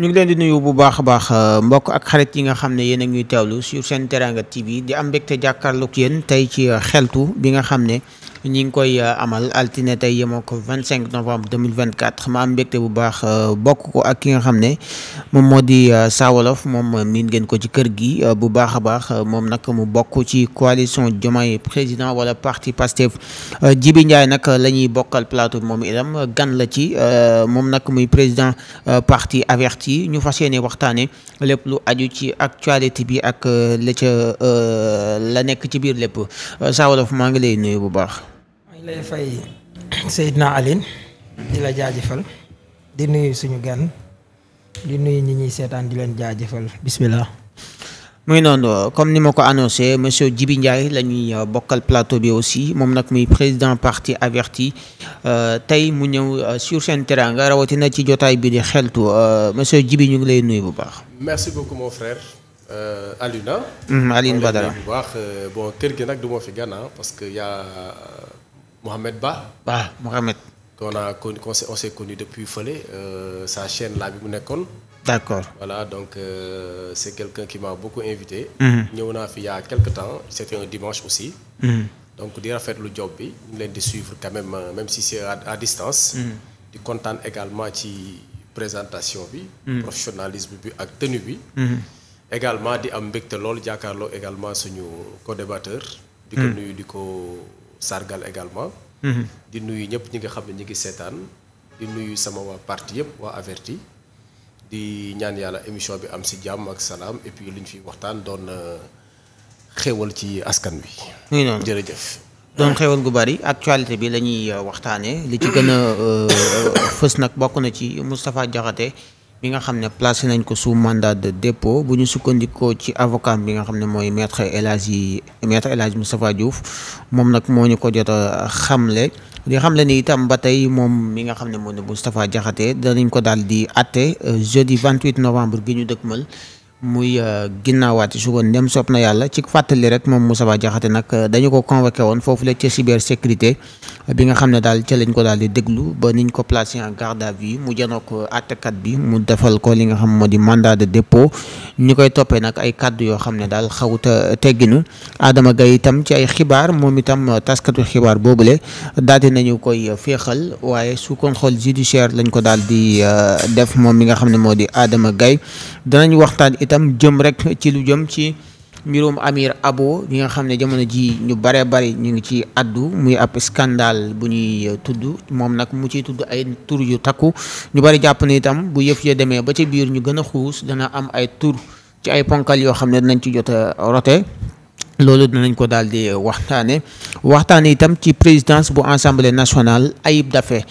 ñu ngi leen di nuyu bu baax a baax euh, mbokk ak xarit yi nga xam ne yéen a ñuy teewlu sur seen Teranga TV di am mbégte jàkkaarloog yéen tey ci euh, xeltu bi nga xam ne. ñi ngi koy euh, amal altine tey yemoo ko vingt 25 novembre 2024 ma am mbégte bu baax euh, bokk ko ak ki nga xam ne moom moo di euh, Sawolof moom miin ngeen ko ci kër gi bu baax a baax moom nag mu bokk ci coalition Diomaye président wala parti Pastef Jibi Ndiaye nag la ñuy bokkal plateau bi moom itam gan la ci moom nag muy président parti averti ñu fas yéene waxtaane lépp lu aju ci actualité bi ak la ca la nekk ci biir lépp Sawolof maa ngi lay nuyu bu baax ñu lay fay Seydina Aline di la jaajëfal di nuyu suñu gan di nuyu ñi ñuy seetaan di leen jaajëfal bismillah muy noonu comme ni ma ko annoncé monsieur jibi Ndiaye la ñuy euh, bokkal plateau bi aussi moom nag muy président parti averti euh, tey mu ñëw euh, sur Sen Teranga rawatina ci jotaay bi di xeltu monsieur Djibi ñu ngi lay nuyu bu baax. merci beaucoup mon frère Aliouna. Mohamed Ba. Ba Mohamed. qu'on a connu qu'on depuis fële euh, sa chaîne là bi mu nekkoon. d'accord voilà donc euh, c'est quelqu'un qui m'a beaucoup invité. Mhm. ñëw naa fi il a quelque temps c'était un dimanche aussi. Mm. donc di rafetlu job bi ñu leen di suivre quand même euh, même si c'est à, à distance. Mhm. di mm. kontaan également ci présentation bi. Mm. bi ak tenue bi. Mhm. également di am mbégte lool jàkkaarloo également suñu co di ko nuyu di ko. sargal également. Mhm. di nuyu ñëpp ñi nga xam ne ñu ngi seetaan. di nuyu sama waa parti yëpp waa averti. di ñaan yàlla émission bi am si jàmm ak salaam et puis li ñu fiy waxtaan doon euh, xéwal ci askan wi. muy noonu jërëjëf. doon xewal gu bari actualité bi lañuy euh, waxtaanee li ci gën a euh, fës nag bokk na ci Moustapha Diakhaté bi nga xam ne placé nañ ko sous mandat de dépôt bu ñu sukkandikoo ci avocat bi nga xam ne mooy maître El Hadji maître El Hadji Moustapha Diouf moom nag moo ñu ko jot a xamle di xamle ni itam ba tey moom mi nga xam ne moo ne Moustapha Diakhaté danañ ko daal di atte euh, jeudi 28 novembre gi ñu dëkkmal muy euh, ginnaawaati suba ndem sopp na yàlla ci fàttali rek moom Moustapha jaxate nag euh, dañu ko convoqué woon foofu la ca cybersécurité bi nga xam ne daal ca lañ ko daal di déglu ba niñ ko placé en garde à vue mu janoo ko àttekat bi mu defal ko li nga xam moo di mandat de dépôt ñi koy toppee nag ay kàddu yoo xam ne daal xawuta tegginu Adama gay itam ci ay xibaar moom itam taskatu xibaar boobule daal di nañu koy féexal waaye sous contrôle judiciaire lañ ko daal di euh, def moom mi nga xam ne moo di Adama Gaye danañ waxtaan itam jëm rek ci lu jëm ci mbirum Amir Abo ñi nga xam ne jamono ji ñu bare bari ñu ngi ci addu muy ab scandale bu ñuy euh, tudd moom nag mu ciy tudd ay tur yu takku ñu bari jàpp ne itam bu yëf ya demee ba ci biir ñu gën a xuus dana am ay tur ci ay ponkal yoo xam ne dinañ ci jot a rote loolu dinañ ko daal di euh, waxtaane waxtaane itam ci présidence bu assemblée nationale Ayib Daffé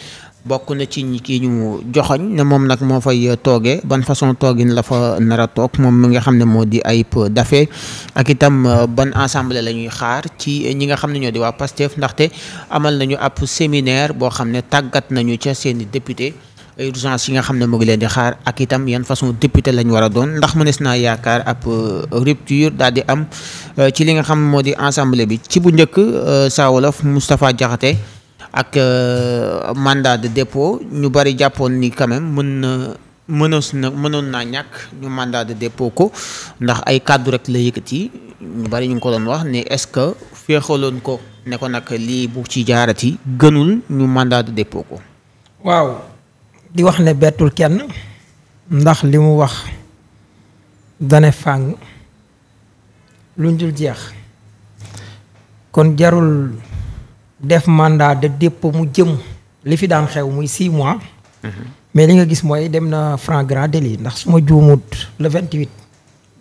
bokk na ci ñi ki ñu joxoñ ne moom nag moo fay toogee ban façon toogin la fa nar a toog moom mi nga xam ne moo di Ayib Daffé ak itam euh, ban assemblée la ñuy xaar ci ñi nga xam ne ñoo di waa PASTEF ndaxte amal nañu ab séminaire boo xam ne tàggat nañu ca seeni député urgence yi nga xam ne mu ngi leen di xaar ak itam yan façon député lañ war a doon ndax mënees naa yaakaar ab euh, rupture daal di am euh, ci li nga xam moo di assemblée bi ci bu njëkk saa wolof Moustapha ak euh, mandat de dépôt ñu bari jàppoon ni quand mën na mënoos na mënoon naa ñàkk ñu mandat de dépôt ko ndax ay kàddu rek la yi ñu bari ñu ngi ko doon wax ne est-ce que féexaloon ko ne ko nag lii bu ci jaarati gënul ñu mandat de dépôt ko. waaw di wax ne bettul kenn ndax li mu wax dane fàng luñ dul jeex kon jarul. def mandat de dépôt mu jëm li fi daan xew muy 6 mois. mais li nga gis mooy dem na franc grand délit ndax su ma juumut le 28.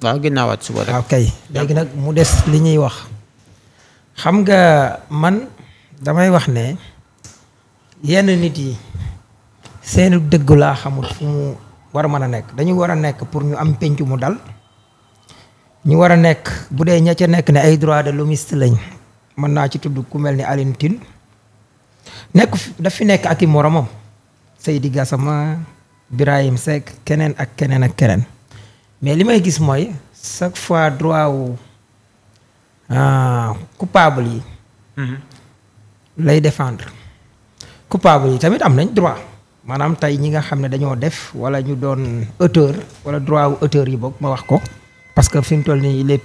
waaw ginnaawaat suba rek. waaw kay léegi nag mu des li ñuy wax. xam nga man damay wax ne yenn nit yi seenu dëgg laa xamul fu mu war a mën a nekk dañu war a nekk pour ñu am pénc mu dal. ñu war a nekk bu dee ña ca nekk ne ay droit de l'hommiste lañ mën naa ci tudd ku mel ni Alioune Tine nekk daf fi nekk ak i moromam Seydi Gassama Birahim Seck keneen ak keneen ak keneen mais li may gis mooy chaque fois droit wu ah, coupable yi mm-hmm. lay défendre coupable yi tamit am nañ droit maanaam tey ñi nga xam ne dañoo def wala ñu doon auteur wala droit wu auteur yi boog ma wax ko parce que fi mu toll nii il est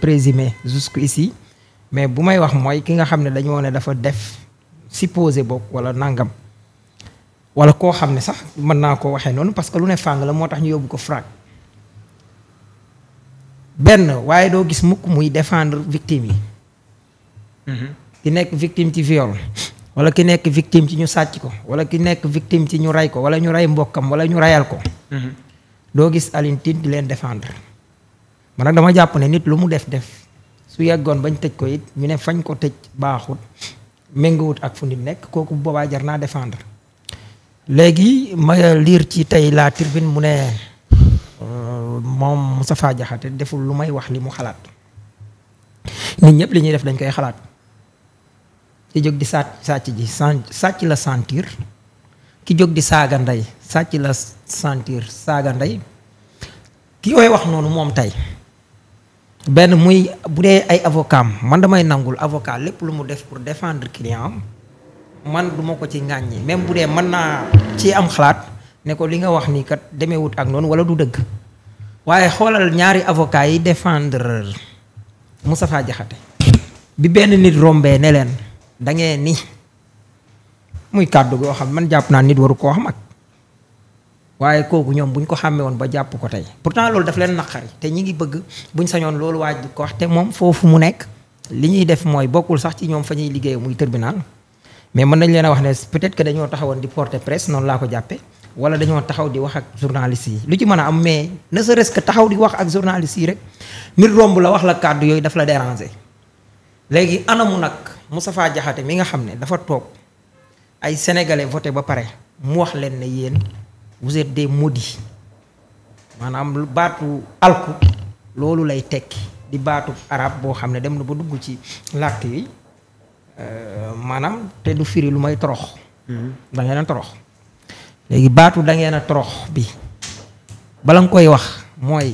mais bu may wax mooy ki nga xam ne dañoo ne dafa def supposé bokk wala nangam wala koo xam ne sax mën naa ko waxee noonu parce que lu ne fàng la moo tax ñu yóbbu ko fraag benn waaye doo gis mukk muy défendre victime yi mm-hmm. ki nekk victime ci viol wala ki nekk victime ci ñu sàcc ko wala ki nekk victime ci ñu rey ko wala ñu rey mbokkam wala ñu reyal ko mm-hmm. doo gis Alioune Tine leen défendre man nag dama jàpp ne nit lu mu def def su yàggoon bañ tëj ko it ñu ne fañ ko tëj baaxut méngawut ak fu nit nekk kooku boobaa jar naa defendre léegi ma liir ci tey la tribune mu ne euh, moom Moustapha Diakhaté deful lu may wax li mu xalaat nit ñëpp li ñuy def dañ koy xalaat ki jóg di sàcc sàcc ji sàcc la sentir ki jóg di saaga ndey sàcc la sentir saaga ndey ki koy wax noonu moom tey benn muy bu dee ay avocat man damay nangul avocat lépp lu mu def pour défendre client man du ma ko ci ŋàññi même bu dee mën naa ci am xalaat ne ko li nga wax nii kat demeewut ak noonu wala du dëgg waaye xoolal ñaari avocat yi défendre Moustapha Diakhaté bi benn nit rombee ne leen da ngeen ni muy kàddu goo xam man jàpp naa nit waru koo xam ak waaye kooku ñoom bu ñu ko xàmmee woon ba jàpp ko tey pourtant loolu daf leen naqari te ñi ngi bëgg buñ sañoon loolu waaj di ko wax te moom foofu mu nekk li ñuy def mooy bokkul sax ci ñoom fa ñuy liggéey muy tribunal mais mën nañ leen wax ne peut-être que dañoo taxawoon di porter presse noonu laa ko jàppee wala dañoo taxaw di wax ak journaliste yi lu ci mën a am mais na sa resque taxaw di wax ak journaliste yi rek mbir romb la wax la kàddu yooyu daf la déranger léegi anamu nag Moustapha Diakhaté mi nga xam ne dafa toog ay sénégalais voté ba pare mu wax leen ne yéen vous êtes des maudits maanaam baatu alku loolu lay tekki di baatu arab boo xam ne dem na ba dugg ci làkk yi euh, maanaam te du firi lu may torox mm-hmm. da ngeen a torox léegi baatu da ngeen a torox bi bala nga koy wax mooy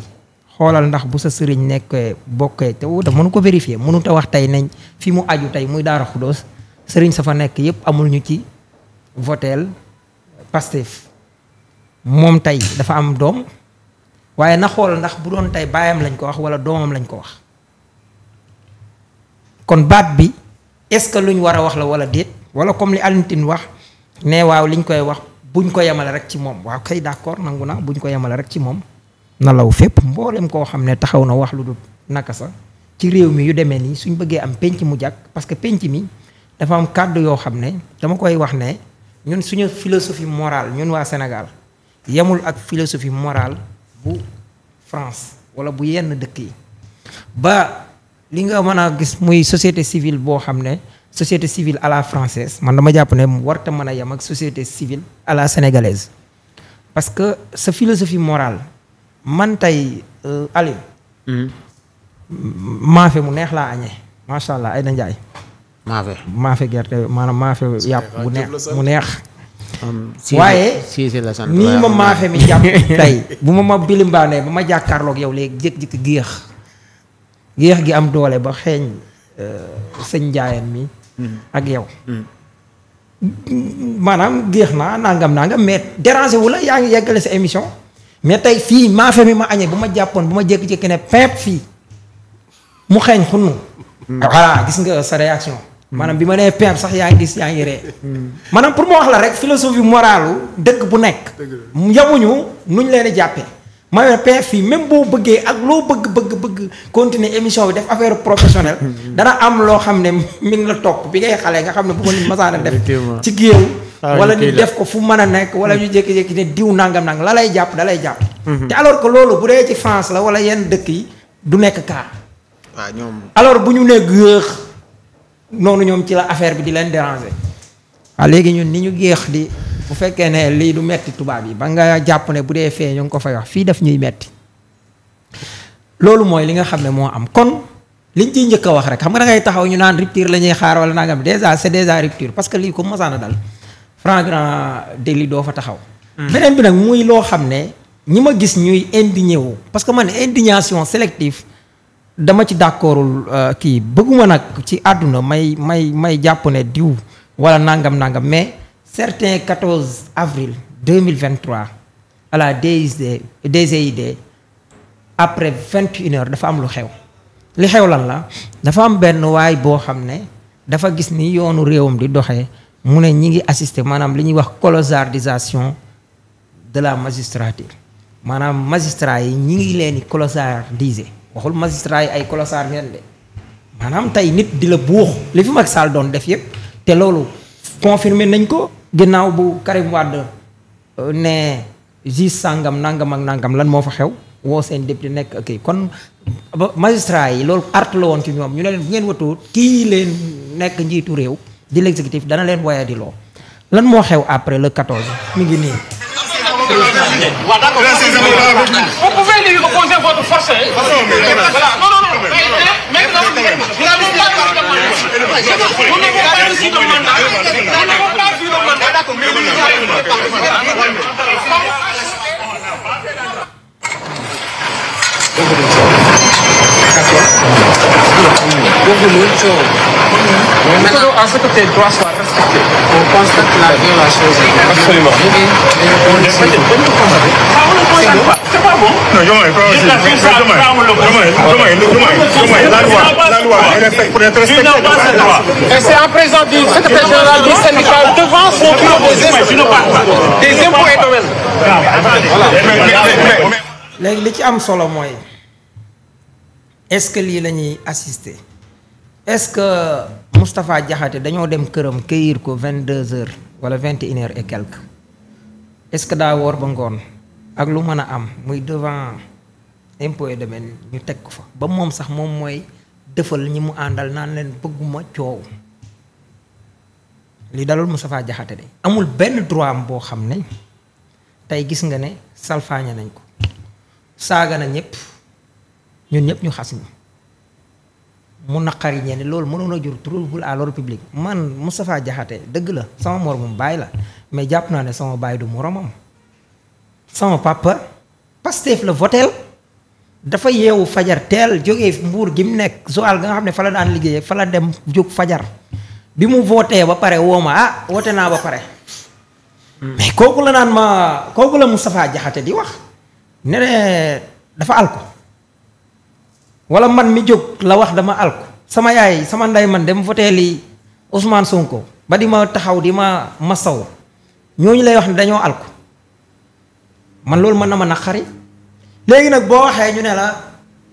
xoolal ndax bu sa sëriñ nekkee bokkee te wuta mënu ko vérifier mënu ta wax tey nañ fi mu aju tey muy daara xudóos sëriñ sa fa nekk yépp amul ñu ci voteel Pastef moom tey dafa am doom waaye na xool ndax bu doon tey baayam lañ ko wax wala doomam lañ ko wax kon baat bi est-ce que lu ñu war a wax la wala déet wala comme li Alioune wax ne waaw liñ koy wax buñ ko yemale rek ci moom waaw kay d'accord nangu na buñ ko yemale rek ci moom na law fépp mboolem koo xam ne taxaw na wax lu dul naka sa ci réew mi yu demee nii suñ bëggee am penc mu jàkk parce que penc mi dafa am kàddu yoo xam ne dama koy wax ne ñun suñu philosophie morale ñun waa Sénégal yemul ak philosophie morale bu France wala bu yenn dëkk yi ba li nga mën a gis muy société civile boo xam ne société civile à la française man dama jàpp ne warta mën a yem ak société civile à la sénégalaise parce que sa philosophie morale man tey euh, Aliou hmm. maafe mu neex laa añee macha allah ay na maafe gerte maanaam maafe yàpp bu neex mu neex waaye nii ma maafe mi jàpp tey bu ma ma bilimbaanee bu ma jàkkaarloog yow léegi jékki-jékki géex géex gi am doole ba xeeñ euh, sëñ njaayam mi mm-hmm. ak yow mm-hmm. maanaam géex naa nangam nangam mais dérangé wu la yaa ngi yeggale sa émission mais tey fii maafe mi ma añee bu ma jàppoon bu ma jékki-jékki ne peep fii mu xeeñ xunnu mm-hmm. voilà gis nga sa réaction maanaam bi ma nee peer sax yaa gis yaa ngi ree maanaam pour ma wax la rek philosophie moralu dëkk bu nekk yamuñu nuñ leen jàppee ma ne peer fii même boo bëggee ak loo bëgg bëgg bëgg continuer émission bi def affaire professionnelle dana am loo xam ne mi ngi la topp bi ngay xale nga xam ne bu ko nit masaana def ci géew ah wala ñu def ko fu mën a nekk wala ñu mm. jékki-jékki ne diw nangam nangam la lay jàpp dalay jàpp mm-hmm. te alors que loolu bu dee ci France la wala yenn dëkk yi du nekk kaa ah, waaw noonu ñoom ci la affaire bi di leen déranger. waaw ah, léegi ñun ni ñu géex di bu fekkee ne lii du metti tubaab yi ba nga jàpp ne bu dee fee ñu ngi ko fay wax fii def ñuy metti loolu mooy li nga xam ne moo am kon liñ ciy njëkk a wax rek xam nga da ngay taxaw ñu naan rupture la ñuy xaar wala nangam dèjà c'est déjà rupture parce que lii ko mosaan a dal flagrant délit doo fa taxaw. Hmm. beneen bi nag muy loo xam ne ñi ma gis ñuy indigné wu parce que man indignation sélective. dama ci d'accordul euh, kii bëgguma nag ci àdduna may may may jàpp ne diw wala nangam nangam mais certain 14 avril 2023 à la DID DGID après 21 heures dafa am lu xew li xew lan la dafa am benn waay boo xam ne dafa gis ni yoonu réewam di doxee mu ne ñi ngi assister maanaam li ñuy wax clochardisation de la magistrature maanaam magistrat yi ñi ngi leen di clochardiser waxul magistrat yi ay colossar ngeen de maanaam tey nit di la buux li fi mag Sall doon def yëpp te loolu confirmé nañ ko ginnaaw bu Karim Wade euh, ne gis sàngam nangam ak nangam lan moo fa xew woo seen député nekk ak kon magistrat yi loolu art la woon ci ñoom ñu ne leen bu ngeen wëtu kii leen nekk njiitu réew di l'exécutif dana leen waya di loo lan moo xew après le 14 mi ngi nii. Vous pouvez lui opposer votre force. Voilà. Non, non, non. Mais vous n'avez pas vu le mandat. Nous n'avons pas vu le mandat. Nous n'avons pas vu le mandat. Maintenant, à ce que tes droits soient respectés. On constate la violation. Absolument. On ne constate pas. C'est pas bon. Non, je m'en pas aussi. La loi, la loi, elle est pour être respectée. Et c'est en présence du secrétaire général du syndicat devant son bureau des impôts. Des impôts et domaines. Voilà. léegi li ci am solo mooy est-ce que lii la ñuy assister est-ce que Moustapha Diakhaté dañoo dem këram cueillir ko vingt deux heures wala vingt et une et quelques est-ce que daa woor ba ngoon ak lu mën a am muy devant impôt et domaine ñu teg ko fa ba moom sax moom mooy defal ñi mu àndal naan leen bëgguma coow li dalul Moustapha Diakhaté de amul benn droit am boo xam ne tey gis nga ne salfaañe nañ ko saaga na ñëpp ñun ñëpp ñu xas ñu mu naqari ñenn loolu mënula a jur trouble à l'ordre public man Moustapha Diakhaté dëgg la sama moromam baay la mais jàpp naa ne sama baay du moromam sama papa Pastef la votel dafa yeewu fajar teel jóge mbuur gi mu nekk su ga nga xam ne fa la daan liggéey fa la dem jóg fajar bi mu vootee ba pare woo ma ah woote naa ba pare. Hmm. mais kooku la naan ma kooku la Moustapha Diakhaté di wax ne dafa alko wala man mi jóg la wax dama alku sama yaay sama nday man dem voté li Ousmane Sonko ba di ma taxaw di ma masaw ñooñu lay wax ne dañoo alku man loolu mën na ma xari léegi nag boo waxee ñu ne la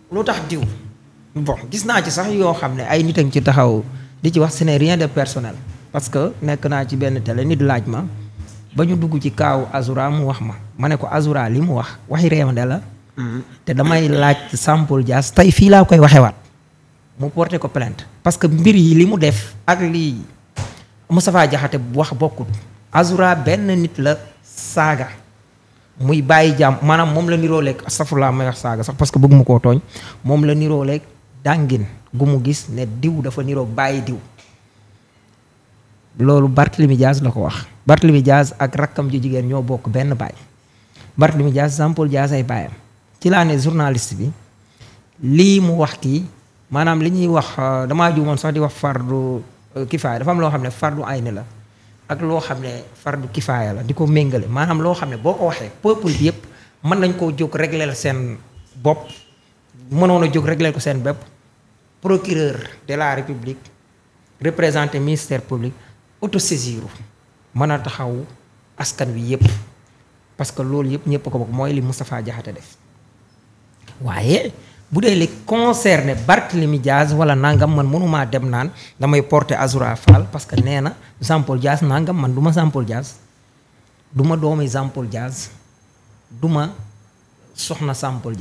lu tax diw bon gis naa ci sax yoo xam ne ay nit ci taxaw di ci wax ce n'est de personnel parce que nekk naa ci benn télé nit laaj ma ba ñu dugg ci kaaw Azura mu wax ma ma ne ko Azura li mu wax waxi de la te damay laaj Sampol Dias tey fii laa koy waxewaat mu porté ko plainte parce que mbir yi li mu def ak lii li Moustapha Diakhaté wax bokkut Azoura benn nit la saaga muy bàyyi jàmm maanaam moom la niroo lekk safulaa may wax saaga sax parce que bëgg mu koo tooñ moom la niroo leeg dàngin gu mu gis ne diw dafa niroo bàyyi diw loolu Barthélemy Dias la ko wax Barthélemy Dias ak rakkam ji jigéen ñoo bokk benn baay Barthélemy Dias Jean Paul Dias ay baayam ci laa ne journaliste bi lii mu wax kii maanaam li ñuy wax euh, damaa juumoon sax di wax far fardu euh, kifaaya dafa am loo xam ne fardu ayni la ak loo xam ne far fardu kifaaya la di ko méngale maanaam loo xam ne boo ko waxee peuple bi yëpp mën nañ koo jóg régler seen bopp mënoon a jóg régler ko seen bopp procureur de la république représenté ministère public autosaisiru mën a taxaw askan wi yëpp parce que loolu yëpp ñëpp ko bokk mooy li Moustapha Diakhaté def waaye bu dee li concerné Barthélemy Diaz wala nangam man mënumaa dem naan damay porter Azoura Fall parce que nee na Jean Paul nangam man du ma Jean Paul du ma doomi Jean Paul Diaz du soxna Jean Paul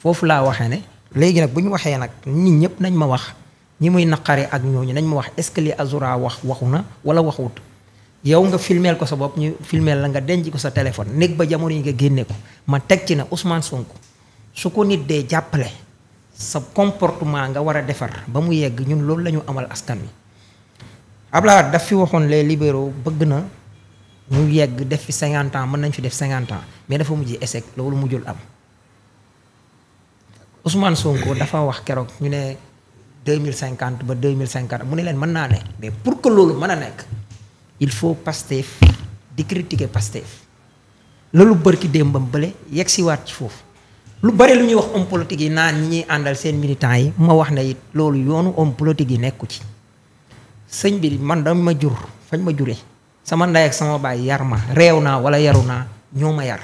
foofu laa waxee ne léegi nag bu ñu waxee nag nit ñëpp nañ ma wax ñi muy naqare ak ñooñu nañ ma wax est-ce que li Azoura wax waxu na wala waxut yow nga filmeel ko sa bopp ñu filmeel la nga denc ko sa téléphone néeg ba jamono yi nga génne ko ma teg ci na Ousmane Sonko su ko nit dee jàppale sa comportement nga war a defar ba mu yegg ñun loolu la ñu amal askan wi Ablaye daf fi waxoon les libéraux bëgg na ñu yegg def fi cinquante ans mën nañ fi def cinquante ans mais dafa mujj échec loolu mujjul am Ousmane Sonko dafa wax keroog ñu ne deux mille cinquante ba deux mille cinquante mu ne leen mën naa ne mais pour que loolu mën a nekk il faut Pastef di critiquer Pastef loolu bërki démbam bële yegg siwaat ci foofu lu bari lu ñuy wax homme politique yi naan ñi ñuy àndal seen militants yi ma wax ne it loolu yoonu homme politique yi nekku ci sëñ bi man dama ma jur fañ ma juree sama ndey ak sama baay yar ma réew naa wala yaru naa ñoo ma yar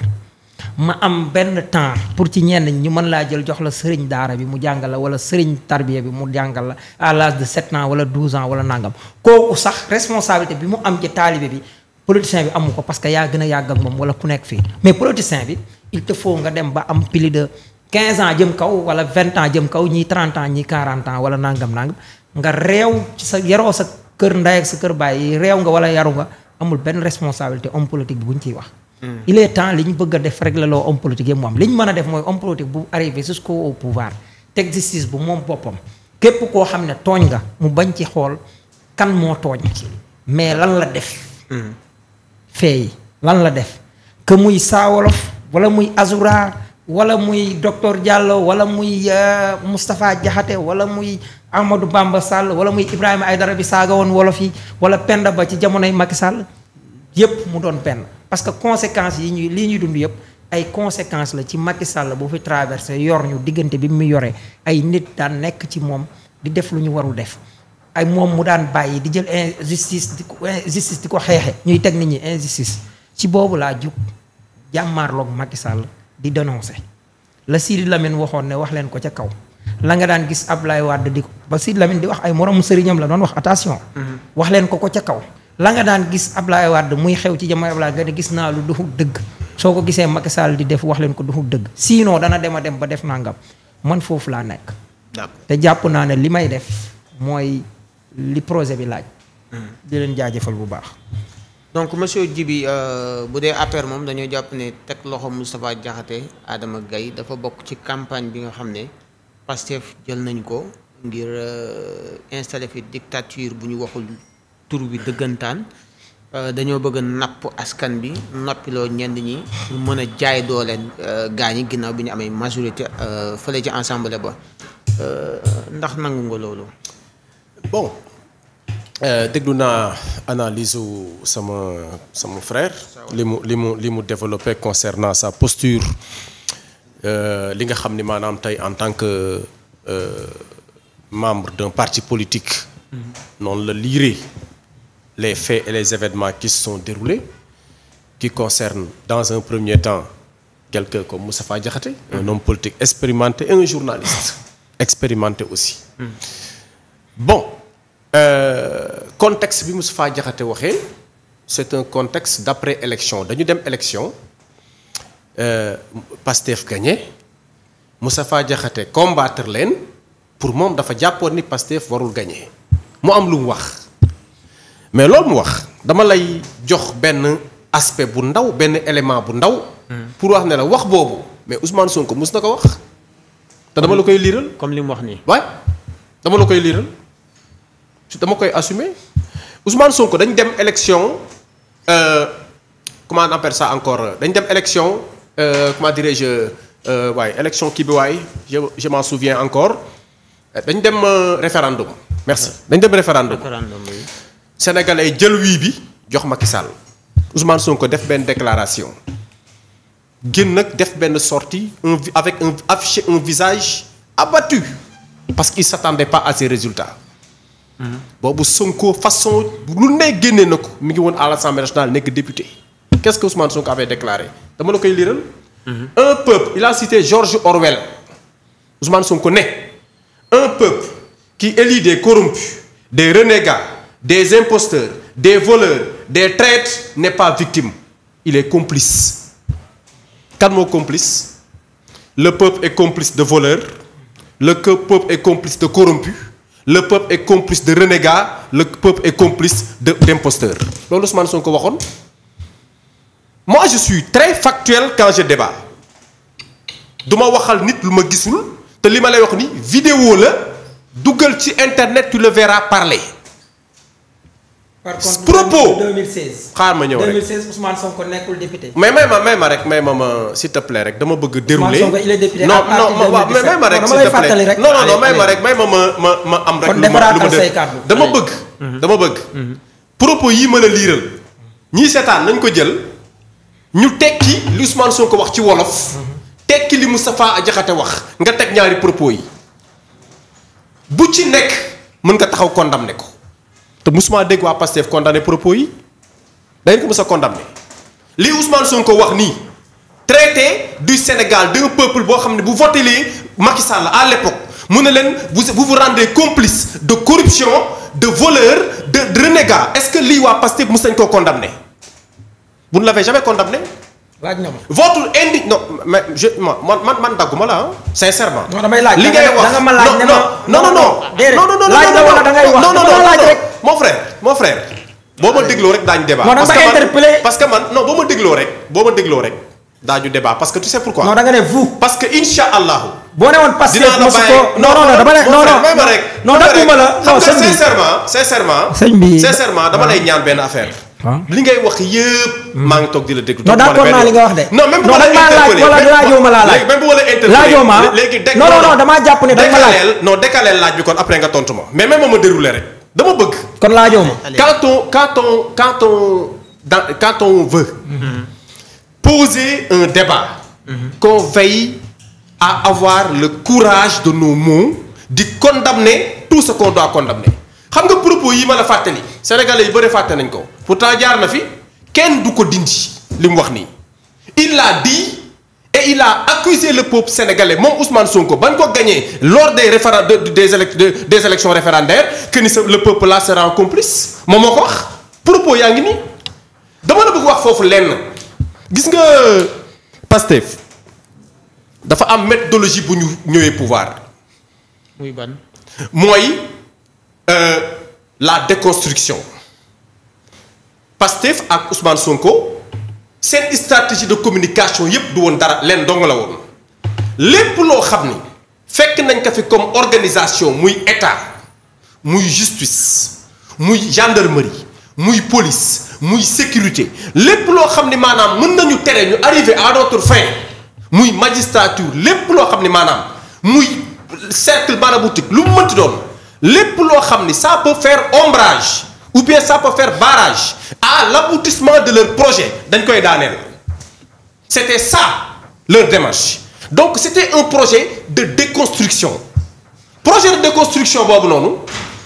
ma am benn temps pour ci ñenn ñu man laa jël jox la sëriñ daara bi mu jàngal la wala sëriñ tarbiya bi mu jàngal la à l'âge de sept ans wala douze ans wala nangam kooku sax responsabilité bi mu am ci taalibe bi politicien bi amu ko parce que yaa gën yàgg moom wala ku nekk fii mais politicien bi il te faut nga dem ba am plus de 15 ans jëm kaw wala 20 ans jëm kaw ñii 30 ans ñii 40 ans wala nangam nangam nga réew ci sa yaroo sa kër ndey ak sa kër bàyyi réew nga wala yaru nga amul benn responsabilité homme politique bu ñu ciy wax. Hmm. il est temps li ñu bëgg a def rek la loo homme politique yëpp moom li ñu mën a def mooy homme politique bu arrivé jusqu'au ko pouvoir teg justice bu moom boppam képp koo xam ne tooñ nga mu bañ ci xool kan moo tooñ. mais lan la hmm. lan la def wala muy Azura wala muy docteur Diallo wala muy euh, Moustapha Diakhaté wala muy Amadou Bamba Sall wala muy Ibrahima Aïdara bi saaga woon wolof yi wala Penda Ba ci jamonoy Macky Sall yépp mu doon penn parce que conséquence yi ñuy lii ñuy dund yépp ay conséquences la ci Macky sàll bu fi traversé yor ñu diggante bi mu yoree ay nit daan nekk ci moom di def lu ñu warul def ay moom mu daan bàyyi di jël injustice di ko injustice di ko xeexe ñuy teg nit ñi injustice ci boobu laa jub jàmmaarloog Macky Sall di dénoncé la Sidi Lamine waxoon ne wax leen ko ca kaw la nga daan gis Ablaye Wade di ko ba Sidi Lamine di wax ay moroom sëriñam la doon wax attention. Mhm. wax leen ko ko ca kaw. la nga daan gis Ablaye Wade muy xew ci jamono Ablaye nga ne gis naa lu duxul dëgg soo ko gisee Macky Sall di def wax leen ko duxul dëgg sinon dana dem a dem ba def nangam man foofu laa nekk. te jàpp naa ne li may def mooy li projet bi laaj. Mhm. di leen jaajëfal bu baax. donc monsieur Djibi euh, bu dee APR moom dañoo jàpp ne teg loxo Moustapha Diakhaté aadama gay dafa bokk ci campagne bi nga xam ne Pastef jël nañu ko ngir euh, installer fi dictature bu ñu waxul tur bi dëggantaan euh, dañoo bëgg a napp askan bi noppiloo ñenn ñi pour mën a jaay gaa ñi ginnaaw bi ñu amee majorité fële ci ensemble ba ndax nangu nga loolu Euh, déglu naa analyse sama sama frère li mu li mu li mu développé concernant sa posture euh, li nga xam ni maanaam tey en tant que euh, membre d'un parti politique mm-hmm. noonu la liiree les faits et les événements qui se sont déroulés qui concernent dans un premier temps quelqu'un comme Moustapha Diakhaté un mm-hmm. homme politique expérimenté et un journaliste expérimenté aussi mm-hmm. Euh, contexte bi Moustapha Diakhaté waxee c'est un contexte d'après élection dañu dem élection euh, Pastef gagné Moustapha Diakhaté combattre leen pour moom dafa jàppoon ni Pastef warul gagné mu am lum wax mais loolu mu wax dama lay jox benn aspect bu ndaw benn élément bu ndaw. Hmm. pour wax ne la wax boobu mais Ousmane Sonko mus na ko wax. te dama la hmm. koy liiral. comme li mu wax nii. waay dama la koy liiral. dama koy assumer Ousmane Sonko dañ dem élection euh, comment on appelle ça encore dañ dem élection euh, comment dirais-je waaye euh, élection kii bi waaye je je m'en encore dañ dem euh, référendum. merci dañ dem référendum. référendum oui. sénégalais jël wii bi jox ma ki Macky Sall Ousmane ko def benn déclaration génn nag def benn sorti un avec un affiché un visage abattu parce qu'il s'attendait pas à ces résultats. boobu Sonko façon lu ne génnee na ko mi ngi woon à l'Assemblée nationale nekk député qu'est-ce que Ousmane Sonko avait déclaré dama la koy liiral un peuple il a cité George Orwell Ousmane Sonko ne un peuple qui élit des corrompus des renégats des imposteurs des voleurs des traîtres n'est pas victime il est complice kan moo complice le peuple est complice de voleurs le peuple est complice de corrompus le peuple et complice de renégats le peuple et complice de d'imposteurs loolu Ousmane Sonko waxoon moi je suis très factuel quand je débat du ma waxal nit lu ma gisul te li ma lay wax ni vidéo la dugal ci internet tu le verras parler par contre propos xaar ma ñëw rek 2016 Ousmane Sonko nekkul député. mais may may ma rek may ma ma rek dama bëgg a. dérouler may ma rek s'il te plaît non non non may ma rek ma ma ma ma am rek. lu ma lu ma def mhm. dama bëgg. dama mhm. bëgg. propos yi ma a liiral ñii seetaan nañ ko jël ñu tekki li Ousmane ko wax ci wolof. Mhm. tekki li mu Moustapha Diakhaté wax nga teg ñaari propos yi bu ci nekk mën nga taxaw condamné ko. te musuma dégg waa Pastef condamné propos yi da ko mës a condamné li Ousmane Sonko ko wax nii traité du Sénégal d'un peuple boo xam ne bu voté lii Macky Sall à l'époque mu ne leen vous vous vous rendez complice de corruption de voleur de, de renégat est-ce que lii waa Pastef mës nañ koo condamné vous ne l'avez jamais condamné laaj na ma votre indi man man man dagguma la ah sincèrement. non damay laaj li ngay wax da nga ma laaj ne ma non non non. laaj la wax non frère mon frère. boo ma dégloo rek daañu débat. parce que man parce que man boo ma dégloo rek boo ma dégloo pourquoi. non da ne vous. parce que incha allahu. boo ne woon passé mosu ko non ne non non même rek. non dagguma la non dama lay ah. ñaan benn affaire. li ngay wax yëpp. Hmm. maa ngi toog di la déglu. non d'accord naa li nga wax de. non même bu ma la interpellé wala laajoo ma laa laaj. léegi même bu ma la ah. jàpp ne dañ ma laaj laaj bi kon après nga tontu ma mais même ma déroulé rek dama bëgg. kon laajoo ma. quand on quand on quand on dans quand mm-hmm. un débat. Mm-hmm. qu'on veille avoir le courage de nos mots. di condamner tout ce qu'on doit xam nga propos yi ma la fàttali sénégalais yi bëri fàtte nañ ko pour pourtant jaar na fi kenn du ko dindi li mu wax nii il l'a dit et il a accusé le peuple sénégalais moom Ousmane Sonko bañ ko gagné lors des référen des élec des élections référendaires que ni le peuple la sera complice moom moo ko wax propos yaa ngi nii dama la bëgg wax foofu lenn gis nga Pastef dafa am méthodologie bu ñu ñëwee pouvoir. muy mooy. euh, la déconstruction Pastef ak Ousmane Sonko seen stratégie de communication yëpp du woon dara leen dong la woon lépp loo xam ni fekk nañ ko fi comme organisation muy état muy justice muy gendarmerie muy police muy sécurité lépp loo xam ni maanaam mën nañu tere ñu arriver à notre fin muy magistrature lépp loo xam ni maanaam muy cercle maraboutique lu mu mënti doon. lépp loo xam ni ça peut faire ombrage ou bien ça peut faire barrage à l'aboutissement de leur projet dañ koy daaneel c'était ça leur démarche donc c'était un projet de déconstruction projet de déconstruction boobu noonu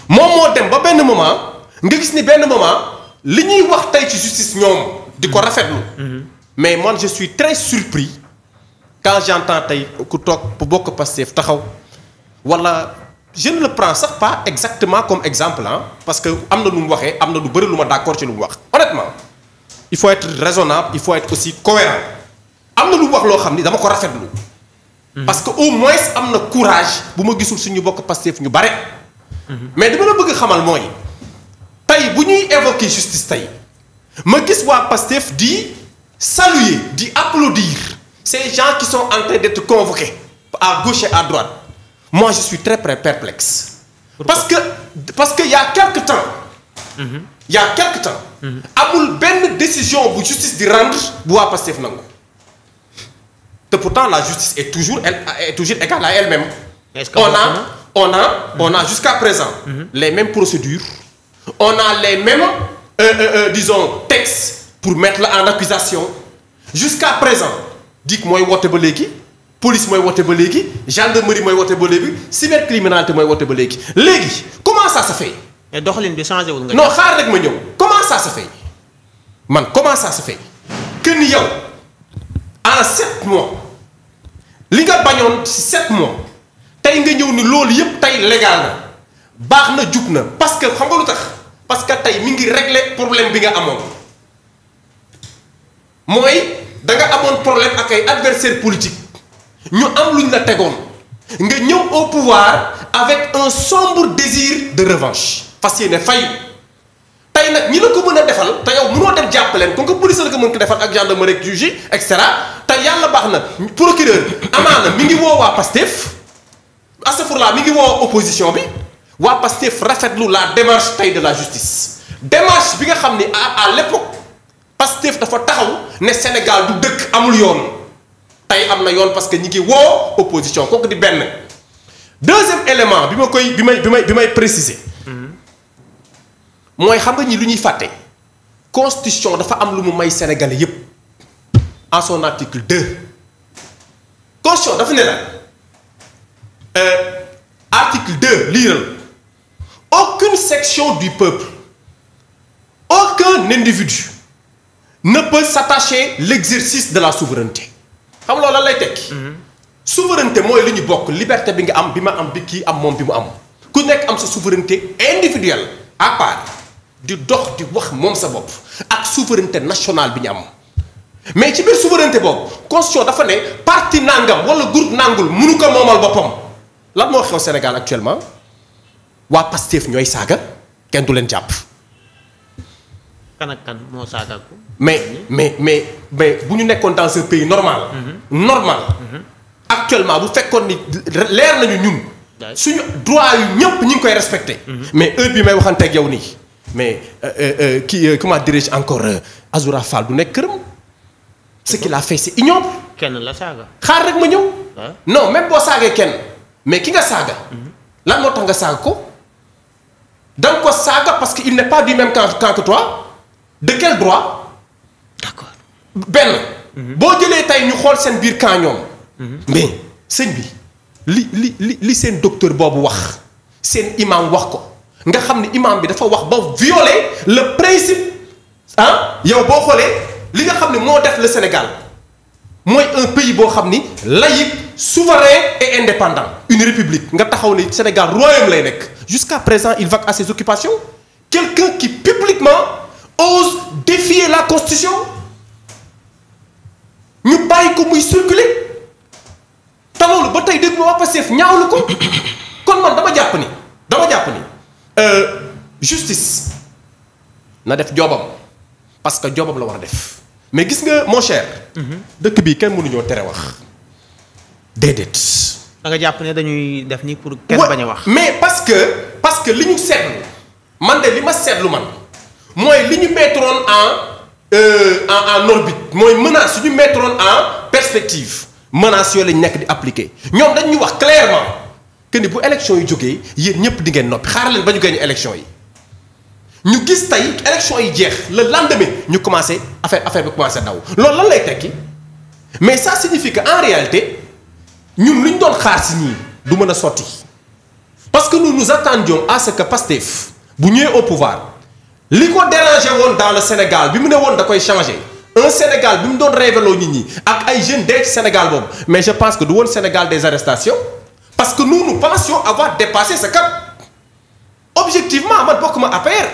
moom moo dem ba benn moment nga gis ni benn moment li ñuy wax tey ci justice ñoom di ko rafetlu mais man je suis très surpris quand j'entends tey ku toog bu bokk Pastef taxaw wala je le prends sax pas exactement comme exemple ah parce am na lu mu waxee am na lu bëri lu ma d'accord ci lu mu wax honnêtement il faut être raisonnable il faut être aussi cohérent am na lu mu wax loo xam ni dama ko rafetlu. Mhm. parce que au moins am na courage bu ma gisul suñu bokk Pastef ñu bare. Mhm. mais dama la bëgg xamal mooy tey bu ñuy évoquer justice tey ma gis waa Pastef di saluer di applaudir ces gens qui son en train d'être convoqués à gauche et à droite. moi je suis très perplexe. Pourquoi? parce que parce que y a quelque temps. Mm quelque temps. Mhm. amul benn décision bu justice di rendre bu waa Pastef te pourtant la justice est toujours elle toujours égale à elle-même. on a on mhm. a on a jusqu'à présent. Mhm. les mêmes procédures. on a les mêmes euh, euh, euh, disons textes pour mettre la en accusation jusqu'à présent dik mooy woote ba léegi. police mooy woote ba léegi gendarmerie mooy woote ba léegi cybercriminalité mooy woote ba léegi léegi comment ça se doxalin bi changé wul nga. non xaar rek ma ñëw comment ça se fait man comment ça se fait yow en sept mois li nga bañoon ci sept mois tey nga ñëw ni loolu yëpp tey légal na baax na jub na parce que xam nga lu tax parce que tey mi ngi régler problème bi nga amoon mooy da nga amoon problème ak ay adversaire politique ñu am lu ñu la tegoon nga ñëw au pouvoir avec un sombre désir de revanche fas yéene fay tey nag ñi la ko mën a defal te yow mënoo dem jàpp leen kon ko police la ko mën ko defal ak gendarmerie ak juge et cetera te yàlla baax na procureur amaana mi ngi woo waa Pastef astafurlaa mi ngi woo opposition bi waa Pastef rafetlu la démarche tey de la justice démarche bi nga xam ni à à l'époque Pastef dafa taxaw ne Sénégal du dëkk amul yoon. tey am na yoon parce que ñi ngi woo opposition kooku di benn deuxième élément bi ma koy bi may bi may bi may préciser mooy xam nga ñi lu ñuy fàtte constitution dafa am lu mu may sénégalais yépp en son article 2 constitution dafa ne la euh, article 2 liiral aucune section du peuple aucun individu ne peut s'attacher l'exercice de la souveraineté xam loolu lan lay tekki. Mhm. souveraineté mooy li ñu bokk liberté bi nga am bi ma am bi kii am moom bi mu am ku nekk am sa souveraineté individuelle à part di dox di wax moom sa bopp ak souveraineté nationale bi ñu am. mais ci biir souveraineté boobu constitution dafa ne parti nangam wala groupe nangul mënu ko moomal boppam lan moo xew Sénégal actuellement waa Pastef ñooy saaga kenn du leen jàpp. kan moo saaga mais mais mais mais bu ñu nekkoon dans ce pays normal. Mhm. normal. Mhm. actuellement bu fekkoon ni leer nañu ñun. suñu droit yu ñëpp ñu ngi koy respecté. Mhm. mais heure bi may waxanteeg yow nii. mais euh, euh, euh, kii comment dirais-je encore Azoura Fall du nekk këram. ce qu'il a fait c'est ignoble. kenn la saaga. xaar rek ma ñëw. non même boo saagee kenn. mais ki nga saaga. lan moo tax nga saaga ko. da ko saaga parce que il n'est pas du même camp que toi. de quel droit. d'accord benn. Mhm. boo jëlee tey ñu xool seen biir camp ñoom. Mhm. mais bi li li li li seen docteur boobu wax seen imam wax ko nga xam ne imam bi dafa wax ba violer le principe ah yow boo xoolee li nga xam ne moo def le Sénégal mooy un pays boo xam ni laïque souverain et indépendant une république nga taxaw ni Sénégal royaume lay nekk jusqu'à présent il vaque à ses occupations quelqu'un qui publiquement ose défier la constitution ñu bàyyi ko muy circuler te ba tey dégg ma waa Pastef ñaawlu ko kon man dama jàpp ni dama jàpp ni euh, justice na def joobam parce que joobam la war a def mais gis nga mon mhm. dëkk bi kenn mënu mënuñoo tere wax déedéet. da nga jàpp ne dañuy def nii pour. kenn bañ wax mais parce que parce que li ñu seetlu man de li ma seetlu man. mooy li ñu mettroon en euh, en en orbite mooy menace su ñu mettroon en perspective menace yooyu lañ nekk di appliquer ñoom dañ ñu wax clairement que bu élection yi jógee yéen ñëpp di ngeen noppi xaar ba ñu gagné élection yi ñu gis tey élection yi jeex le lendemain ñu commencé affaire affaire bi commencé daw loolu lan lay tekki mais ça signifie que en réalité ñun lu ñu doon xaar si ñii du mën a sotti parce que nous nous attendions à ce que bu ñëwee au pouvoir. li ko dérangé woon dans le Sénégal bi mu ne woon da koy changé un Sénégal bi mu doon révéloo nit ñi ak ay jeune dee Sénégal boobu mais je pense que du woon Sénégal des arrestations parce que nous nous pensions avoir dépassé ce cap objectivement man bokk ma APR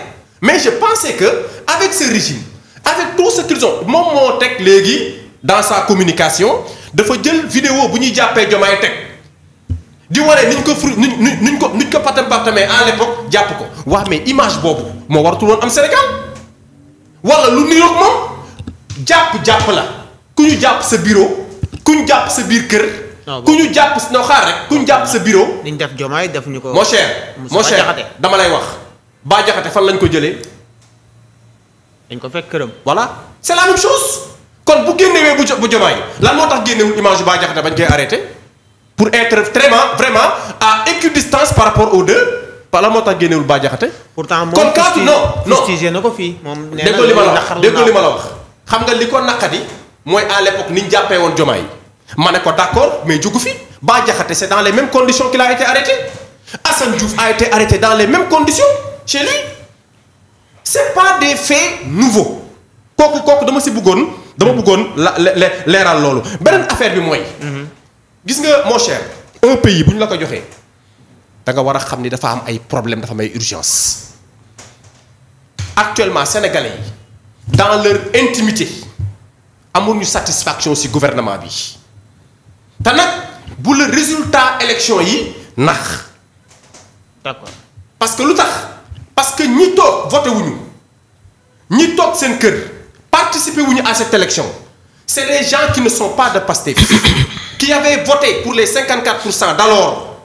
mais je pense que avec ce régime avec tout ce qu'ils moom moo teg léegi dans sa communication dafa jël vidéo bu ñuy jàppee Diomaye teg. di wane ni ko fru ni ñu ko ni ñu ko patam patamee à l'époque jàpp ko wax mais image boobu moo waratul woon am Sénégal wala lu niroog moom jàpp jàpp la ku ñu jàpp sa bureau ku ñu jàpp sa biir kër. ku ñu jàpp sa xaar rek ku ñu jàpp sa bureau. ni ñu def jomaay def ñu ko. mon cher mon cher dama lay wax. baa Diakhaté fan lañ ko jëlee. dañ ko fekk këram. voilà c'est la même chose kon bu génnewee bu jo bu jomaay lan moo tax génnewul image yu Bah Diakhaté bañ koy arrêté. pour être traiment vraiment à équidistance par rapport aux deux voilà moo tax génnewul Bah Diakhaté. pourtant moom fii no non fustigé na ko fii moom. nee na li ma déggoo li ma la wax. xam nga li ko naqadi mooy à l'époque ni ñu jàppee woon Diomaye ma ne ko d'accord mais jugu fi Bah Diakhaté c'est dans les mêmes conditions qu'il a été arrêté Assane Diouf a été arrêté dans les même conditions chez lui c'est pas des faits nouveaux kooku kooku dama si bëggoon dama bëggoon la leeral loolu beneen affaire bi mooy. Mhm. gis nga mon cher un pays bu ñu la ko joxee da nga war a xam ni dafa am ay problème dafa am ay urgence actuellement sénégalais yi dans leur intimité ñu satisfaction ci gouvernement bi te nag bu la résultat élection yi nax d'accord parce que lu tax parce que ñi toog voté wuñu ñi toog seen kër participer wu ñu cette élection c'est des gens qui ne sont pas de Pastef qui avaient voté pour les 54 pour cent d'alors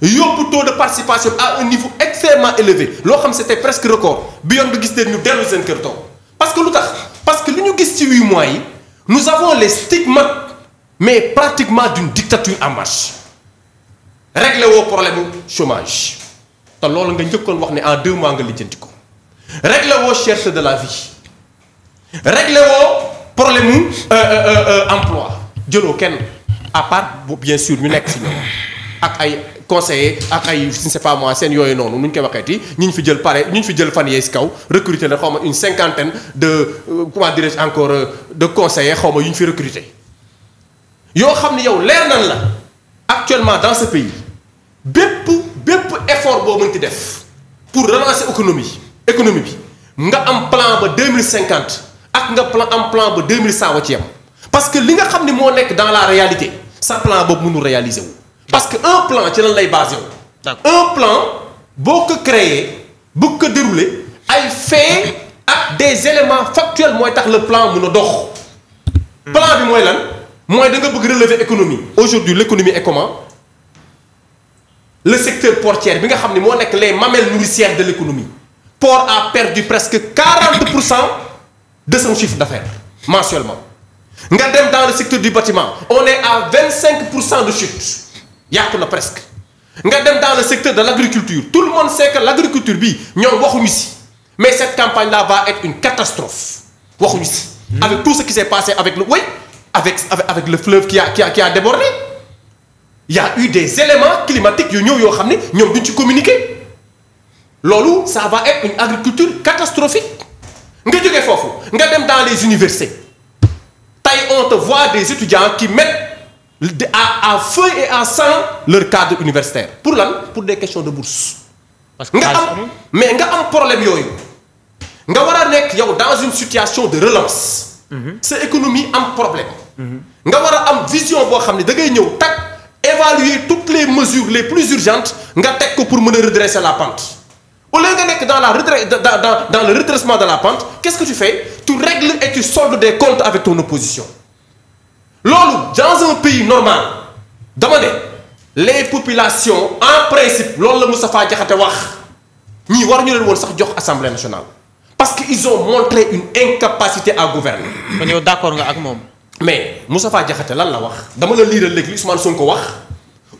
yóbbu taux de participation à un niveau extrêmement élevé loo xam c'était presque record bi yoon bi gis leen ñu dellu seen kër toog parce que lu tax parce que lu ñu gis ci huit mois yi nous avons les stigmates mais pratiquement d'une dictature en marche réglé woo problème chômage te loolu nga njëkkoon wax ne en deux mois nga lijjanti ko réglé woo cherté de la vie réglé woo problème mu euh, euh, euh, emploi jëloo kenn à part bien sûr ñu nekk si ñoom ak ay conseillers ak ay si ne sais pas moi seen yooyu noonu nu ñu koy waxee ti ñu ñu fi jël pare ñu ñu fi jël fan yee si kaw recruter la xaw ma une cinquantaine de comment dirais-je encore de conseillers xaw ma yu ñu fi recruter yoo xam ni yow leer nan la actuellement dans ce pays bépp bépp effort boo mënti def pour relancer économie économie bi nga am plan ba deux mille cinquante nga plan am plan ba 2100 wa ci parce que li nga xam ni moo nekk dans la réalité sa plan boobu mënul réaliser wu. parce que un plan ci lan lay basé wu. un boo ko créé bëgg ko dérouler ay fait ak des éléments factuels mooy tax le plan mën dox. Hmm. plan bi mooy lan mooy da nga bëgg relever économie. aujourd'hui l'économie est comment le secteur portier bi nga xam ne moo nekk les mamelles nourricières de l'économie port a perdu presque 40 pour cent. de son chiffre d'affaires mensuellement nga dem dans le secteur du bâtiment on est à vingt cinq pour cent de chute yàqu na presque nga dem dans le secteur de l'agriculture tout le monde sait que l'agriculture bi ñoom waxuñu si mais cette campagne là va être une catastrophe waxuñu si hmm. avec tout ce qui s'est passé avec le way oui, avec avec le fleuve qui a qui a qui a débordé il y a eu des éléments climatiques yu ñëw yoo xam ne ñoom duñ ci communiquer loolu ça va être une agriculture catastrophique nga jógee foofu nga dem dans les universités tey on te voit des étudiants qui mettent à à feu et à sang leur cadre universitaire pour lan pour des questions de bourse. parce que nga am mais nga am problème yooyu nga war a nekk yow dans une situation de relance. Mhm. sa économie am problème. Mhm. nga war a am vision boo xam ne da ngay ñëw tag évaluer toutes les mesures les plus urgentes nga teg ko pour mën a redresser la pente. au lieu nga nekk dans la retrait dans dans dans le redressement tu fais tu règles et tu soldes des comptes avec ton loolu dans un pays normal dama ne les populations en principe loolu la Moustapha Diakhaté wax ñii war ñu leen woon sax jox assemblée nationale parce que ils ont montré une incapacité à gouverner. kon yow d'accord nga ak moom. mais Moustapha Diakhaté lan la wax dama la liiral léegi Ousmane ko wax.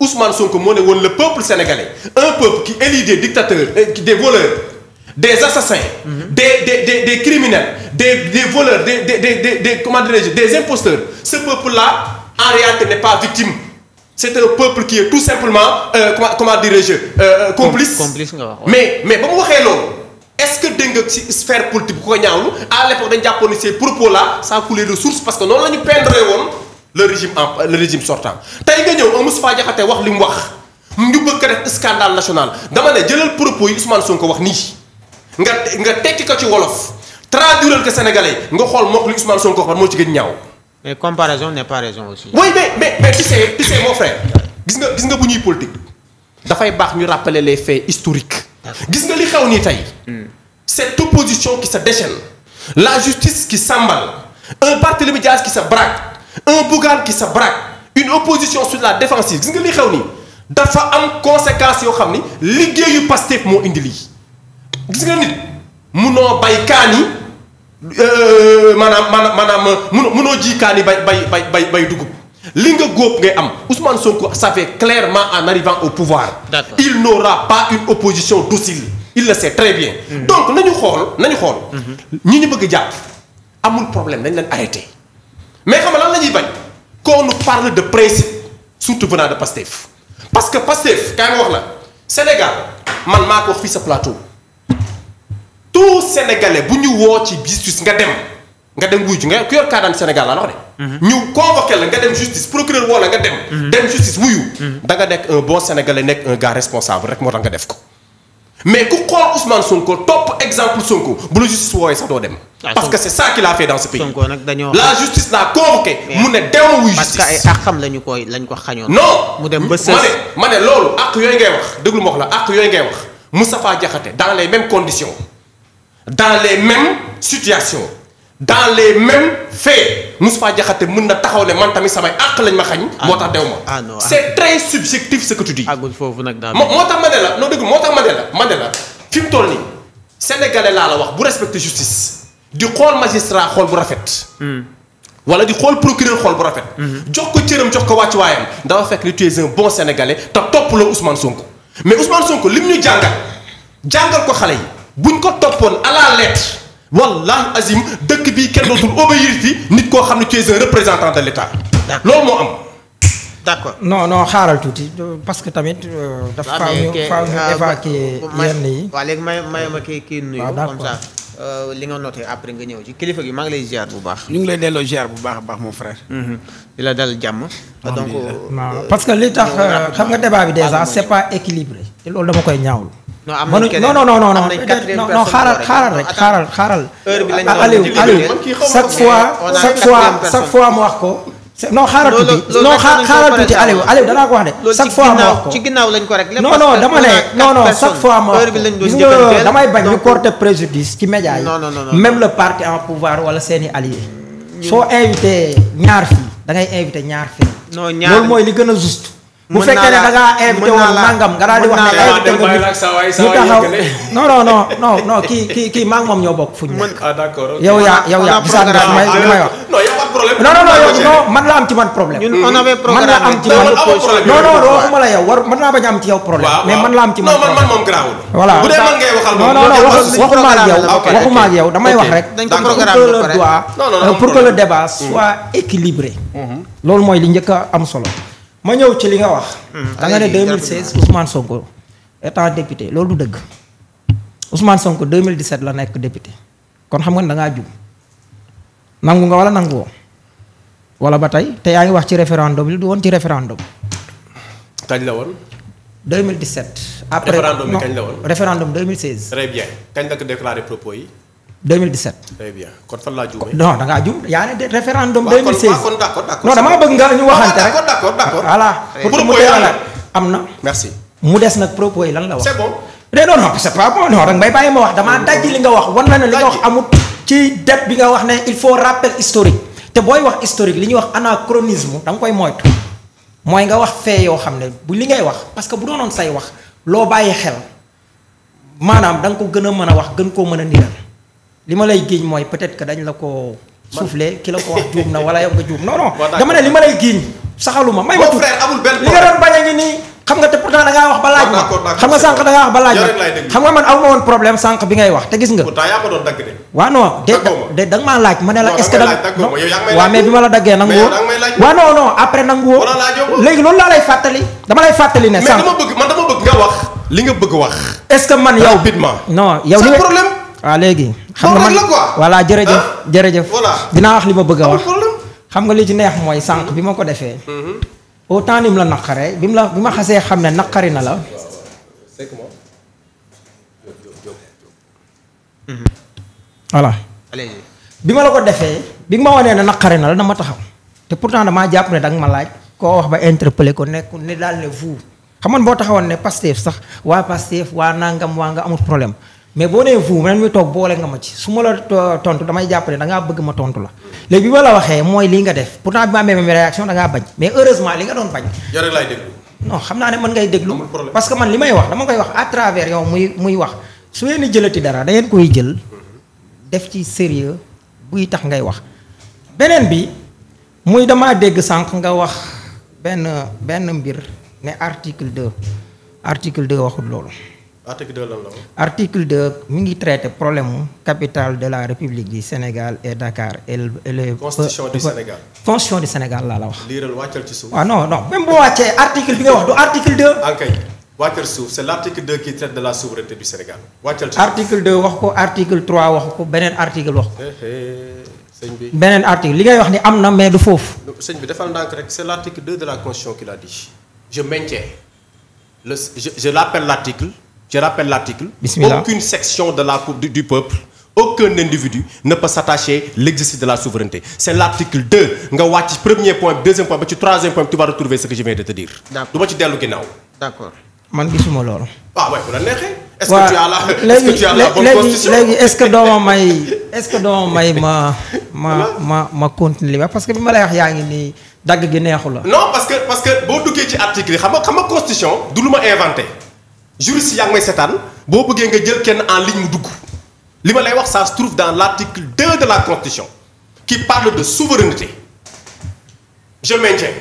Ousmane Sonko moo ne woon le peuple sénégalais un peuple qui élit des dictateurs euh, des voleurs des assassins. Mhm. des des des des criminels des des voleurs des des des des comment dirais des imposteurs ce peuple là en réalité n'est pas victime. c'est un peuple qui est tout simplement euh, comment comment je euh, euh, complice complice mais mais ba mu waxee loolu est-ce que dégg nga ci sphère politique bu ko ñaawlu à l'époque dañ jàppoon ni ces propos là ça coulait de parce que noonu la ñu peindre woon le régime en le régime sortant tey nga ñëw Moustapha Diakhaté wax li mu wax ñu bëgg rek scandale national dama ne jëlal propos yi Ousmane Sonko wax nii nga nga tekki ko ci wolof traduiral ko sénégalais nga xool mook li Ousmane Sonko wax moo ci gën ñaaw. mais comparaison n'est pas raison aussi. oui mais mais mais tu sais tu sais mon frère gis nga gis nga bu ñuy politique dafay baax ñu rappeler les faits historiques. gis nga li xew nii tey. Hmm. cette opposition qui se déchaîne. la justice qui s'emballe. un Barthélémy Dias qui sa braque. un Bougane qui se braque une opposition sur la défensive gis nga li xew nii dafa am conséquence yoo xam ni liggéeyu Pastef moo indi lii gis nga nit munoo bay kaan yi euh, maanaam maanaam maanaam mun munoo ji kaani yi bay bay bay bay dugub li nga góob ngay am Ousmane Sonko savait clairement en arrivant au pouvoir. D'accord. il n'aura pas une opposition docile il le sait très bien. Mmh. donc nañu xool nañu xool. Mhm. ñi ñu bëgg jàpp amul problème nañ leen arrêté. mais xam lan la ñuy bañ qu'on nous parle de principe surtout venant de Pastef parce que Pastef kaay ma wax la Sénégal man maa ko fii sa plateau tout sénégalais bu ñu woo ci justice nga dem nga dem wuyu ji nga ku yor kaadaan Sénégal laa wax de. Mhm. ñu convoqué la nga dem justice procureur woo la nga dem. Mhm. dem justice wuyu. Mhm. da nga nekk un bon sénégalais nekk un gars responsable rek moo tax nga def ko. mais ku xool Ousmane Sonko topp exemple Sonko bu la justice woowee sax doo dem. Ah, parce que c'est ça a fait dans ce pays. nag dañoo la justice l'a convoqué. mu ne deewu justice parce que ay àqam lañu koy lañ ko xañoon. non mu dem ba sës ma ne ma ne loolu àq yooyu ngay wax déglu ma wax la àq yooyu ngay wax Moustapha Diakhaté dans les mêmes condition dans les même situations. dans les mêmes faits Moustapha Diakhaté mën na taxaw ne man tamit samay àq lañ ma xañ. Ah moo tax dew ma. ah non ah c'est très subjectif ce que tu moo tax ma ne la non dëgg moo tax ma la ma la fi mu toll nii sénégalais laa la wax bu respecté justice di xool magistrat xool bu rafet. Hmm. wala di xool procureur xool bu rafet. Hmm. jox ko cëram jox ko wàccuwaayam dafa fekk ni tu es un bon sénégalais te topp la Ousmane Sonko mais Ousmane ko lim ñu jàngal jàngal ko xale yi buñ ko toppoon à la wallahi azim dëkk bi kenn dootul obéir ci nit koo xam ne tu es un représentant de l'État. loolu moo am. d'accord no non xaaral tuuti parce que tamit. Euh, daf ah, faaw ñu faaw euh, ñu évacuer yenn yi. waaw léegi may may ma kii kii nuyu. comme euh, li nga noté après nga ñëw ci kilifa gi maa ngi lay ziar bu baax. ñu ngi lay delloo ziar bu baax a baax mon frère. Mhm. di la dal jàmm. donc parce que li tax xam nga débat bi déjà c'est pas équilibré. te loolu dama koy ñaawlu. non am na keneen non non non non non xaaral xaaral rek xaaral xaaral. heure bi ah, Aliou Aliou chaque fois chaque fois chaque fois mu wax ko. non xaaral tuuti non xaaral tuuti Aliou Aliou danaa ko wax de. chaque fois mu wax ko ci ginnaaw lañ ko rek. non non dama ne non non chaque fois mu wax ko damay bañ ñu porter préjudice ci média yi. même le parti en pouvoir wala seeni alliés. soo invité ñaar fii da ngay invité ñaar fii. loolu mooy li gën a juste. bu fekkee ne da ngaa invité woon nangam nga daal di wax nga ñu taxaw non bokk fu ñu nekk ah, yow yaa yow yaa bisaat nga may li may wax non non non yow non man la am ci man man la am ci man naa bañ a am ci yow problème mais man la am ci man voilà non non waxuma ak yow waxuma ak yow damay wax rek pour que le débat pour que le débat soit mm. équilibré mm-hmm. loolu mooy li njëkk a am solo ma ñëw ci li nga wax. Hmm. da nga ne 2016 Ousmane Sonko étant député loolu du dëgg Ousmane Sonko 2017 la nekk député kon xam nga ne da ngaa jub nangu nga wala nanguwoo wala ba tey te yaa ngi wax ci référendum li du woon ci référendum. kañ la woon. 2017. après référendum bi kañ la woon. référendum 2016. très kañ la ko déclaré propos yi. 2017. très bien kon fan laa juumee. non da ngaa juum yaa ne de référendum. 2016 damaa bëgg nga ñu waxante ah, rek d' accord d' accord. voilà pour mu teel am na. merci mu des nag propos lan la wax. c' est bon. mais bàyyi ma wax damaa daj li nga wax wan na ne li nga wax amut. ci date bi nga wax ne il faut rappel historique te booy wax historique li ñuy wax anachronisme da nga koy moytu mooy nga wax fee yoo xam ne bu li ngay wax parce que bu doonoon say wax loo bàyyi xel maanaam danga ko gën a mën a wax gën koo mën a niral li ma lay giiñ mooy peut-être que dañ la ko soufflé ki la ko wax juum na wala yow nga juum non non dama ne li ma lay giiñ saxaluma may ma tuut li nga doon bañ a ngi nii xam nga te pourtant da ngaa wax ba laaj ma xam nga sànq da wax ba laaj ma xam nga man aw ma woon problème sànq bi ngay wax te gis nga waaw non de de da nga maa laaj ma ne la est-ce que da mais bi ma la daggee nangu woo waaw non non après nangu woo léegi loolu laa lay fàttali li nga bëgg wax est man yow waaw léegi. xam nga man voilà jërëjëf ah. jërëjëf. dinaa wax li ma bëgg a wax. xam nga li ci neex mooy sànq bi ma ko defee. Mm-hmm. autant ni mu la naqaree bi mu la bi ma xasee xam ne naqari na la. voilà. bi ma la ko defee bi nga ma wanee ne naqari na la dama taxaw te pourtant damaa jàpp ne danga ma laaj koo wax ba interpellé ko nekk ne daal ne vous xam nga boo taxawoon ne Pastef sax waa Pastef waa nangam waa nga amul problème. mais boo nee vous man mi toog boole nga ma ci su ma la tontu damay jàpp dangaa bëgg ma tontu la léegi bi ma la waxee mooy lii nga def pourtant bi ma amee même réaction da bañ mais heureusement li nga doon bañ. yow rek xam naa ne man ngay déglu. parce que man li may wax dama koy wax à travers yow muy muy wax su ngeen di jëlati dara da ngeen koy jël def ci sérieux buy tax ngay wax beneen bi muy damaa dégg sànq nga wax benn benn mbir ne article 2 article 2 waxul loolu. article 2 lan la mu ngi traité problème mu capitale de la république du Sénégal e Dakar et le. constitution du euh, Sénégal. constitution du Sénégal laa la wax. liiral wàccal ci suuf. waaw ah non non même boo wàccee article bi nga wax du article 2. Ah, ok wàccal suuf c'est l'article 2 qui traite de la souveraineté du Sénégal wàccal ci wax ko article 3 wax ko beneen article wax ko. Eh, eh, sëñ beneen article li ngay wax ni am na mais du foofu. sëñ bi defal ndànk rek c'est l'article 2 de la constitution qui l'a le je je je rappelle l'article Bismillah. aucune section de la cour du, du peuple aucun individu ne peut s'attacher l'exercice de la souveraineté c'est l'article 2 nga wàcc premier point deuxième point ba ci troisième point tu vas retrouver ce que je viens de te dire du ma ci dellu ginnaaw d'accord man gisuma loolu waaw ah waay bu la neexee est-ce que tu as la est-ce que tu as la bonne constitution léegi est-ce que dooma may est-ce que dooma may ma ma ma ma continuer li parce que bi ma lay wax yaa ngi nii dagg gi neexu la non parce que parce que boo duggee ci article yi xam nga xam nga constitution du lu ma inventé juriste yaa ngi may seetaan boo bëggee nga jël kenn en ligne mu dugg li ma lay wax ça se dans l'article 2 de la constitution qui parle de souveraineté je maintiens.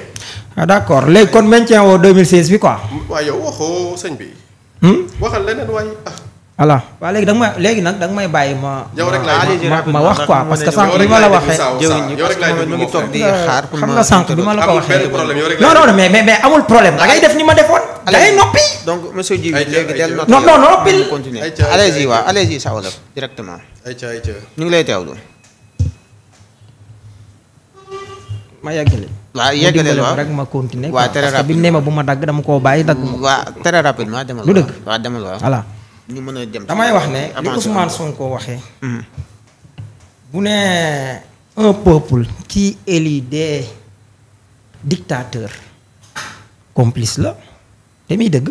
ah d'accord léegi kon maintien woo 2016 bi quoi. waaw yow waxoo sëñ bi. Hmm? waxal leneen waaye ah. voilà waaw léegi da may léegi nag da may bàyyi ma. yow rek laay ma wax quoi parce que sànq bi ma la waxee. yow rek laay dugg moom xam nga sànq bi ma la ko waxee. non non mais mais amul problème da ngay def ni ma defoon. da noppi. donc monsieur Djibi léegi del continuer allez-y waaw allez-y ñu ngi lay teewlu. ma yeggale. waaw yeggale waaw rek ma continuer. waa très rapide parce que bi mu ne ma bu ma dagg dama koo bàyyi dagg. waaw très rapidement demal waaw lu dëgg voilà ñu mën a damay wax ne li Ousmane koo waxee. Hmm. bu ne un peuple qui élit des dictateurs complice la te muy dëgg.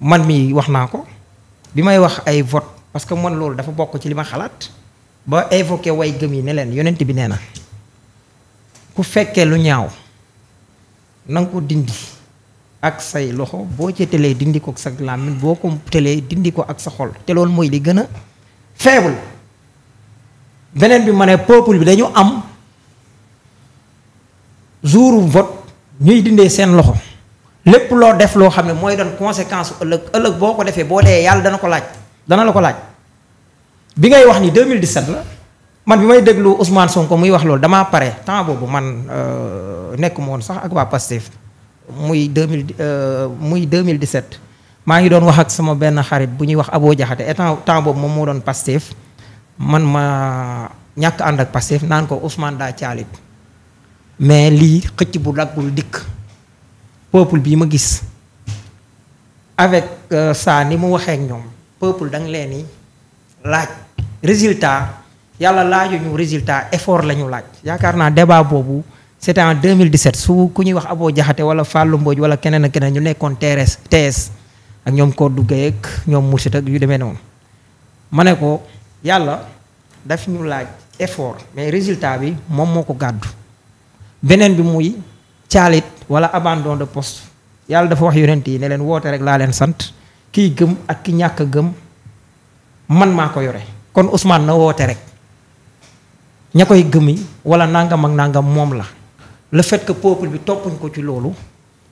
man mi wax naa ko bi may wax ay vote parce que man loolu dafa bokk ci li ma xalaat ba évoqué way gëm yi ne leen yonent bi nee na ku fekkee lu ñaaw na ko dindi. ak say loxo boo ci tëlee dindi ko ak sa làmmiñ boo ko tëlee dindi ko ak sa xol te loolu mooy li gën a faible beneen bi ma ne peuple bi dañu am jour vote ñuy dindee seen loxo lépp loo def loo xam ne mooy doon conséquence ëllëg ëllëg boo ko defee boo dee yàlla dana ko laaj dana la ko laaj bi ngay wax ni 2017 la man bi may déglu Ousmane Sonko muy wax loolu damaa pare temps boobu man euh, nekk moon sax ak waa Pastef muy 2000 euh, muy 2017 maa ngi doon wax ak sama benn xarit bu ñuy wax aboo Jaxate et temps boobu moom moo doon Pastef man ma ñàkk ànd ak Pastef naan ko Ousmane daa caalit mais lii xëcc bu daggul dikk peuple bii ma gis avec euh, ça ni mu waxee ak ñoom peuple da nga leen ni laaj résultat yàlla laajuñu résultat effort la ñu laaj yaakaar naa débat boobu. c'était en 2017 su ku ñuy wax Abo Jaxate wala Fallou Mbodj wala keneen ak keneen ñu nekkoon TRS tees ak ñoom koo Gueye ak ñoom Mourchid ak yu demee noonu ma ne ko yàlla daf ñu laaj effort mais résultat bi moom moo ko gàddu beneen bi muy caalit wala abandon de post yàlla dafa wax yonent yi ne leen woote rek laa leen sant kiy gëm ak ki ñàkk gëm man maa ko yore kon Ousmane na woote rek ña koy gëmi wala nangam ak nangam moom la le fait que peuple bi toppuñ ko ci loolu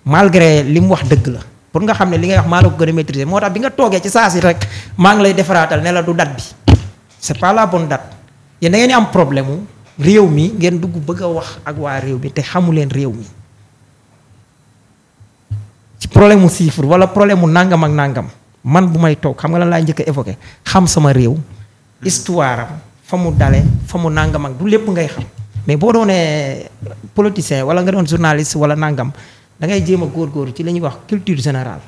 malgré li mu wax dëgg la pour nga xam ne li ngay wax maa la ko gën a maîtriser moo tax bi nga toogee ci saa si rek maa ngi lay defaraatal ne la du dat bi c'est pas la bonne date yéen da ngeen am problème mu réew mi ngeen dugg bëgg a wax ak waa réew mi te xamu leen réew mi ci problème mu chiffre wala problème mu nàngam ak nangam man bu may toog xam nga lan laa njëkk a xam sama réew. histoire am fa mu dale fa mu nangam ak du lépp ngay xam. mais boo doonee politicien wala nga doon journaliste wala nangam dangay ngay jéem a góorgóorlu ci li ñuy wax culture général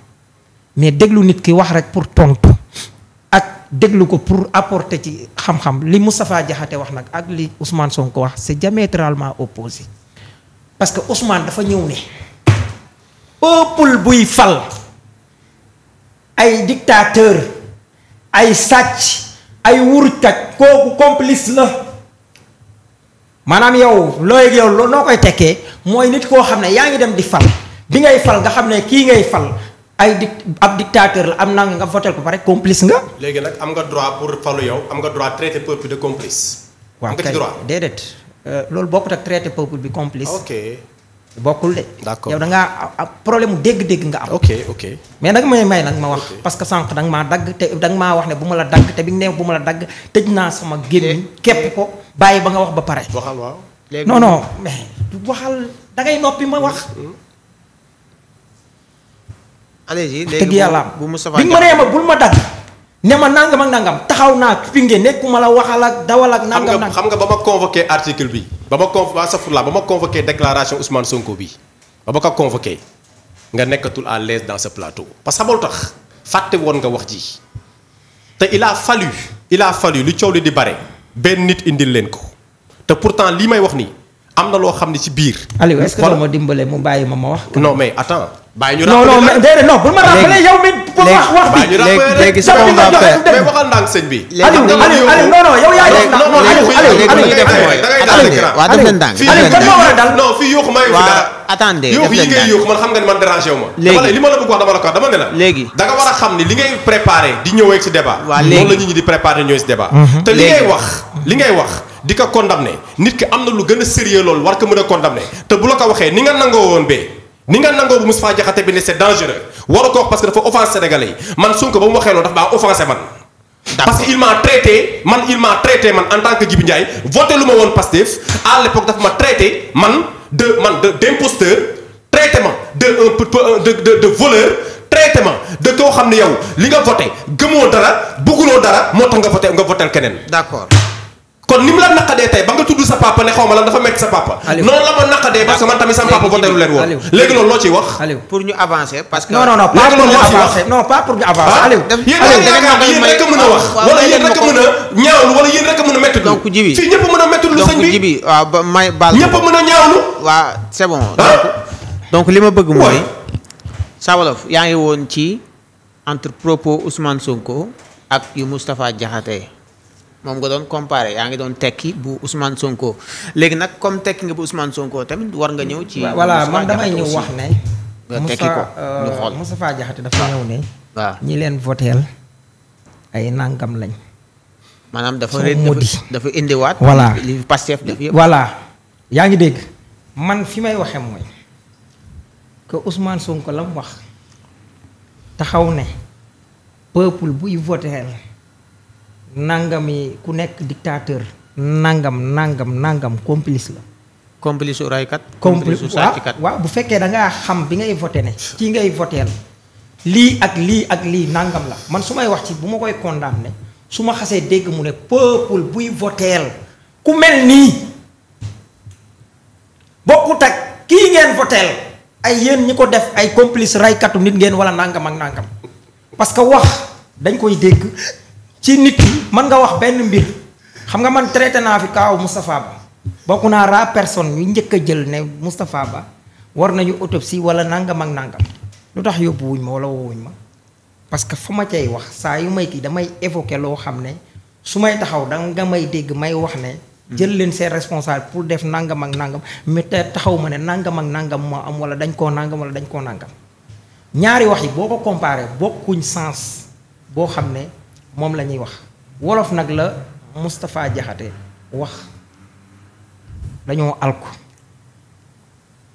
mais déglu nit ki wax rek pour tontu ak déglu ko pour apporté ci xam-xam li safaa Diakhaté wax nag ak li Ousmane ko wax c'est diamétralement opposé parce que Ousmane dafa ñëw ne peuple buy fal ay dictateur ay sàcc ay wurkat kooku complice la maanaam yow looy yow noo koy tekkee mooy nit koo xam ne yaa ngi dem di fal bi ngay fal nga xam ne kii ngay fal ay di ab dictateur la am na nga voté ko pare complice nga. léegi nag am nga droit pour falu yow am nga droit traité peuple de complice. am nga ci kay déedéet euh, loolu bokkut ak traité peuple bi complice. ok. bokkul de. d'accord yow da problème mu dégg-dégg nga am. ok ok mais nag may may nag ma wax. parce que sànq da maa dagg te da nga maa wax ne bu ma la dagg te bi nga ne bu ma la dagg tëj naa sama gémmiñ eh. képp ko bàyyi ba nga wax ba pare. waxal waaw léegi non non waxal da ngay noppi ma wax. Hmm? Hmm? allez-y léegi bu bu Moustapha bi nga ma nee ma bul ma dagg. ne ma nangam ak nangam taxaw naa pinge nekkuma la waxal ak dawal ak. nangam nangam xam nga ba ma convoqué article bi ba ma convo safurla ba ma convoqué déclaration Ousmane Sonko bi ba ma ko convoqué nga nekkatul à l'aise dans ce plateau. parce que xamul tax fàtte woon nga wax ji te il fal fallu il a fallu lu coow li di bare benn nit indi leen ko te pourtant lii may wax nii am na loo xam ne ci biir. Aliou est-ce que moo dimbale mu bàyyi ma ma wax. non mais attends bàyyi ñu rappelé non non mais déedéet non bu ma rappelé yow mi pour wax wax bi léegi ce qu'on va faire mais waxal ndànk bi. Aliou Aliou Aliou non non yow yaa def ndànk non Aliou Aliou Aliou def mooy attendez waaw def leen ndànk Aliou kan moo war a dal non li ma la bëgg wax dama ne la léegi danga nga war a xam ni li ngay préparé di ñëwee ci débat loolu la nit ñi di préparé ñëwee ci débat te li ngay wax li ngay wax di ko ne nit ki am na lu gën a sérieux loolu war ko mën a condamné te bu la ko waxee ni nga nangoo woon bee ni nga nangoo bu Moustapha Diakhaté bi ne c'est dangereux waru ko wax parce que dafa offensé sénégalais yi man Sonko ba mu waxee loolu dafa maa offensé man. parce que il m'a traité man il m'a traité man en tant que Djibi Ndiaye voté lu ma woon Pastef à l'époque dafa ma traité man de man de d'imposteur traité ma de un de de de voleur traité ma de koo xam ne yow li nga voté gëmoo dara bëgguloo dara moo tax nga voté nga votel keneen. d'accord. kon ni mu la naqadee tey ba nga tudd sa papa ne xaw ma lan dafa metti sa papa. noonu la ma naqadee parce que man tamit sama papa voté lu leen woon. léegi loolu loo ciy wax. pour ñu avancer parce que. non non non pas pour ñu avancer non pas pour ñu avancer. Ah? Aliou yéen rek a mën a wax wala yéen rek a mën a ñaawlu wala yéen rek a mën a métti. donc jibi fii ñëpp a mën a métti lu sëñ bi donc jibi waaw ba may baal ñëpp a mën a ñaawlu. waaw c'est bon. Ah? donc li ma bëgg mooy. Sa Wolof yaa ngi woon ci entre propos Ousmane Sonko ak yu Moustapha Diakhaté moom nga doon comparé yaa ngi doon tekki bu usmaan Sonko léegi nag comme tekki nga bu Ousmane Sonko tamit war nga ñëw. ci voilà man damay ñëw wax ne. nga tekki ko euh, ñu xool dafa ñëw ne. waaw leen voteel ay nangam lañ. maanaam dafa dafa indiwaat. voilà li Pastef voilà yaa ngi dégg. man fi may waxee mooy. que Ousmane Sonko la mu wax. taxaw ne. peuple buy voteel. yi ku nekk dictateur. nangam nangam nangam complice la. complice u raykat. complice u sàcckat waaw bu fekkee da ngaa xam bi ngay voté ne. kii ngay voteel lii ak lii ak lii nangam la man su may wax ci bu ma koy condamné su ma xasee dégg mu ne peuple buy voteel ku mel nii bokkut ak kii ngeen voteel ay yéen ñi ko def ay complice raykatu nit ngeen wala nàngam ak nangam parce wax dañ koy dégg. ci nit ki man nga wax benn mbir xam nga man traité naa fi kaaw Moustapha Ba bokk naa raa personne yu njëkk a jël ne Moustapha Ba war nañu autopsie wala nangam ak nangam lu tax yóbbu wuñ ma wala woowuñ ma parce que fa ma cay wax saa yu may kii damay évoquer loo xam ne su may taxaw da nga may dégg may wax ne. jël leen seen responsable pour def nangam ak nangam mais te taxaw ma ne nangam ak nangam moo am wala dañ koo nangam wala dañ koo nangam ñaari wax yi boo bokkuñ sens boo xam ne. moom la ñuy wax wolof nag la Moustapha Jaxate wax dañoo alku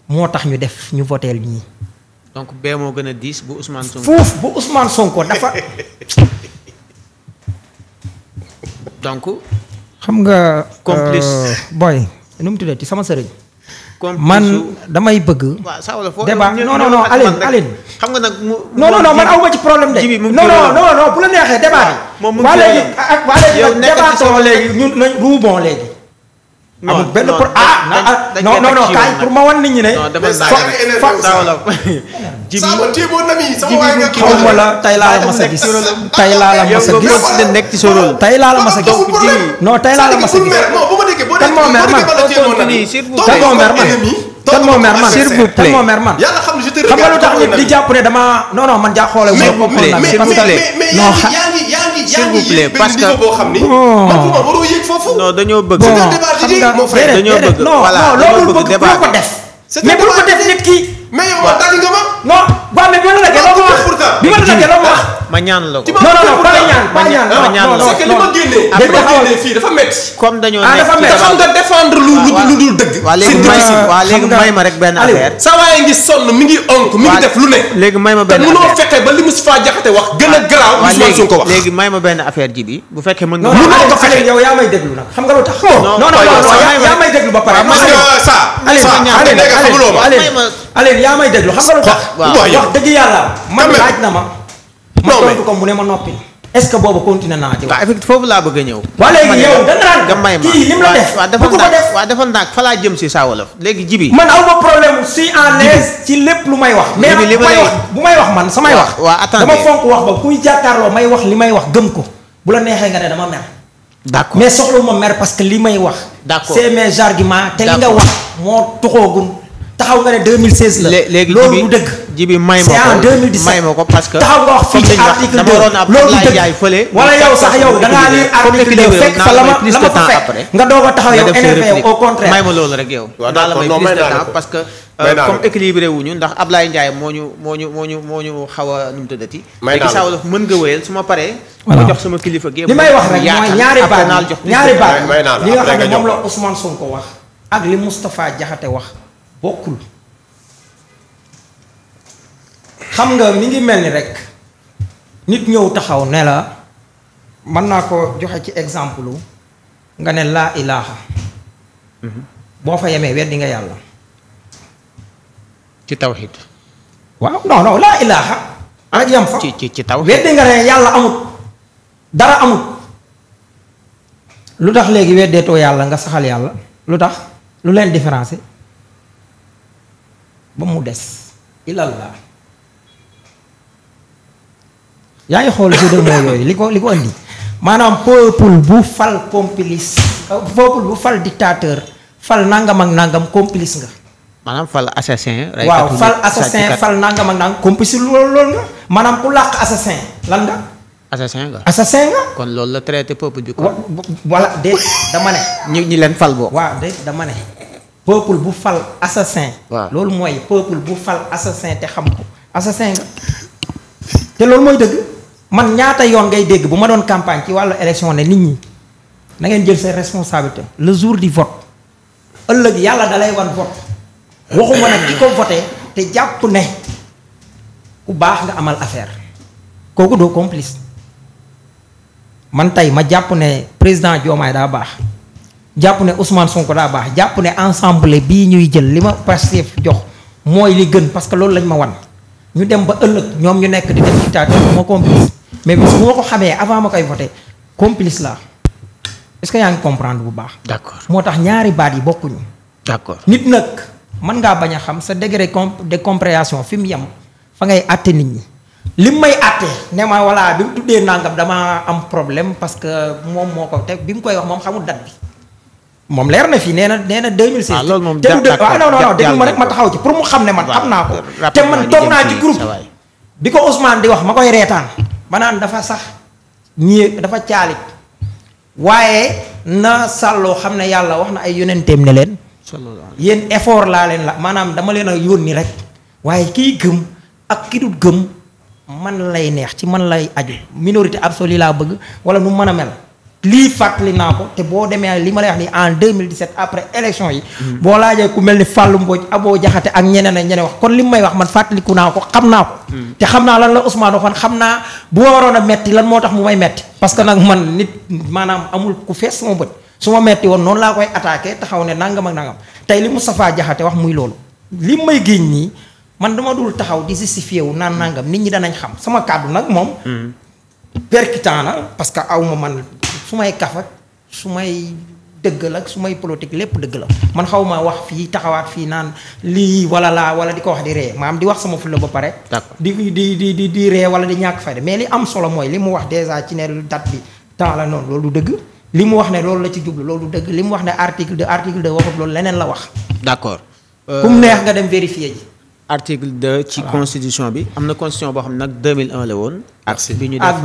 moo tax ñu def ñu voteel ñii. donc bee moo gën a diis bu Ousmane Sonko. foofu bu Ousmane Sonko dafa. donc. xam nga. complice euh, booy nu mu tuddee ci sama sëriñ. man damay bëgg. débat non non non Aline Aline. xam nga nag mu. non non man aw ma ci problème de. ji non non non non bu la neexee débat bi. moom mu ngi ci léegi waa léegi waa léegi nag débat léegi ñun nañ ruubon non benn pour ah, ah non non kaay pour ma wan nit ñi ne. non dafa xaw ma la tey laa la mas a tey laa la mas a tey laa la mas a tey moo mer man kan moo mer man kan lu tax nit jàpp ne dama non non man jaa xoole. mais mais mais mais mais s'il vous plaît parce que non dañoo bëgg. bon xam nga dañoo bëgg. voilà dañoo bëgg débat mais bu ko def nit ki. ma. non waaw mais ba ñaan ba ma ñaan la ko ma génnee. ma génnee ah, fii dafa métti. comme dañoo ah, nekk dafa métti xam nga défendre lu lu dëgg. waaw léegi may ma rek benn affaire. sa waay ngi sonn mi ngi onk mi ngi def lu ne. léegi may ma benn affaire te munoo fexe ba li Moustapha Diakhaté wax gën a garaaw. Ousmane Sonko wax léegi may ma benn affaire ji bi bu fekkee mën nga. mënoo ko fexe yow yaa may déglu nag xam nga lu tax. non non may déglu ba pare. parce Aline yaa may déglu xam nga lu tax. dëgg yàlla. man laaj na ma. ma tontu ko mu ne ma noppi. est-ce que boobu continué naa ci. foofu laa bëgg a ñëw. waa léegi yow da nga naan kii lim la def. bu defal naag fa jëm si saa wolof léegi jibi man aw ma problème si en aise ci lépp lu may wax. jibi li ma lay wax bu may wax man samay wax. waaw attendez dama fonk wax ba kuy jàkkaarloo may wax li may wax gëm ko bu la neexee nga ne dama mer. d'accord mais soxlawuma mer parce que li may wax. d'accord c'est mes arguments te li nga moo tuxoogum taxaw nga ne 2016 la. léegi loolu du dëgg. jibi may ma ko may parce que. taxaw nga wax fii ci loolu du dëgg wala yow sax yow da ngaa lire article 2 fekk fa la ma la ma fa fekk nga doog a taxaw euh, ndax Ablaye Ndiaye moo ñu moo ñu moo ñu moo ñu xaw a nu mu tëddati. may naa la mën nga wéyal su ma paree. ma jox sama kilifa gi. li may wax rek mooy ñaari baat ñaari baat li nga xam ne moom la Ousmane Sonko wax ak li Moustapha Diakhaté wax bokkul xam nga mi ngi mel ni rek nit ñëw taxaw ne la mën naa ko joxe ci exemple nga ne laa ilaaha mhm. boo fa yemee weddi nga yàlla ci tawxiid waaw non non laa ci ci taw weddi nga ne yàlla amut dara amut lu tax léegi weddeetoo yàlla nga saxal yàlla lu tax lu leen différencier ba mu des ilallah yaa ngi xool jeu de mots yooyu li ko li ko andi maanaam peuple bu fal complice peuple bu fal dictateur fal nangam ak nangam complice nga. maanaam fal assassin. waaw fal assassin fal nangam ak nangam complice loolu loolu nga maanaam ku làq assassin lan nga. assassin nga assassin nga. kon loolu la traité peuple bi. wa wala déet dama ne. ñu ñi leen fal boobu. peuple bu fal assassin. waaw loolu mooy peuple bu fal assassin te xam ko assassin te loolu mooy dëgg man ñaata yoon ngay dégg bu ma doon campagne ci wàllu élection ne nit ñi na ngeen jël seen responsabilité le jour di vote ëllëg yàlla da lay wan vote waxuma nag ki ko voté te jàpp ne ku baax nga amal affaire kooku doo complice man tey ma jàpp ne président Diomaye daa baax. jàpp ne Ousmane Sonko daa baax jàpp ne ensemble bii ñuy jël li ma Pastef jox mooy li gën parce que loolu lañ ma wan ñu dem ba ëllëg ñoom ñu nekk di def dictateur ma complice mais bis ko xamee avant ma koy voté complice la est que yaa ngi comprendre bu baax. d'accord moo tax ñaari baat yi bokkuñu. d'accord nit nag mën ngaa bañ a xam sa degré de compréhension fi mu yem fa ngay àtte nit ñi. li mu may àtte ne ma voilà bi mu tuddee nangam dama am problème parce que moom moo ko te bi mu koy wax moom xamul dat bi. moom leer na fii nee na nee na 2016. waaw ah, loolu moom jàpp naa ah, non non déglu ma rek ma taxaw ci pour mu xam ne man am naa ko. te man toog naa ci groupe bi ko Ousmane di wax ma koy reetaan. ma naan dafa sax ñii dafa caalit waaye na sàlloo xam ne yàlla wax na ay yonenteem ne leen. yéen effort laa leen la maanaam dama leen a yónni rek. waaye kiy gëm ak ki dul gëm man lay neex ci man lay aju minorité absolue laa bëgg wala nu mën a mel. lii fàttali naa ko te boo demee li ma lay wax ni en 2017 après élection yi. boo laajee ku mel ni Fallou Mbodj Abo jaxate ak ñeneen ak ñeneen wax kon li may wax man fàttaliku naa ko xam naa ko. Hmm. te xam naa lan la Ousmane waxoon xam naa bu ma waroon a metti lan moo tax mu may metti parce que nag man nit maanaam amul ku fees sama bët su ma metti woon noonu laa koy attaqué taxaw ne nangam ak nangam tey li Moustapha Diakhaté wax muy loolu. li may génn nii man dama taxaw di justifié wu naan nangam nit ñi danañ xam sama kàddu nag moom. Hmm. percutant na parce que aw ma man. su may kaf ak su may dëggal ak su may politique lépp dëgg la man xaw ma wax fii taxawaat fii naan lii wala laa wala di ko wax di ree maam di wax sama la ba pare. di di di di di ree wala di ñàkk fayda mais li am solo mooy li mu wax dèjà ci ne date bi temps la noonu loolu dëgg. li mu wax ne loolu la ci jublu loolu dëgg li mu wax ne article de article de waxut loolu leneen la wax. d'accord. ku mu euh, neex nga dem vérifier ji. article 2 ci ah. constitution bi am na constitution boo xam ne nag 2001 la woon. ak bi ñu def ak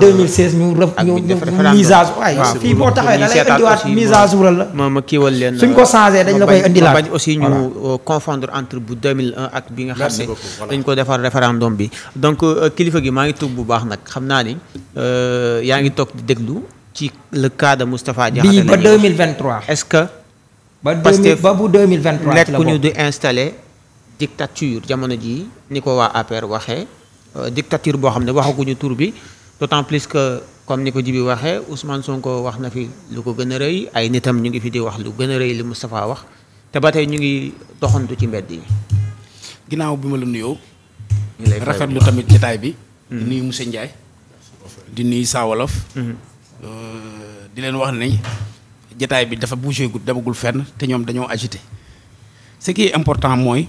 da lay indiwaat mise ma ma kiiwal la koy indilaat bañ aussi ñu euh, confondre entre bu bi nga xam ne dañ ko defar référendum bi donc euh, kilifa gi maa ngi tuub bu baax nag xam naa ni euh, yaa ngi toog di déglu ci le cas de Moustapha Diakhaté ba bu nekkuñu di installé dictature jamono jii ni ko waa APR waxee euh, dictature boo xam ne waxaguñu tur bi d'autant plus que comme ni ko jibi waxee Ousmane Sonko wax na fi lu ko gën a rëy ay nitam ñu ngi fi di wax lu gën a rëy li Moustapha wax te ba tey ñu ngi doxantu ci mbedd yi. ginnaaw bi ma la nuyoo. rafetlu tamit jotaay bi. Mm-hmm. di nuyu muse Ndiaye. di nuy Saa Wolof. Mm-hmm. Euh, di leen wax ne jataay bi dafa bougé gud demagul fenn te ñoom dañoo agité ce qui est important mooy.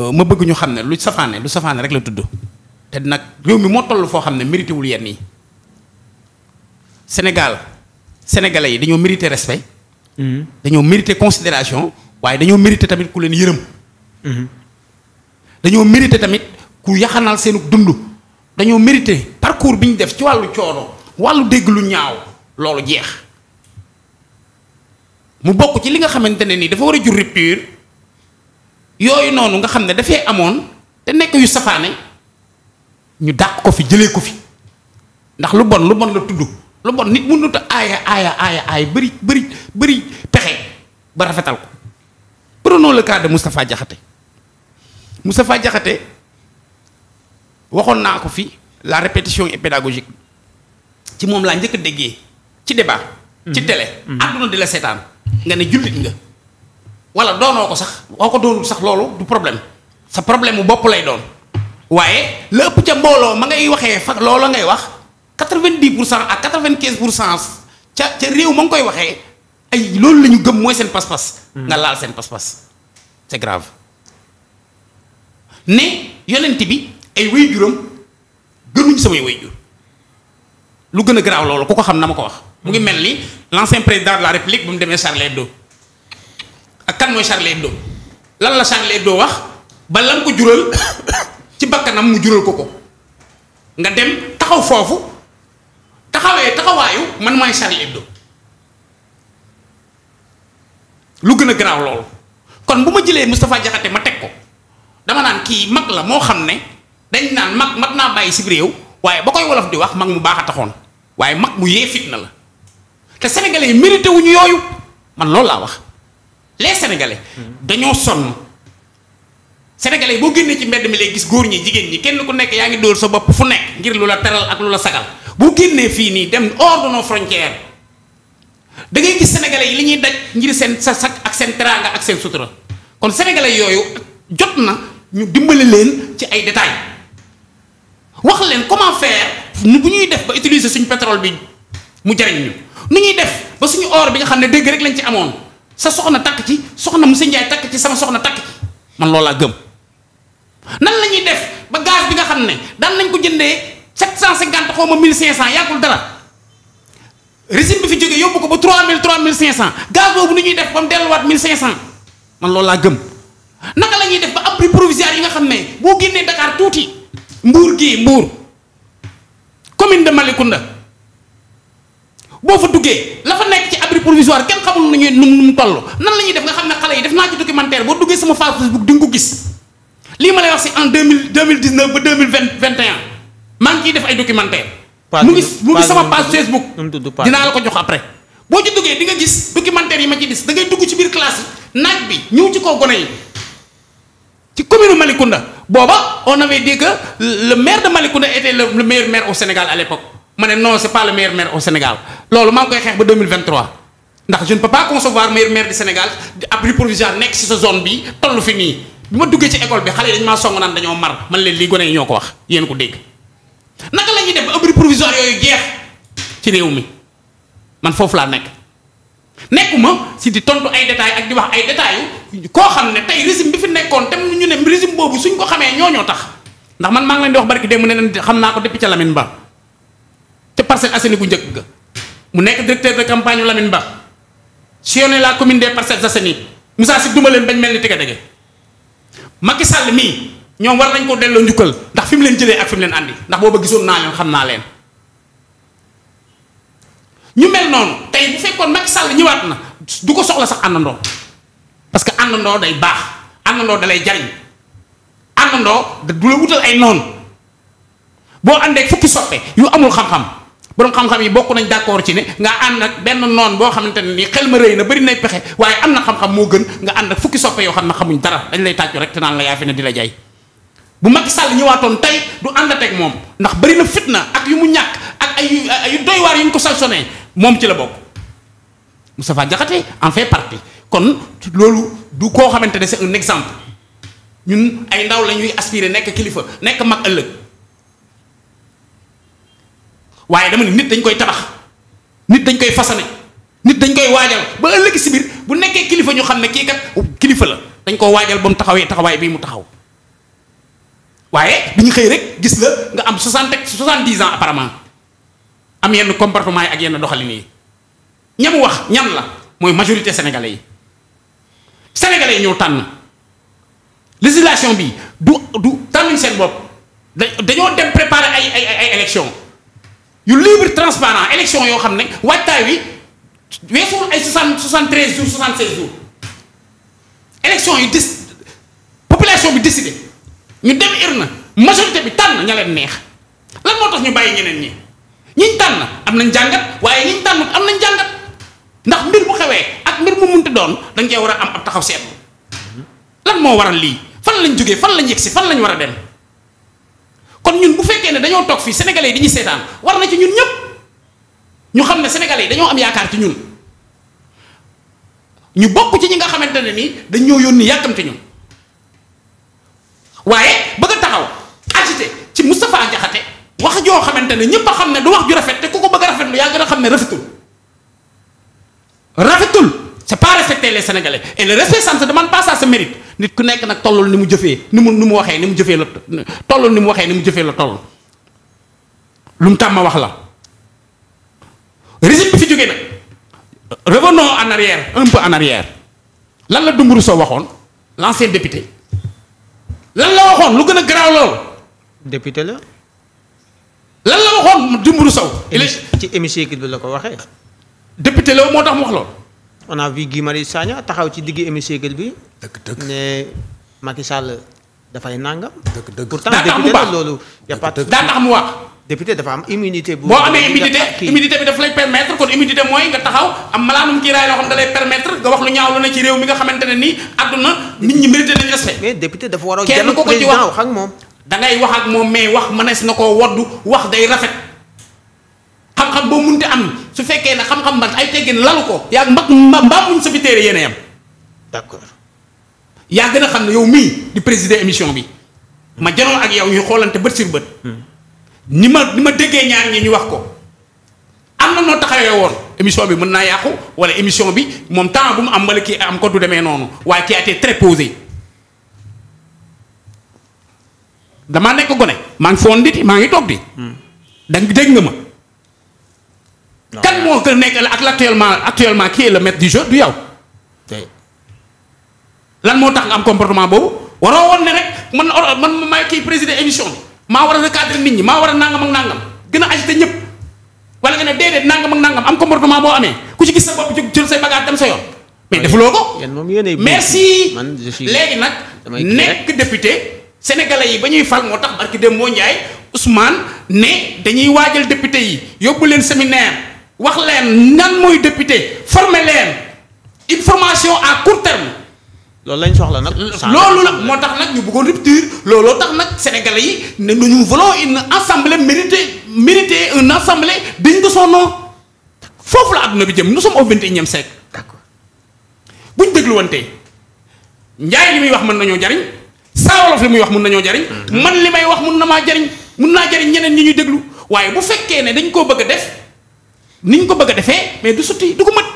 Euh, ma bëgg ñu xam ne lu safaane lu safaane rek la tudd te nag réew mi moo toll foo xam ne mérité wul yenn yi Sénégal sénégalais yi dañoo mérité respe mhm. dañoo mérité considération waaye dañoo mérité tamit ku leen yërëm. Mhm. dañoo mérité tamit ku yaxanal seen dund dañoo mérité parcours bi ñu def ci wàllu coono wàllu dégg lu ñaaw loolu jeex mu bokk ci li nga xamante ne nii dafa war a jur rupture. yooyu noonu nga xam ne dafee amoon te nekk yu safaane ñu dàq ko fi jëlee ko fi ndax lu bon lu bon la tudd lu bon nit mënut a aaya aaya aaya aaya bëri bëri bëri pexe ba rafetal ko prenons le cas de Moustapha Diakhaté Moustapha waxoon naa ko fi la répétition est pédagogique ci moom laa njëkk a déggee ci débat. ci mm-hmm. télé. Mm-hmm. àdduna di la seetaan nga ne jullit nga. wala doonoo ko sax boo ko doonul sax loolu du problème sa problème mu bopp lay doon waaye la ëpp ca mbooloo ma ngay waxee fa loola ngay wax quatre-vingt-dix pour cent ak quatre-vingt-quinze pour cent ca ca réew ma nga koy waxee ay loolu la ñu gëm mooy seen pas-pas. Hmm. nga laal seen pas-pas c'est grave ne yonent bi ay waajuram gënuñ samay waajur lu gën a grave loolu ku ko xam na ma ko wax. mu ngi hmm. mel ni l'ancien président la république bu mu demee Charlie Hebdo kan mooy Charlie Hebdo lan la Charlie Hebdo wax ba lam ko jural ci bakkanam mu jural ko ko nga dem taxaw foofu taxawee taxawaayu man maay Charlie Hebdo lu gën a garaaw loolu kon bu ma jëlee Moustapha Diakhaté ma teg ko dama naan kii mag la moo xam ne dañ naan mag mag naa bàyyi si réew waaye ba koy wolof di wax mag mu baax a taxoon waaye mag mu yee fitna la te sénégalais yi mérité yooyu man loolu laa wax. les sénégalais. dañoo sonn sénégalais boo génnee ci mbedd mi lay gis góor ñi jigéen ñi kenn ku nekk yaa ngi dóor sa bopp fu nekk ngir lu la teral ak lu la sagal boo génnee fii nii dem hors de nos frontières da gis sénégalais yi li ñuy daj ngir seen sa sak ak seen teraanga ak seen sutura kon sénégalais yooyu jot na ñu dimbali leen ci ay détails wax leen comment faire nu bu ñuy def ba utiliser suñ pétrole bi mu jariñ ñu nu ñuy def ba suñu or bi nga xam ne dëgg rek lañ ci amoon. sa soxna takk ci soxna mu monsieur Ndiaye takk ci sama soxna takk ci man loolaa gëm. nan la ñuy def ba gaz bi nga xam ne daan nañ ko jëndee 750 xaw ma 1500 yàggul dara régime bi fi jógee yóbbu ko ba 3000 3500 gaz boobu ni ñuy def ba mu delluwaat 1500 man loolaa gëm. naka la ñuy def ba abri provisoire yi nga xam ne boo génnee Dakar tuuti. mbuur gii mbuur commune de Malicounda boo fa duggee la fa nekk ci abri provisoire kenn xamul nu ñuy nu mu toll nan la ñuy def nga xam ne xale yi def naa ci documentaire boo duggee sama page Facebook di ko gis lii ma wax en deux mille deux mille dix neuf ba deux mille vingt ay documentaire mu ngi mu ngi sama la ko jox après boo ci duggee di nga gis documentaire yi ma ci gis da ngay dugg ci biir classe yi naaj bi ñëw ci kaw gone yi ci commune Malicounda booba on avait dit que le maire de Malicounda était le maire au Sénégal à l'époque ma ne non c'est pas le meilleur maire au Sénégal loolu maa ngi koy xeex ba 2023 ndax je ne peux pas concevoir meilleur maire du Sénégal abri provisoire nekk ci sa zone bi toll fi nii bi ma duggee ci école bi xale yi dañu maa song naan dañoo mar man leen lii gone yi ñoo ko wax yéen ko dégg naka la ñuy def ba abri provisoire yooyu jeex ci réew mi man foofu laa nekk nekkuma si di tontu ay détails ak di wax ay détails koo xam ne tey régime bi fi nekkoon ñu ne régime ko xamee ñoo ñoo tax ndax man maa ngi ko depuis ca Lamine te Parcelles Assainies gu njëkk ga mu nekk directeur de campagne Lamine Ba sillonné la commune des Parcelles Assainies Moussa Sy duma leen bañ mel ni tege dege Macky Sall mii ñoom war dañ koo delloo njukkal ndax fi mu leen jëlee ak fi leen andi ndax booba gisoon naa leen xam naa leen ñu mel noonu tey bu fekkoon Macky Sall ñëwaat na du ko soxla sax àndandoo parce que àndandoo day baax àndandoo dalay jariñ àndandoo du la wutal ay noonu boo àndee fukki soppe amul xam borom xam-xam yi bokk nañ d'accord ci ne nga ànd ak benn noon boo xamante ne nii xel ma rëy na bëri nay pexe waaye am na xam-xam moo gën nga ànd ak fukki soppe yoo xam ne xamuñ dara dañ lay tàccu rek te naan la yaa fi ne di la jaay bu Macky Sall ñëwaatoon tey du àndateeg moom ndax bari na fitna ak yu mu ñàkk ak ay ay doy yu ñu ko sanctionné moom ci la bokk Moustapha Diakhaté en fait partie kon loolu du koo xamante ne c'est un exemple ñun ay ndaw lañuy ñuy aspirer kilifa nekk mag ëllëg waaye dama nit dañ koy tabax nit dañ koy fasane nit dañ koy waajal ba ëllëg si biir bu nekkee kilifa ñu xam ne kii kat kilifa la dañ koo waajal ba mu taxawee taxawaay bii mu taxaw waaye bi ñu xëy rek gis la nga am soixante soixante-dix ans apparemment am yenn comportement yi ak yenn doxalin yi ñamu wax ñan la mooy majorité sénégalais yi sénégalais yi ñoo tànn législation bi du du tànnuñ seen bopp dañ dañoo dem préparer ay ay ay yu libre transparent élection yoo xam ne waajtaay wi weesuwul ay soixante soixante treize jours soixante seize jours élection yu dis population bi décidé ñu dem na majorité bi tànn ña leen neex lan moo tax ñu bàyyi ñeneen ñi ñiñ tànn am nañ jàngat waaye ñiñ tànn am nañ jàngat ndax mbir bu xewee ak mbir mu ti doon dañ cee war a am ab taxaw seetlu lan moo waral lii fan lañ jógee fan lañ yegsi fan lañ war a dem. kon ñun bu fekkee ne dañoo toog fii sénégalais yi dañuy seetaan war na ci ñun ñëpp ñu xam ne sénégalais yi dañoo am yaakaar ci ñun ñu bokk ci ñi nga xamante ne nii dañoo yónni yàkkamte ñun waaye bëgg a taxaw agité ci Moustapha Diakhaté wax joo xamante ne ñëpp a xam ne du wax ju rafet te ku ko bëgg a rafetlu yaa gën a xam ne rafetul rafetul c'est pas respecter les sénégalais et respect ça ne se demande pas ça se mérite. nit ku nekk nag tollul ni mu jëfee ni mu ni mu waxee ni mu jëfee la tollul ni mu waxee ni mu la toll lu mu tàmm wax la régime bi fi jógee nag revenons en arrière un en arrière lan la dumburu Sow waxoon l'ancien député lan la waxoon lu gën a garaaw lool. député la. lan la waxoon Doumbourou Sow. ci hémicycle bi la ko waxee. député la moo tax mu wax lool. on a vu Guy Marius Sagna taxaw ci digg hémicycle bi. dëkk dëgg ne Macky Sall dafay nangam. dëgg dëgg pourtant député la loolu. y' a pas daan tax mu wax. député dafa am immunité. bu boo amee immunité immunité bi daf lay permettre kon immunité mooy nga taxaw am malaanum kiiraay loo xam da lay permettre nga wax lu ñaaw lu ne ci réew mi nga xamante ne nii àdduna nit ñi mérité nañu respect. mais député dafa war a kenn ko ko ci wax président moom. da ngay wax ak moom mais wax mënees na koo woddu wax day rafet xam-xam boo munte am su fekkee ne xam-xam ay teggin lalu ko. yaa mbag mba mbaamuñ sa fi téere yéen a yaa gën a xam ne yow mii di présider émission bi ma janoo ak yow ñu xoolante bët sur bët. ni ma ni ma déggee ñaar ñi ñu wax ko am na noo taxawee woon émission bi mën naa yàqu wala émission bi moom temps bu mu am wala kii am ko du demee noonu waaye kii a été posé. damaa nekk gone maa ngi foon nit maa ngi toog di. Hmm. da nga dégg nga ma. kan moo ko nekk la ak actuellement actuellement qui est le maître du jeu du yow. lan moo tax nga am comportement boobu waroo woon ne rek man man maay kii président émission bi maa war a recadrer nit ñi maa war a nan ak nangam gën a agité ñëpp wala nga ne déedéet nangam ak nangam am comportement boo amee ku ci gis sa bopp jël say bagage dem sa yoon. mais defuloo ko. merci léegi nag nekk député sénégalais yi ba ñuy fal moo tax barki dem moo Ndiaye Ousmane ne dañuy waajal député yi yóbbu leen séminaire wax leen nan mooy député former leen une formation à court terme. loolu lañ soxla nag. loolu la moo tax nag ñu bëggoon rupture looloo tax nag sénégalais yi ne nous voulons une assemblée méritée méritée une assemblée digne de son nom foofu la àdduna bi jëm nous sommes au vingt et unième siècle. d'accord bu ñu dégluwantee njaay li muy wax mën nañoo jariñ saa wolof li muy wax mën nañoo jariñ. Mhm. man li may wax mun na maa jariñ mun naa jariñ ñeneen ñi ñuy déglu waaye bu fekkee ne dañ koo bëgg a def niñ ko bëgg a defee mais du sotti du ko mët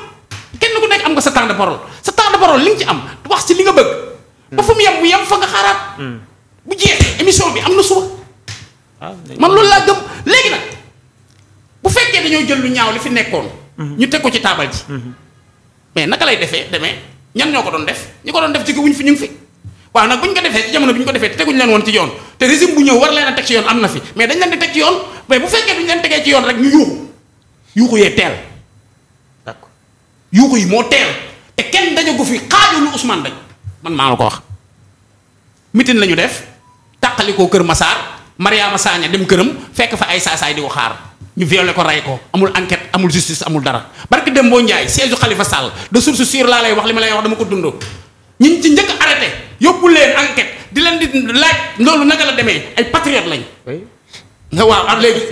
kenn ku nekk am nga sa temps de waroon li nga ci am wax ci li nga bëgg. ba fu mu bu mu fa nga xaaraat. Hmm. bu jeex émission bi am na suba. Ah, man loolu laa gëm léegi nag bu fekkee dañoo jël lu ñaaw li fi nekkoon. Hmm. ñu teg ko ci taabal ji. Hmm. mais naka lay defee demee ñan ñoo ko doon def ñu ko doon def jóge wuñ fi ñu fi. waaw nag bu ñu ko defee ci jamono bi ñu ko defee te teguñu leen woon ci yoon te régime bu ñëw war leen a teg ci yoon am na fi mais dañ leen di teg ci yoon mais bu fekkee duñ leen tegee ci yoon rek ñu yuuxu yuuxu yee teel. d'accord yuuxu yi moo teel. te kenn daje ko fi xaaju lu Ousmane dañ man maa la ko wax. mitin la ñu def taqali koo kër Massar Mariama Sagna dem këram fekk fa ay saasaay di ko xaar ñu violé ko rey ko amul enquête amul justice amul dara barke dem boo Ndiaye siège xalifa Sall de source sûre laa lay wax li ma lay wax dama ko dundoo ñi ci njëkk arrêté yóbbu leen enquête di leen di laaj loolu naka la demee ay patriote lañ. nga waaw am ah, léegi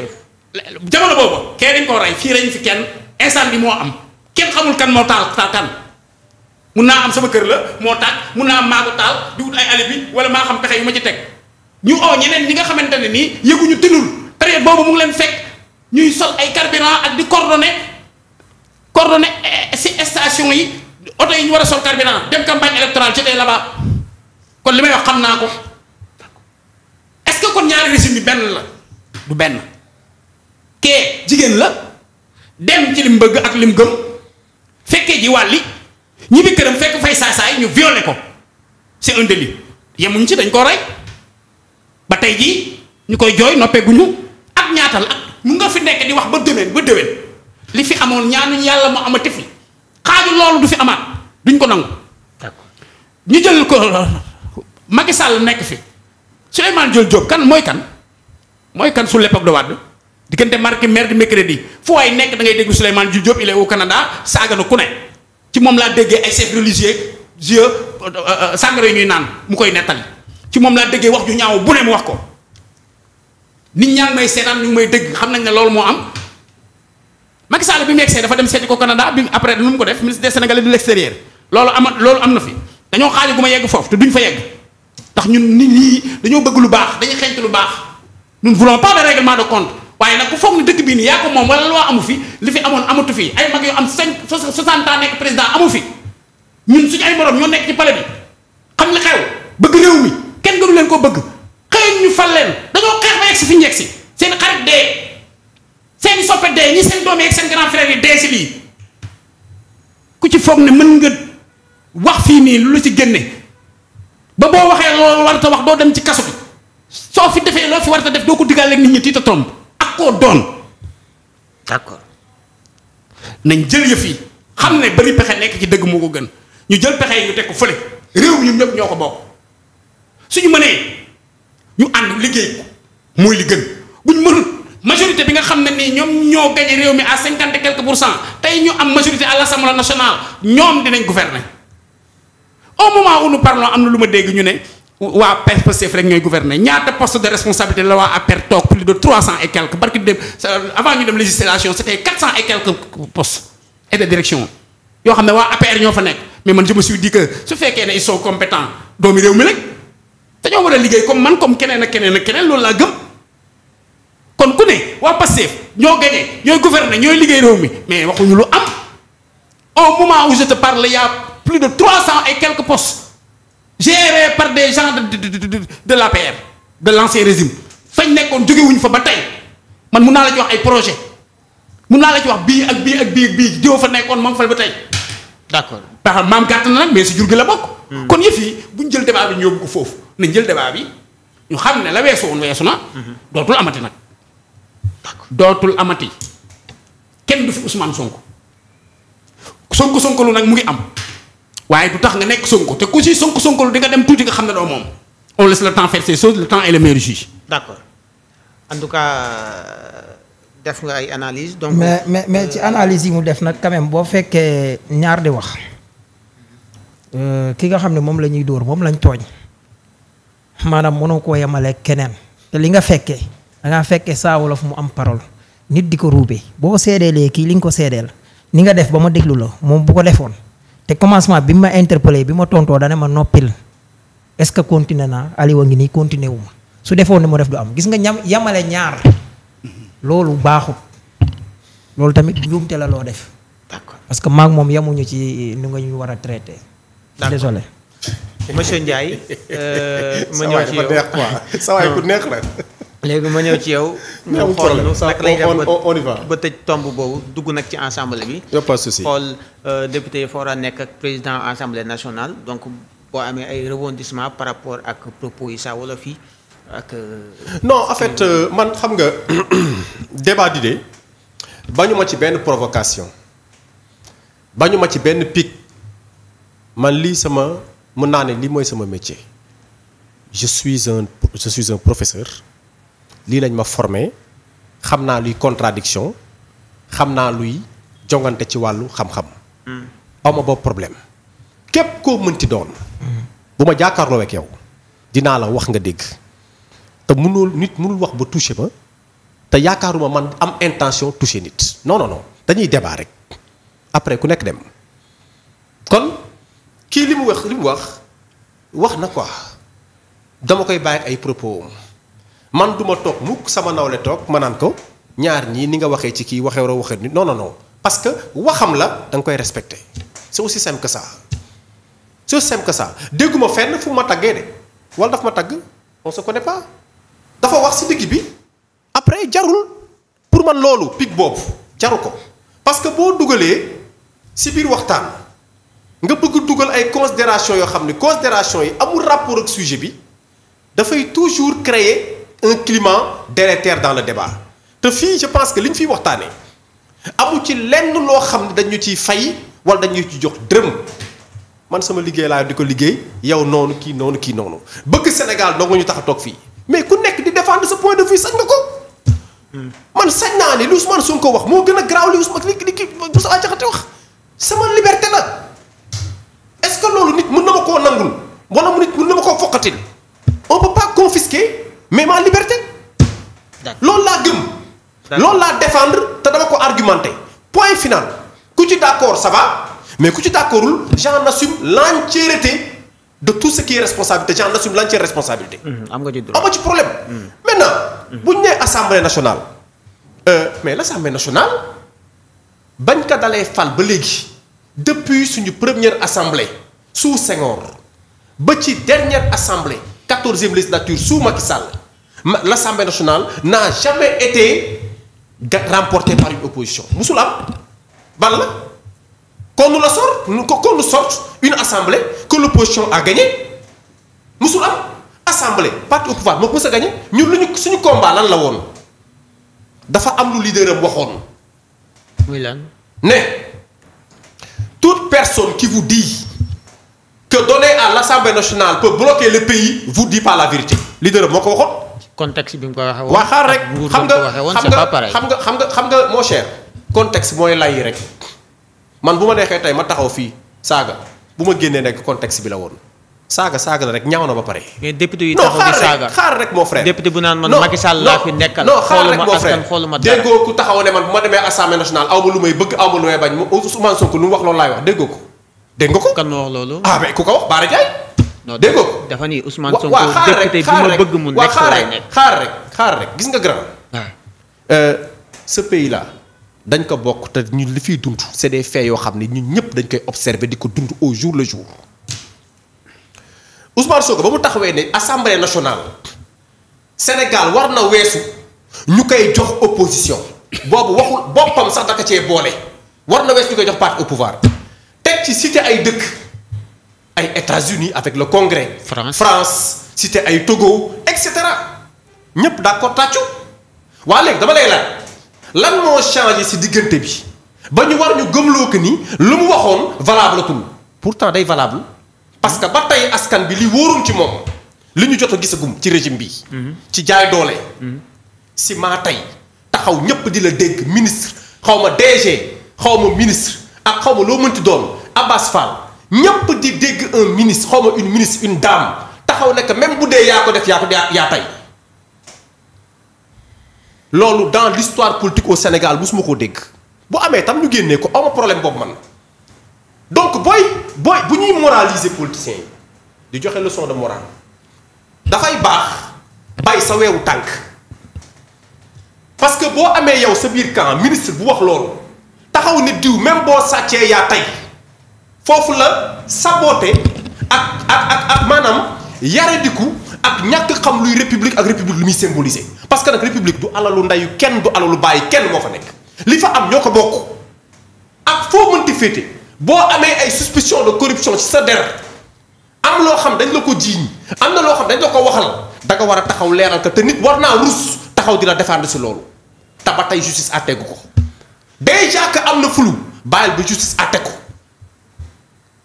jamono boobu kee dañ ko rey fii rey fi kenn instant bi moo am kenn xamul kan moo taal taal mun naa am sama kër la moo tax mun naa am maa ko taal di wut ay alibi wala maa xam pexe yu ma ci teg ñu oo ñeneen ñi nga xamante ne nii yëguñu tënul période boobu mu ngi leen fekk ñuy sol ay carburant ak di coordonné coordonné eh, si station yi oto yi ñu war a sol carburant dem campagne électorale ci tey là-bas kon li may wax xam naa ko est-ce que kon ñaari régime yi benn la du benn kee jigéen la dem ci lim bëgg ak lim gëm fekkee ji wàlli ñibbi këram fekk fay saay saay ñu violé ko c'est un délit yemuñ ci dañ koo rey ba tey jii ñu koy jooy noppee guñu ak ñaatal ak mu nga fi nekk di wax ba déwén ba déwén li fi amoon ñaanuñ yàlla mu amati fi xaaju loolu du fi amaat duñ ko nangu. ñu jël ko Macky Sall nekk fi Souleymane Diol Diop kan mooy kan mooy kan su l'époque de Wade diggante marqué maire de mercredi fu waay nekk da ngay dégg Souleymane Diol Diop il est au saaga na ku ne. ci moom laa déggee ay chefs religieux yeux euh, sàngara yi ñuy naan mu koy nettali ci moom laa déggee wax ju ñaaw bu ne mu wax ko nit ñaa ngi may seetaan ñu ngi may dégg xam nañ ne loolu moo am Macky Sall bi mu yegsee dafa dem seeti ko Canada bi après nu mu ko def ministre des Sénégalais de l'extérieur loolu ama loolu am na fi dañoo xaaju gu ma yegg foofu te duñ fa yegg ndax ñu nit ñi dañoo bëgg lu baax dañu xeeñtu lu baax nous ne voulons pas de règlement de compte waaye nag ku foog ne dëkk bii nii yaa ko moom wala loo amu fi li fi amoon amatu fi ay mag yoo am cinq soixante ans nekk président amu fi ñun suñu ay morom ñoo nekk ci palais bi xam li xew bëgg réew mi kenn gënu leen ko bëgg xëy ñu fal leen dañoo xeex ba yegg si fi ñu yegg si seen xarit dee seen soppe dee ñi seen doom yeeg seen grand frère yi dee si lii ku ci foog ne mën nga wax fii nii lu la ci génne ba boo waxee loolu warta wax doo dem ci kaso soo fi defee loo fi warta def doo ko diggaaleeg nit ñi tiita tromp koo doon. d'accord. nañ jël yëf yi xam ne bari pexe nekk ci dëgg moo ko gën ñu jël pexe yi ñu teg ko fële réew mi ñun ñëpp ñoo ko bokk suñu mënee ñu ànd liggéey ko mooy li gën buñ mënut majorité bi nga xam ne nii ñoom ñoo gagné réew mi à cinquante et pour cent tey ñu am majorité à l'Assemblée nationale ñoom dinañ gouverner au moment où nous parlons am na lu ma dégg ñu ne waa PSPCF rek ñooy gouverner ñaata poste de responsabilité la waa APR toog. plus de trois cent et quelques barki dem avant ñu dem législation c'était quatre cent et quelques postes et de direction yoo xam ne waa APR ñoo fa nekk mais man je me suis su fekkee ne ils sont compétents doomi réew mi lañ dañoo war a liggéey comme man comme keneen a keneen ak keneen loolu laa gëm kon ku ne waa Pastef ñoo gagné ñooy gouverner ñooy liggéey réew mi mais waxuñu lu am au moment où je te parle il y a plus de trois cent et quelques postes gérés par des gens de de de de l'APR de l'ancien régime. fañ nekkoon jógewuñ fa ba tey man mun naa la ci wax ay projet mun naa la ci wax bii ak bii ak bii ak bii diw fa nekkoon moom fa ba tey d'accord baax maam gàtt na nag mais si jur gi la bokk. Hmm. kon yëf yi buñ jël débat bi ñu yóbbu foofu nañ jël débat bi ñu xam ne la weesu woon weesu na. Hmm. dootul amati nag. dootul amati kenn du fi Ousmane Sonko Sonko Sonko lu nag mu ngi am waaye du tax nga nekk Sonko te ku si Sonko Sonko lu di nga dem tuuti nga xam ne doo moom. on laisse le temps faire le temps est le meilleur juge. d'accord euh, def nga ay analyse donc mais mais mais ci euh, analyse yi mu def nag quand boo fekkee ñaar di wax euh, ki nga xam ne moom la ñuy dóor moom lañ tooñ maanaam mënoo koo yemale keneen te li nga fekkee dangaa ngaa fekkee Saa Wolof mu am parole nit di ko ruube boo seedeelee kii li nga ko seedeel ni nga def ba ma déglu la moom bu ko defoon te commencement bi ma interpellé bi ma tontoo dana ma noppil est-ce que continué naa Aliou a ngi nii continué su defoon ne mu def du am gis nga ñam yamale ñaar loolu baaxut loolu tamit njuumte la loo def. d'accord parce que maak moom yamuñu ci nu nga ñu war a traité. désolé. monsieur Ndiaye. Euh, ma ñëw ci yow ma ñëw ci yow. ñu xool naka lay def ba ba tëj tomb boobu dugg nag ci assemblée bi. y a xool euh, député yi a nekk ak président assemblée nationale boo amee ay rebondissement par rapport ak propos yi saa wala fii ak. Euh, non en fait euh, euh, man xam nga débat d'idée bañu ma ci benn provocation bañu ma ci benn pic man lii sama mën naa ne lii mooy sama métier je suis un je un professeur lii lañ ma formé xam naa luy contradiction xam naa luy jongante ci wàllu xam-xam. Hmm. awma boobu problème képp koo mënti doon. bu ma jàkkaarloo ak yow dinaa la wax nga dégg te mënul nit mënul wax ba touché ma te yaakaaruma man am intention touché nit non non dañuy débat rek après ku nekk dem kon kii li mu wax li mu wax wax na ko dama koy bàyyi ay propos man duma toog mukk sama nawle toog ma naan ko ñaar ñii ni nga waxee ci kii waxee waroo waxee nit non non non parce que waxam la danga koy respecté soo aussi simple que c'est aussi simple que ça dégguma fenn fu ma taggee de wala daf ma tagg on ko connaît pas dafa wax si digg bi après jarul pour man loolu pic boobu jaru ko parce que boo dugalee si biir waxtaan nga bëgg dugal ay considération yoo xam ne considération yi amul rapport ak sujet bi dafay toujours créer un climat délétère dans le débat te fii je pense que li fiy waxtaanee amu ci lenn loo xam ne dañu ciy fay wala dañu ci jox dërëm. man sama liggéey laa di ko liggéey yow noonu kii noonu kii noonu bëgg Sénégal dong ñu tax a toog fii mais ku nekk di défendre sa point de vue sañ nga ko. man sañ naa ni li Ousmane ko wax moo gën a garaaw li Ousmane li li kii Moussa Diakhaté wax sama liberté la est-ce que loolu nit mun na ma koo nangul wala mu nit mën na ma koo fokkatil on peut pas confisquer mais ma liberté. loolu laa gëm. loolu laa defendre te dama ko argumenté point final ku ci d'accord ça mais ku ci d'accordul j'en assume l'entièreté de tout ce qui est responsabilité j'en lañ l'entière responsabilité. Mm-hmm. am nga ci droit am ci problème. Mm-hmm. maintenant mm-hmm. bu ñu nee assemblée nationale. Euh, mais l'assemblée nationale bañ ka dalee fal ba léegi depuis suñu première assemblée sous Senghor ba ci dernière assemblée quatorzième législature sous Macky Sall l'assemblée nationale n'a jamais été remportée par une opposition musul am ban la. qu'on nous la sorte qu'on nous sorte une assemblée que l'opposition a gagné musul am assemblée parti au moo ko mës a gagné lu ñu suñu combat lan la woon dafa am lu leader am waxoon. muy lan ne toute personne qui vous dit que donner à l'Assemblée nationale peut bloquer le pays vous dit pas la vérité leader am moo ko waxoon. contexte bi mu ko waxee woon. waxaar rek xam nga xam nga xam nga xam nga mon cher contexte mooy lay rek. man bu ma neexee tey ma taxaw fii saaga bu ma génnee nekk contexte bi la woon saaga saaga la rek ñaaw na ba pare. mais député yi taxaw di saaga xaar rek moo frère. député bu naan man Macky Sall laa fi nekkal. non xaar taxaw ne man ma demee assemblée nationale aw ma lu may bëgg aw ma lu may bañ mu Ousmane Sonko lu mu wax loolu ko. dégg nga ko kan moo wax loolu. ah ko wax Bara Ndiaye. non dafa ni Ousmane Sonko député bu ma bëgg mu nekk waaw xaar rek xaar rek gis nga grand. Euh, ce pays dañ ko bokk te ñun li fiy dund c'est des yoo xam ne ñun ñëpp dañ koy observer di ko dund au jour le jour Ousmane Sonko ba mu taxawee ne assemblée nationale Sénégal war na weesu ñu koy jox opposition boobu waxul boppam sax daka cee boole war na weesu ñu koy jox parti au pouvoir teg ci cité ay dëkk ay États-Unis avec le Congrès. France France cité ay Togo et cetera ñëpp d'accord tàccu waa léegi dama lay laaj. lan moo changé ci diggante bi ba ñu war ñu gëmloo ko ni lu mu waxoon valable pour temps day valable parce que ba tey askan bi li wóorul ci moom li ñu jot a gisagum ci régime bi. ci jaay doole. si maa tey taxaw ñëpp di la dégg ministre xaw ma DG xaw ma ministre ak xaw ma loo mënti doom Abbas Fall ñëpp di dégg un ministre xaw ma une ministre une dame taxaw nekk même bu dee yaa ko def yaa ko yaa tey. loolu dans l'histoire politique au Sénégal musuma koo dégg boo amee tam ñu génnee ko ama problème boobu man donc booy booy bu ñuy moraliser politiciens yi di joxe leçon de morale dafay baax bàyyi sa weewu tànk parce que boo amee yow sa biir camp ministre bu wax loolu taxaw ne diw même boo sàccee yaa tey foofu la saboote ak ak ak ak maanaam yaradiku ak ñàkk xam luy république ak république lu muy symboliser parce que nag république du alalu ndeyu kenn du alalu bàyyi kenn moo fa nekk li fa am ñoo ko bokk ak foo mënti féete boo amee ay suspicion de corruption ci sa der am loo xam dañ la ko jiiñ am na loo xam dañ la ko waxal da war a taxaw leeral ko te nit war naa rus taxaw di la défendre si loolu te ba tey justice àtte ko déjà que am na flou bàyyil ba justice àtte ko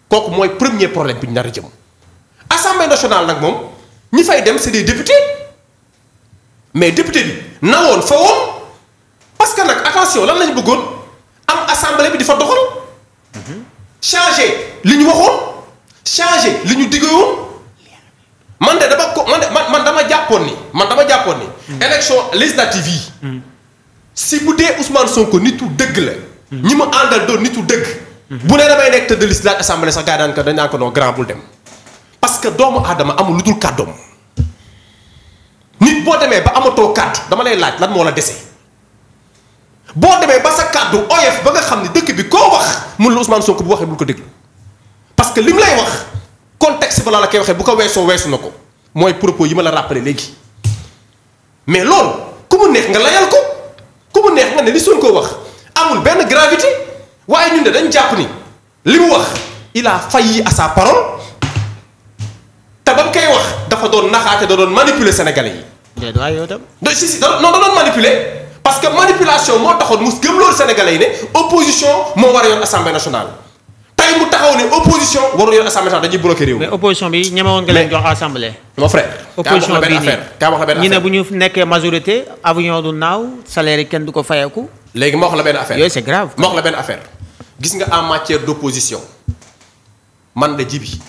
kooku mooy premier problème bi ñu nar a jëm assemblée nationale nag moom. ñi fay dem c'est des députés mais député bi nawoon fa woon parce que nag attention lan lañu bëggoon am assemblée bi di fa doxal changer li ñu waxoon changer li ñu diggoon man de dama ko man de man dama jàppoon ni man dama jàppoon ni. Mm. élection législative yi. Mm. si bu dee Ousmane Sonko nitu dëgg la. Mm. ñi ma àndal doon nitu dëgg. bu ne damay nekk tëdd liste assemblée sax gars ko dañ naan ko non grand bul dem. parce que doomu aadama amul lu dul kàddoom nit boo demee ba amatoo kàddu dama lay laaj lan moo la dese boo demee ba sa kàddu oyof ba nga xam ne dëkk bi koo wax mun la Ousmane Sonko bu waxee bul ko déglu parce que li mu lay wax contexte ba la la koy waxee bu ko weesoo weesu na ko mooy propos yi ma la rappelé léegi mais loolu ku mu neex nga layal ko ku mu neex nga ne li koo wax amul benn gravité waaye ñun de dañ jàpp ni li mu wax il a yi à sa dafa doon naxaate da doon manipuler sénégalais yi. déedéet waaye yow da doon manipuler parce que manipulation moo taxoon mu gëm loolu sénégalais yi ne opposition moo war a yor assemblée nationale. tey mu taxaw ne opposition warul yor assemblée nationale dañuy bloqué réew. mais opposition bi ñemewoon bu ñu nekkee majorité avion du naaw salaire kenn du ko fayeeku. léegi ma wax la benn affaire yooyu c'est grave. ma wax la gis nga en matière d'opposition man la jibi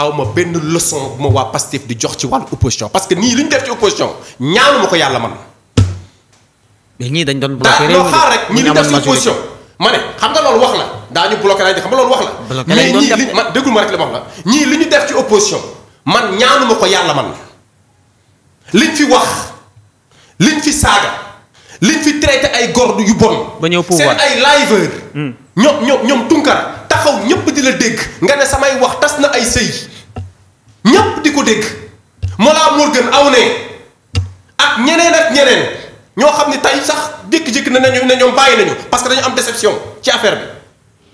aw ma benn leçon bu ma waa Pastef di jox ci wàllu opposition parce que nii li ñu def ci opposition ñaanu ko yàlla man. ñii dañ doon bloqué réew mi xaar rek ñii li def ci opposition. ma xam nga loolu wax la daañu bloqué lañ xam nga wax la. mais ñii li ma déggul ma rek li li ñu def ci opposition man ñaanu ma ko yàlla man liñ fi wax liñ fi saaga. liñ fi traité ay gordu yu bon. ba ñëw pouvoir seen ay liveur. Hmm. ñoom ñoom ñoom Tunkara taxaw ñëpp di la dégg nga ne samay wax tas na ay sëy ñëpp di ko dégg Mollah gën aw ne ak ñeneen ak ñeneen ñoo xam ne tey sax jékki-jékki na nañu ne ñoom bàyyi nañu parce que dañu am déception ci affaire bi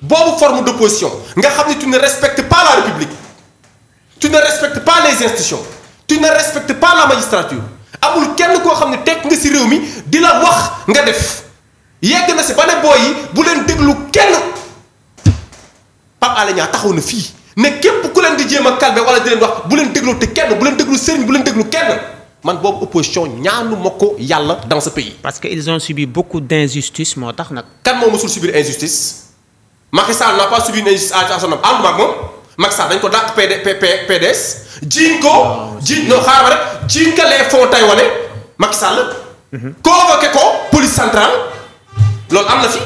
boobu forme d'opposition nga xam ne tu ne respectes pas la république tu ne respectes pas les institutions tu ne respectes pas la magistrature amul kenn koo xam ne tekk nga si réew mi di la wax nga def yegg na si ba ne booy yi bu leen déglu kenn. Pape taxaw na fii ne képp ku leen di a calmer wala di leen wax bu leen déglu te kenn bu leen déglu sëriñ ko yàlla dans ce parce que ils ont subi beaucoup tax n'a pas subi une injustice à son nom dañ ko dàq PDS jiiñ ko. jiiñ non xaaral police centrale loolu am na fi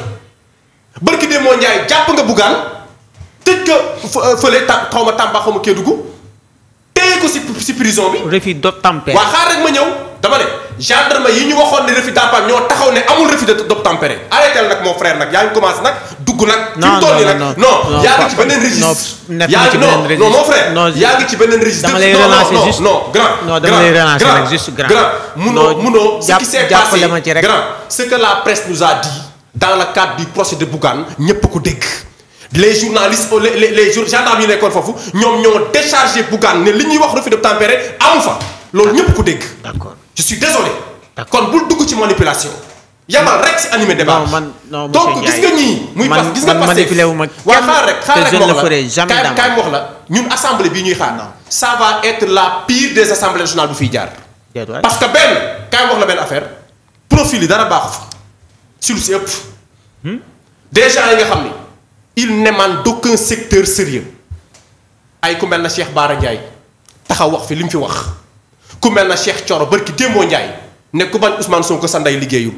barki Demba Ndiaye jàpp nga Bougane. tëj ko euh, fële ta xaw ma Tamba xaw ma Kédougou téye ko si si prison bi. refus d'obtempérer waa xaar rek ma ñëw dama ne ma yi ñu waxoon ne refus d'obtempérer ñoo taxaw ne amul refus d'obtempérer arrêté nag mon frère nag yaa ngi commencé nag dugg ci beneen registre. nekk na ci beneen registre non mon ci beneen registre. dama lay relancer juste non non grand. non dama lay relancer nag juste grand. grand grand ce que la presse nous a dit dans le du procès de Bougane ko dégg. les journalistes les les gendarmes yi nekkoon foofu ñoom ñoo déchargé Bougane ne li ñuy wax refus de tempérer amu fa loolu ñëpp ko dégg. d'accord je suis désolé. kon bul dugg ci manipulation. yamal rek si animé débat. non man non donc gis nga ñii. muy pas gis nga passé waaye xaar rek xaar rek wax la ñun assemblée bii ñuy xaar. non ça va la pire des assemblées nationales bu fiy jaar. parce que benn kaay wax la benn affaire profil yi dara baaxu fa. si lu si ëpp. Hmm? des yi nga xam ni. il n'émane d'aucun secteur sérieux ay ku mel na Cheikh Baara Ndiaye taxaw wax fi li mu fi wax ku mel na Cheikh Thioro barki Demba Ndiaye ne ku bañ soo ko sa ndey liggéeyul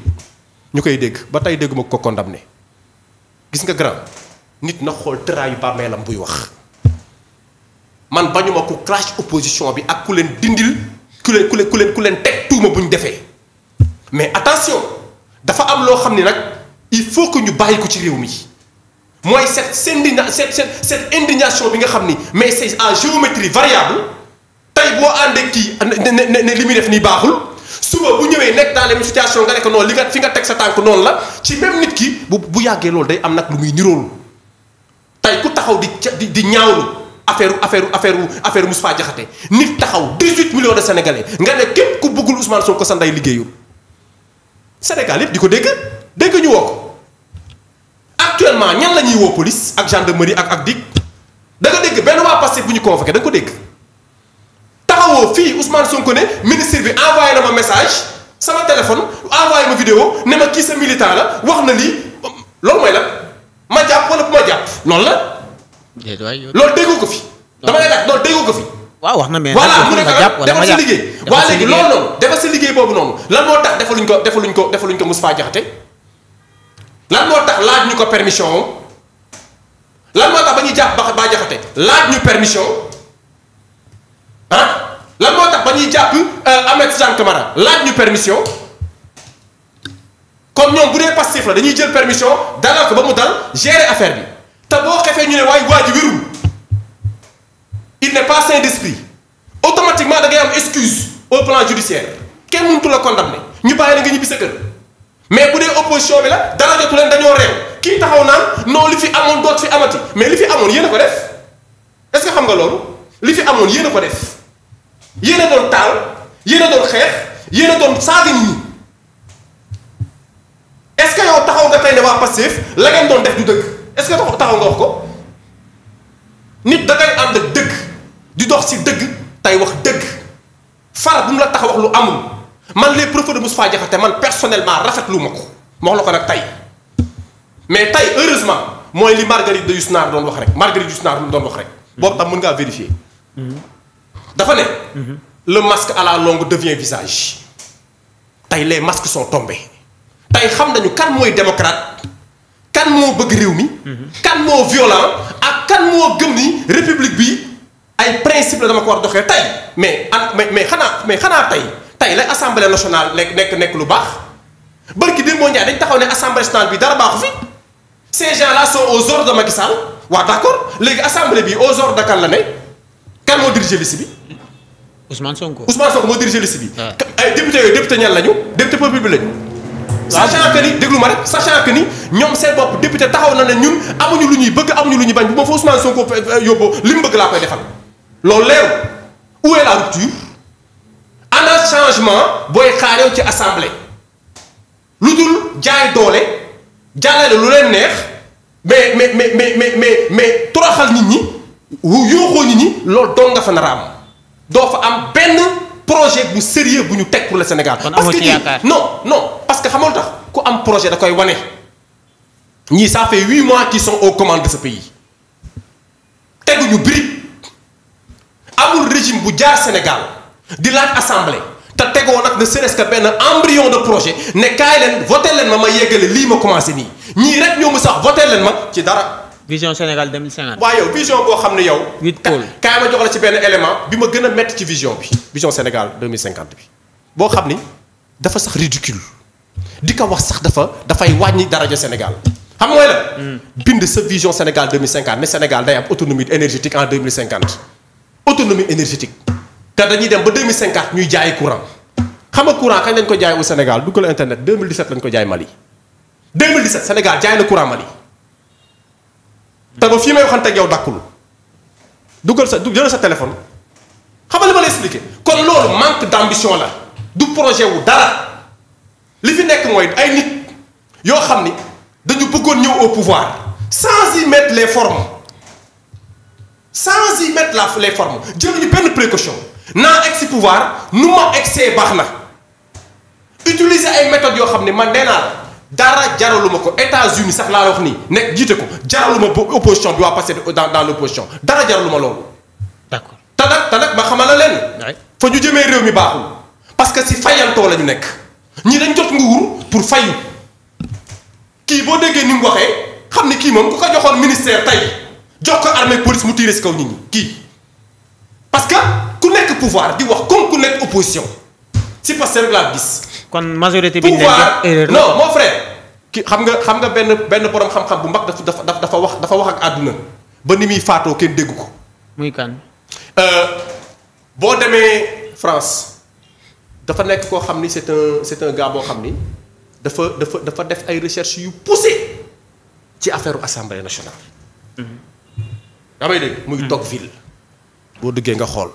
ñu koy dégg ba tey dégguma ko ne gis nga grand nit na xool tëraayu bàmmeelam buy wax man bañu ma ku clash opposition bi ak ku leen dindil ku leen ku leen ku leen ku leen teg tuuma bu ñu defee mais attention dafa am loo xam ni nag il faut que ñu bàyyi ko ci réew mi. mooy cette cette set cette indignation bi nga xam ni mais c'est à géométrie variable tey boo àndee kii ne ne ne li muy def nii baaxul suba bu ñëwee nekk dans les nga ne ko noonu li nga fi nga teg sa tànk noonu la ci même nit ki bu bu yàggee loolu day am nag lu muy niroolu tey ku taxaw di di di ñaawlu affaire affaire affaire affaire Moustapha Diakhaté nit taxaw 18 millions de sénégale nga ne képp ku bëggul Ousmane ko sa ndey liggéeyul Sénégal yëpp di ko dégg dégg ñu woo ko actuellement ñan la ñuy woo police ak gendarmerie ak ak DIC da dégg benn waa Pastef bu ñu convoqué da nga ko dégg taxawoo fii Ousmane Sonko ne ministre bi envoyé ma message sama téléphone envoyé ma vidéo ne ma kii sa militant la wax na lii loolu mooy la ma jàpp wala bu ma jàpp loolu la. loolu déggoo ko fi. ko fi. waaw wax na mais voilà mu ne ko ah, defal sa liggéey. defal sa liggéey waaw léegi loolu noonu defal sa liggéey boobu noonu lan moo tax defaluñ ko defaluñ ko defaluñ ko Moustapha Diakhaté lan moo tax laaj ñu ko permission lan moo tax ba ñuy jàpp ba Bah Diakhaté laaj ñu permission ah lan moo tax ba ñuy jàpp euh, Ahmed Suzanne Camara laaj ñu permission kon ñoom bu dee passif la dañuy jël permission dalal ba mu dal gérer affaire bi te boo xefee ñu ne waaye waa ji wérul il n'est pas sain d'esprit automatiquement da am excuse au plan judiciaire kenn mënatu la condamner ñu bàyyi la nga ñibbi sa kër. mais bu dee opposition bi la dara jotu leen dañoo réew kii taxaw naan non li fi amoon doot fi amati mais li fi amoon yéen a ko def est que xam nga loolu li fi amoon yéen a ko def yéen a doon taal yéen a doon xeex yéen a doon saaga nit ñi est yow taxaw nga tey ne waa Pastef la ngeen doon def du dëgg est-ce que taxaw nga ko nit da ngay ak dëgg di dox si dëgg tey wax dëgg far bu mu la tax wax lu amul. man les propos de Moustapha Diakhaté man personnellement rafetlu ma ko moo wax la ko nag tey mais tey heureusement mooy li Marguerite de Yousnar doon wax rek Marguerite Yousnar lu doon wax rek. boobu tam mën ngaa vérifier. Mhm. dafa ne. Mhm. le masque à la longue devient visage. tey les masques sont tombés. tey xam nañu kan mooy démocrate kan moo bëgg réew mi. Mhm. kan moo violent ak kan moo gëm ni république bi ay principe la dama ko war doxee tey mais mais mais xanaa mais xanaa tey. tey la assemblée nationale nekk nekk nekk lu baax barki démb Ndiaye dañ taxaw ne assemblée nationale bi dara baaxu fi ces gens là sont aux ordres de Macky Sall waaw d' accord léegi bi aux ordres de kan la ne kan moo dirigé liste bi. Ousmane Sonko Ousmane Sonko moo dirigé liste bi. Ah. ay député yooyu député ñan lañu député peuple bi lañu. Ah. sachant que ni déglu ma rek sachant que ni ñoom seen bopp député taxaw na ne ñun amuñu lu ñuy bëgg amuñu lu ñuy bañ bu ma fa Ousmane Sonko yóbboo li mu bëgg laa koy defal loolu leeru où est la sans changement booy xaarew ci assemblée lu dul jaay doole jàllale lu leen neex mais mais mais mais mais mais toroxal nit ñi yuuxoo nit ñi loolu doo nga fa naraam doo fa am benn projet bu sérieux bu ñu teg pour le Sénégal. parce que ñii non parce que xamoon tax ku am projet da koy wane. ñii ça fait huit mois qu'ils sont aux commandes de ce pays teguñu brique amul régime bu jaar Sénégal. di laaj assemblée te tegoo nag ne serait-ce benn embryon de projet ne kaay leen voté leen ma ma yeggale lii ma commencé nii ñii rek ñoo mu sax voté leen ma ci dara. vision Sénégal 2050. waaw yow vision boo xam ne yow. huit pôles kaay ma jox la ci benn élément bi ma gën a métti ci vision bi vision Sénégal 2050 bi boo xam ni dafa sax ridicule di ko wax sax dafa dafay wàññi daraja Sénégal. xam nga mooy la hmm. bind sa vision Sénégal ne Sénégal day am autonomie énergétique en 2050 autonomie énergétique. te dañuy dem ba 2050 ñuy jaay courant xam nga courant kañ lañ ko jaay au Sénégal duggal internet 2017 lañ ko jaay Mali 2017 Sénégal jaay na courant Mali te fii may waxante ak yow dakkul duggal sa jëlal sa téléphone xam nga li ma la kon loolu manque d'ambition la du projet wu dara li fi nekk mooy ay nit yoo xam ni dañu bëggoon ñëw au pouvoir sans y mettre les formes sans la mettre form les formes jëluñu benn précaution. naa egg si pouvoir nu ma eggsee baax na utiliser ay méthodes yoo xam ne man nee naa la dara jaraluma ko États-Unis sax laa wax nii nekk jiite ko jaraluma opposition bi waa passé dans dans l' opposition dara jaraluma loolu. d' accord te nag te nag ma xamal la leen. fa ñu jëmee réew mi baaxul. parce que si fayantoo la ñu nekk. ñi dañ jot nguur pour fayu kii boo déggee ni mu waxee xam ne kii moom ku ko joxoon ministère tey jox ko armée police mu tiire si kaw nit ñi kii parce nekk pouvoir di wax comme ku nekk opposition si parce que laa gis. kon majorité bi pouvoir non mon frère. ki xam nga xam nga benn benn borom xam-xam bu mag dafa dafa dafa wax dafa wax ak àdduna ba ni muy faatoo kenn dégg ko. muy kan. Euh, boo demee France dafa nekk koo xam ni c'est un c'est gars boo xam ni dafa dafa dafa def ay recherches yu poussées ci affaire assemblée nationale. damay mhm. dégg muy mhm. toog ville. boo duggee nga xool.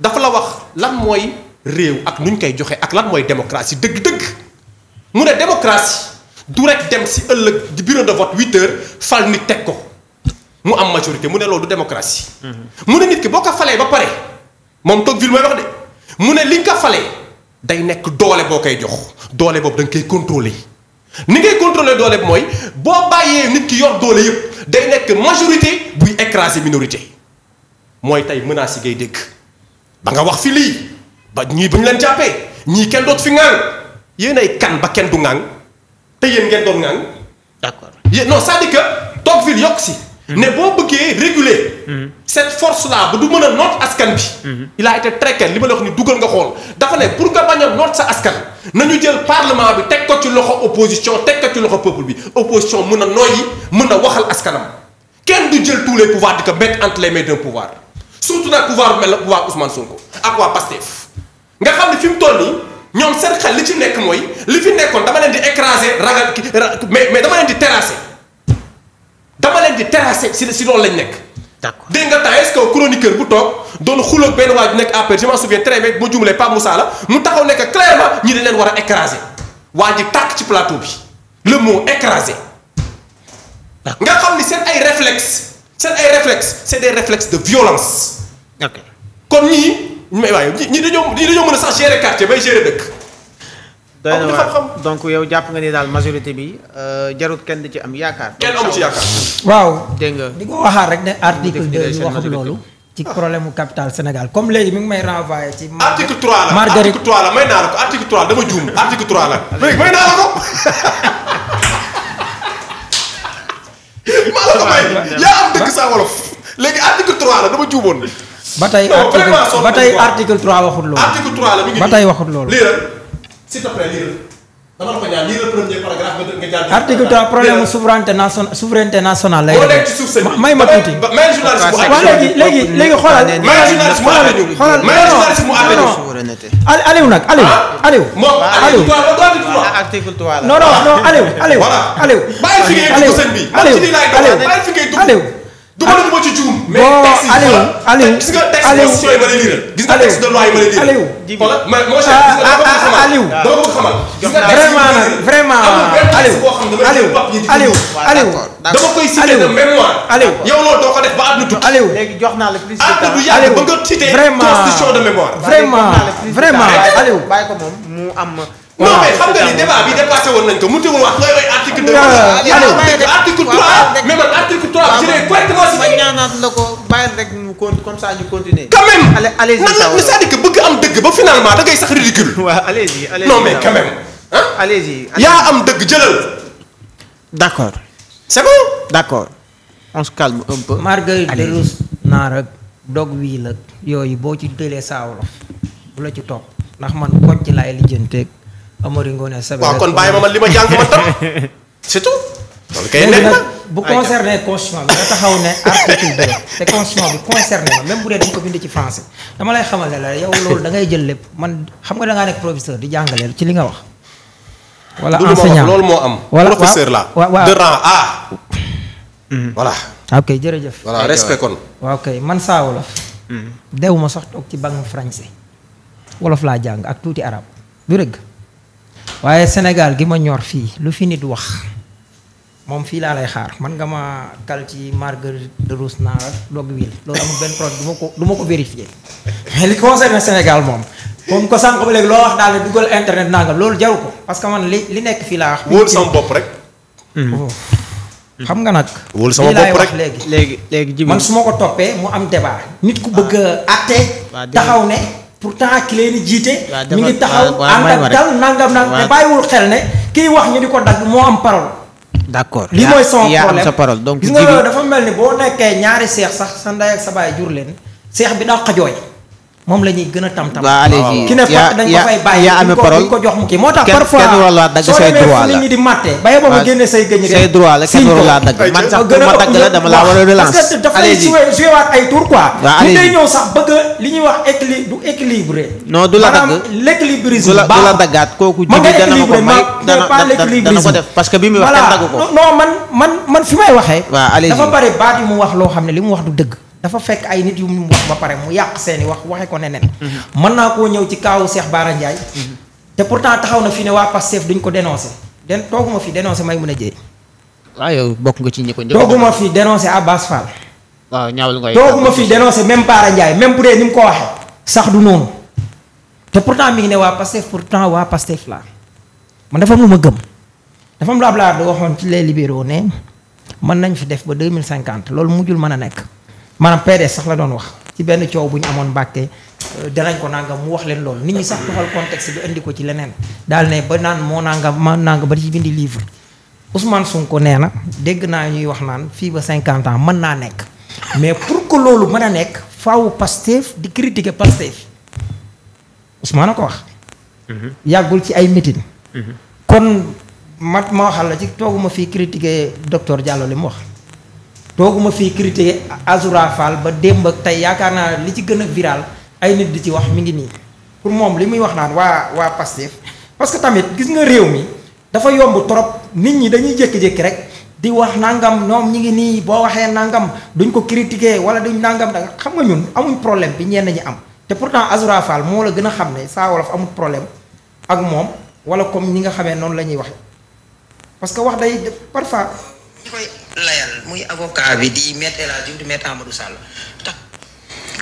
dafa la wax lan mooy réew ak nu ñu koy joxee ak lan mooy démocratie dëgg-dëgg mu ne démocratie du rek dem si ëllëg di bureau de vote huit heures fal nit teg ko mu am majorité mu ne loolu du démocratie. Mhm. mu ne nit ki boo ko falee ba pare moom toog ville mooy wax de mu ne li nga ko falee day nekk doole boo koy jox doole boobu da nga koy contrôler ni ngay contrôler doole bi mooy boo bàyyee nit ki yoon doole yëpp day nekk majorité buy écraser minorité mooy tey menaces yi ngay dégg. da nga wax fi lii ba ñii bu ñu leen jàppee ñii kenn doot fi naan yéen ay kan ba kenn du naan te yéen ngeen doon ŋaang. d'accord yéen non c'est-à-dire que toog ville yokk si. Hmm. ne boo bëggee réguler. Hmm. cette force là ba du mën a noot askan bi. Hmm. il a été très clair li ma la wax ni dugal nga xool dafa ne pour nga bañ a noot sa askan nañu jël parlement bi teg ko ci loxo opposition teg ko ci loxo peuple bi opposition mën a noyyi mën a waxal askanam kenn du jël tous les pouvoirs di ko mettre entre les mains surtout nag pouvoir bu mel ne pouvoir Ousmane Sonko ak waa Pastef nga xam ne fi mu toll nii ñoom seen xel li ci nekk mooy li fi nekkoon dama leen di écraser ragal mais mais dama leen di terrasser dama leen di terrasser si si loolu lañ nekk. d'accord dégg nga temps est-ce que chroniqueur bu toog doon xuloo ak benn waa ju nekk APR je m'en souviens très bien bu ma jumalee mu taxaw nekk clairement ñi leen war a écraser waa ji tàkk ci plateau bi le mot écraser. nga xam ni seen ay réflexes seen ay réflexes c'est des réflexes de violence. ok kon ñii mais waaye ñii dañoo mën sax gérer quartier bay gérer dëkk. donc yow jàpp nga ni daal majorité bi euh, jarut kenn di ci am yaakaar. kenn amu waaw dégg nga di ko waxaat rek ne article 2 ñu loolu. ci ah. problème mu capital Sénégal comme léegi mi ngi may renvoyer ci. article 3 la Marguerite article 3 la may naa la ko article 3 la dama juumoon. ba tey article ba waxut loolu. ba tey waxut loolu. liiral te plaît liiral dama la ko ñaan liiral premier paragraphe nga jaar. article 3 problème mu souveraineté nationale souveraineté nationale may ma tuuti. léegi léegi léegi xoolal. xoolal non nag Aliou. Aliou Aliou. article 3 du ma dugg ma ci juum. mais texte yi Aliou gis nga texte constitution yi ma lay liiral. gis nga texte de loi yi ma lay liiral. Aliou xoolal ma ma ah, gis nga ah, ah, Aliou dama bëgg xamal. vraiment vraiment Aliou Aliou Aliou Aliou dama koy cité de mémoire. Aliou yow loolu doo ko def ba àdduna tukki. Aliou léegi jox naa la plus de temps àdduna du yàgg ba nga cité constitution de mémoire. vraiment vraiment Aliou bàyyi ko moom mu am. non mais xam nga ni débat bi dépassé woon nañ ko mu tëgul wax ngay way article 2 article 3 mais man article 3 ñaanaat la ko bàyyi rek ñu continuer quand même allez allez man nag cest à am dëgg ba finalement jëlal d'accord c'est bon d'accord on se naar ak dog wii la yooyu boo ci tëlee saawlo bu la ci toog ndax man kocc laay lijjanteeg Amary Ngoné Sabel waaw kon bàyyi ma man li ma jàng man tam c'est tout. loolu kay bu concerné constitution nga taxaw ne article bi te constitution bi concerné ma même bu dee dañ ko bind ci français dama lay xamal ne la yow loolu da ngay jël lépp man xam nga da ngaa nekk professeur di jàngaleel ci li nga wax. wala enseignant loolu moo am. wala professeur la de rang A. Hmm. voilà. ok jërëjëf. voilà man saa wolof. Hmm. dew ma sax toog ci banque français wolof laa jàng ak tuuti arab du rëgg. waaye Sénégal gi ma ñor fii lu fi nit wax moom fii laa lay xaar man nga ma kal ci marguerite de Rousna dog wil loolu amul benn projet du ma ko du ma ko vérifier mais li concerne Sénégal moom moom ko sànq ba léegi loo wax daal dugal internet naa nga loolu jaru ko parce que man li li nekk fii laa wax. wóolu sama bopp rek. Hmm. Hmm. Hmm. xam nga nag. wóolu sama bopp rek léegi léegi léegi. man su ma ko toppee mu am débat. nit ku bëgg a àtte taxaw ne. pourtant ki leen di jiite. mi ngi taxaw ànd ak dal nangam nangam te bàyyiwul xel ne kii wax ñu di ko dagg moo am parole. d'accord lii mooy son problème sa parole donc. gis dafa mel ni boo nekkee ñaari seex sax sa ndey ak sa jur leen seex bi daa xajooy moom la ñuy gën a tam-tam. waaw allez ki ne fàtt dañ ko fay bàyyi. yaa amee parole ko jox mu kii moo tax. parfois kenn warul laa dagg say droit la soo demee fu nit ñi di matte. ba mu man dagg la wax équili du équilibré. non du la dagg maanaam l'équilibrisme. du la du la daggaat kooku. ma nga équilibré ma dana ko may dana ko def parce que bi muy wax kenn ko. voilà non man man man fi may waxee. waaw allez dafa bari baat yi mu wax loo xam ne li mu wax du dëgg dafa fekk ay nit yu mu wax ba pare mu yàq seeni wax waxe ko neneen mën naa koo ñëw ci kaawu Cheikh Bara Ndiaye te pourtant taxaw na fi ne waa Pastef duñ ko dénoncé den tooguma fi dénoncé may mën a ah, jéey waaw yow bokk nga ci ñi ko njëkk tooguma fi dénoncé Abbas Fall waaw ah, ñaawul nga tooguma fi dénoncé même Bara Ndiaye même bu dee ni mu ko waxee sax du noonu te pourtant mi ngi ne waa Pastef pourtant waa Pastef la man dafa mu ma gëm dafa am lu Abdoulaye Wade waxoon ci les libéraux ne mën nañ fi def ba deux mille cinquante loolu mujjul mën a nekk maanaam PDS sax la doon wax ci benn coow bu ñu amoon Mbàkke euh, danañ ko nangam mu wax leen loolu nit ñi sax doxal contexte bi indi ko ci leneen daal ne ba naan moo nangam ma nangam ba ci bindi livre Ousmane Sonko nee na dégg naa ñuy wax naan fii ba cinquante ans mën naa nekk mais pour ko loolu mën a nekk faaw Pastef di critiquer Pastef Ousmane a ko wax. Mhm. yàggul ci ay meeting. Mhm. kon ma ma waxal la ci tooguma fii critiquer docteur Diallo li mu wax. tooguma fii critiquer Azoura Fall ba démb ak tey yaakaar naa li ci gën a viral ay nit di ci wax mu ngi nii pour moom li muy wax naan waa waa Pastef parce que tamit gis nga réew mi dafa yomb trop nit ñi dañuy jékki-jékki rek di wax nangam ñoom ñi ngi nii boo waxee nangam duñ ko critiquer wala duñ nangam da xam nga ñun amuñ problème bi ñenn ñi am te pourtant Azoura Fall moo la gën a xam ne Saa Wolof amul problème ak moom wala comme ñi nga xamee noonu la ñuy wax koy layal muy avocat bi di maître El Hadji Diouf di maître Amadou Sall tax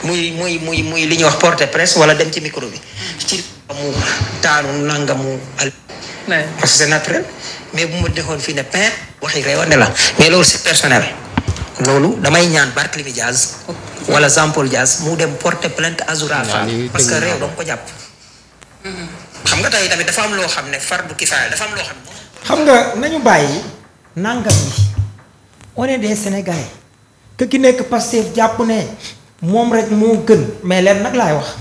muy muy muy muy li ñuy wax porte presse wala dem ci micro bi ci mu taanu nangamu al parce que naturel mais bu ma dexoon fii ne pain waxi rewoon ne la mais loolu si personnel loolu damay ñaan Barthélemy Diaz wala Jean-Paul Diaz mu dem porter plainte Azoura Fall parce que réew danga ko jàpp mm-hmm. xam nga tey tamit dafa am loo xam ne fardu kifaaya dafa am loo xam ne xam nga nañu on est des sénégalais que ki nekk Pastef jàpp ne moom rek moo gën mais leen nag laay wax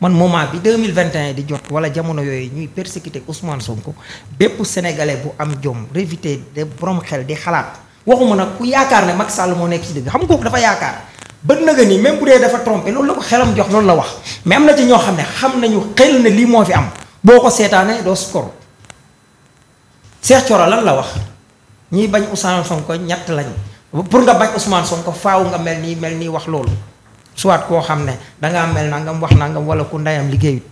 man moment bi mille 2021 di jot wala jamono yooyu ñuy persécuter Ousmane Sonko bépp sénégalais bu am jom révité de borom xel di xalaat waxuma nag ku yaakaar ne mag Sall moo nekk ci dëgg xam nga kooku dafa yaakaar ba nëga ni même bu dee dafa trompé loolu la ko xelam jox loolu la wax mais am na ci ñoo xam ne xam nañu xel ne lii moo fi am boo ko seetaanee doo score Cheikh lan la wax ñiy bañ Ousmane Sonko ñett lañ pour nga bañ Ousmane Sonko faaw nga mel nii mel nii wax loolu soit koo xam ne dangaa mel nangam wax nangam wala ku ndeyam liggéeyut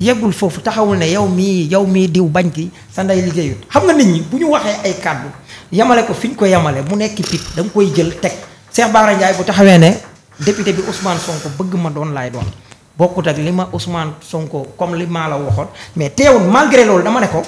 yeggul foofu taxawul ne yow mii yow mii diw bañ ki sa ndey liggéeyut xam nga nit ñi bu ñu waxee ay kàddu yamale ko fi ñu ko yamale mu nekk pit da nga koy jël teg Cheikh Bara Ndiaye bu taxawee ne député bi Ousmane Sonko bëgg ma doon laay doon bokkut ak li ma Ousmane Sonko comme li maa la waxoon mais teewul malgré loolu dama ne ko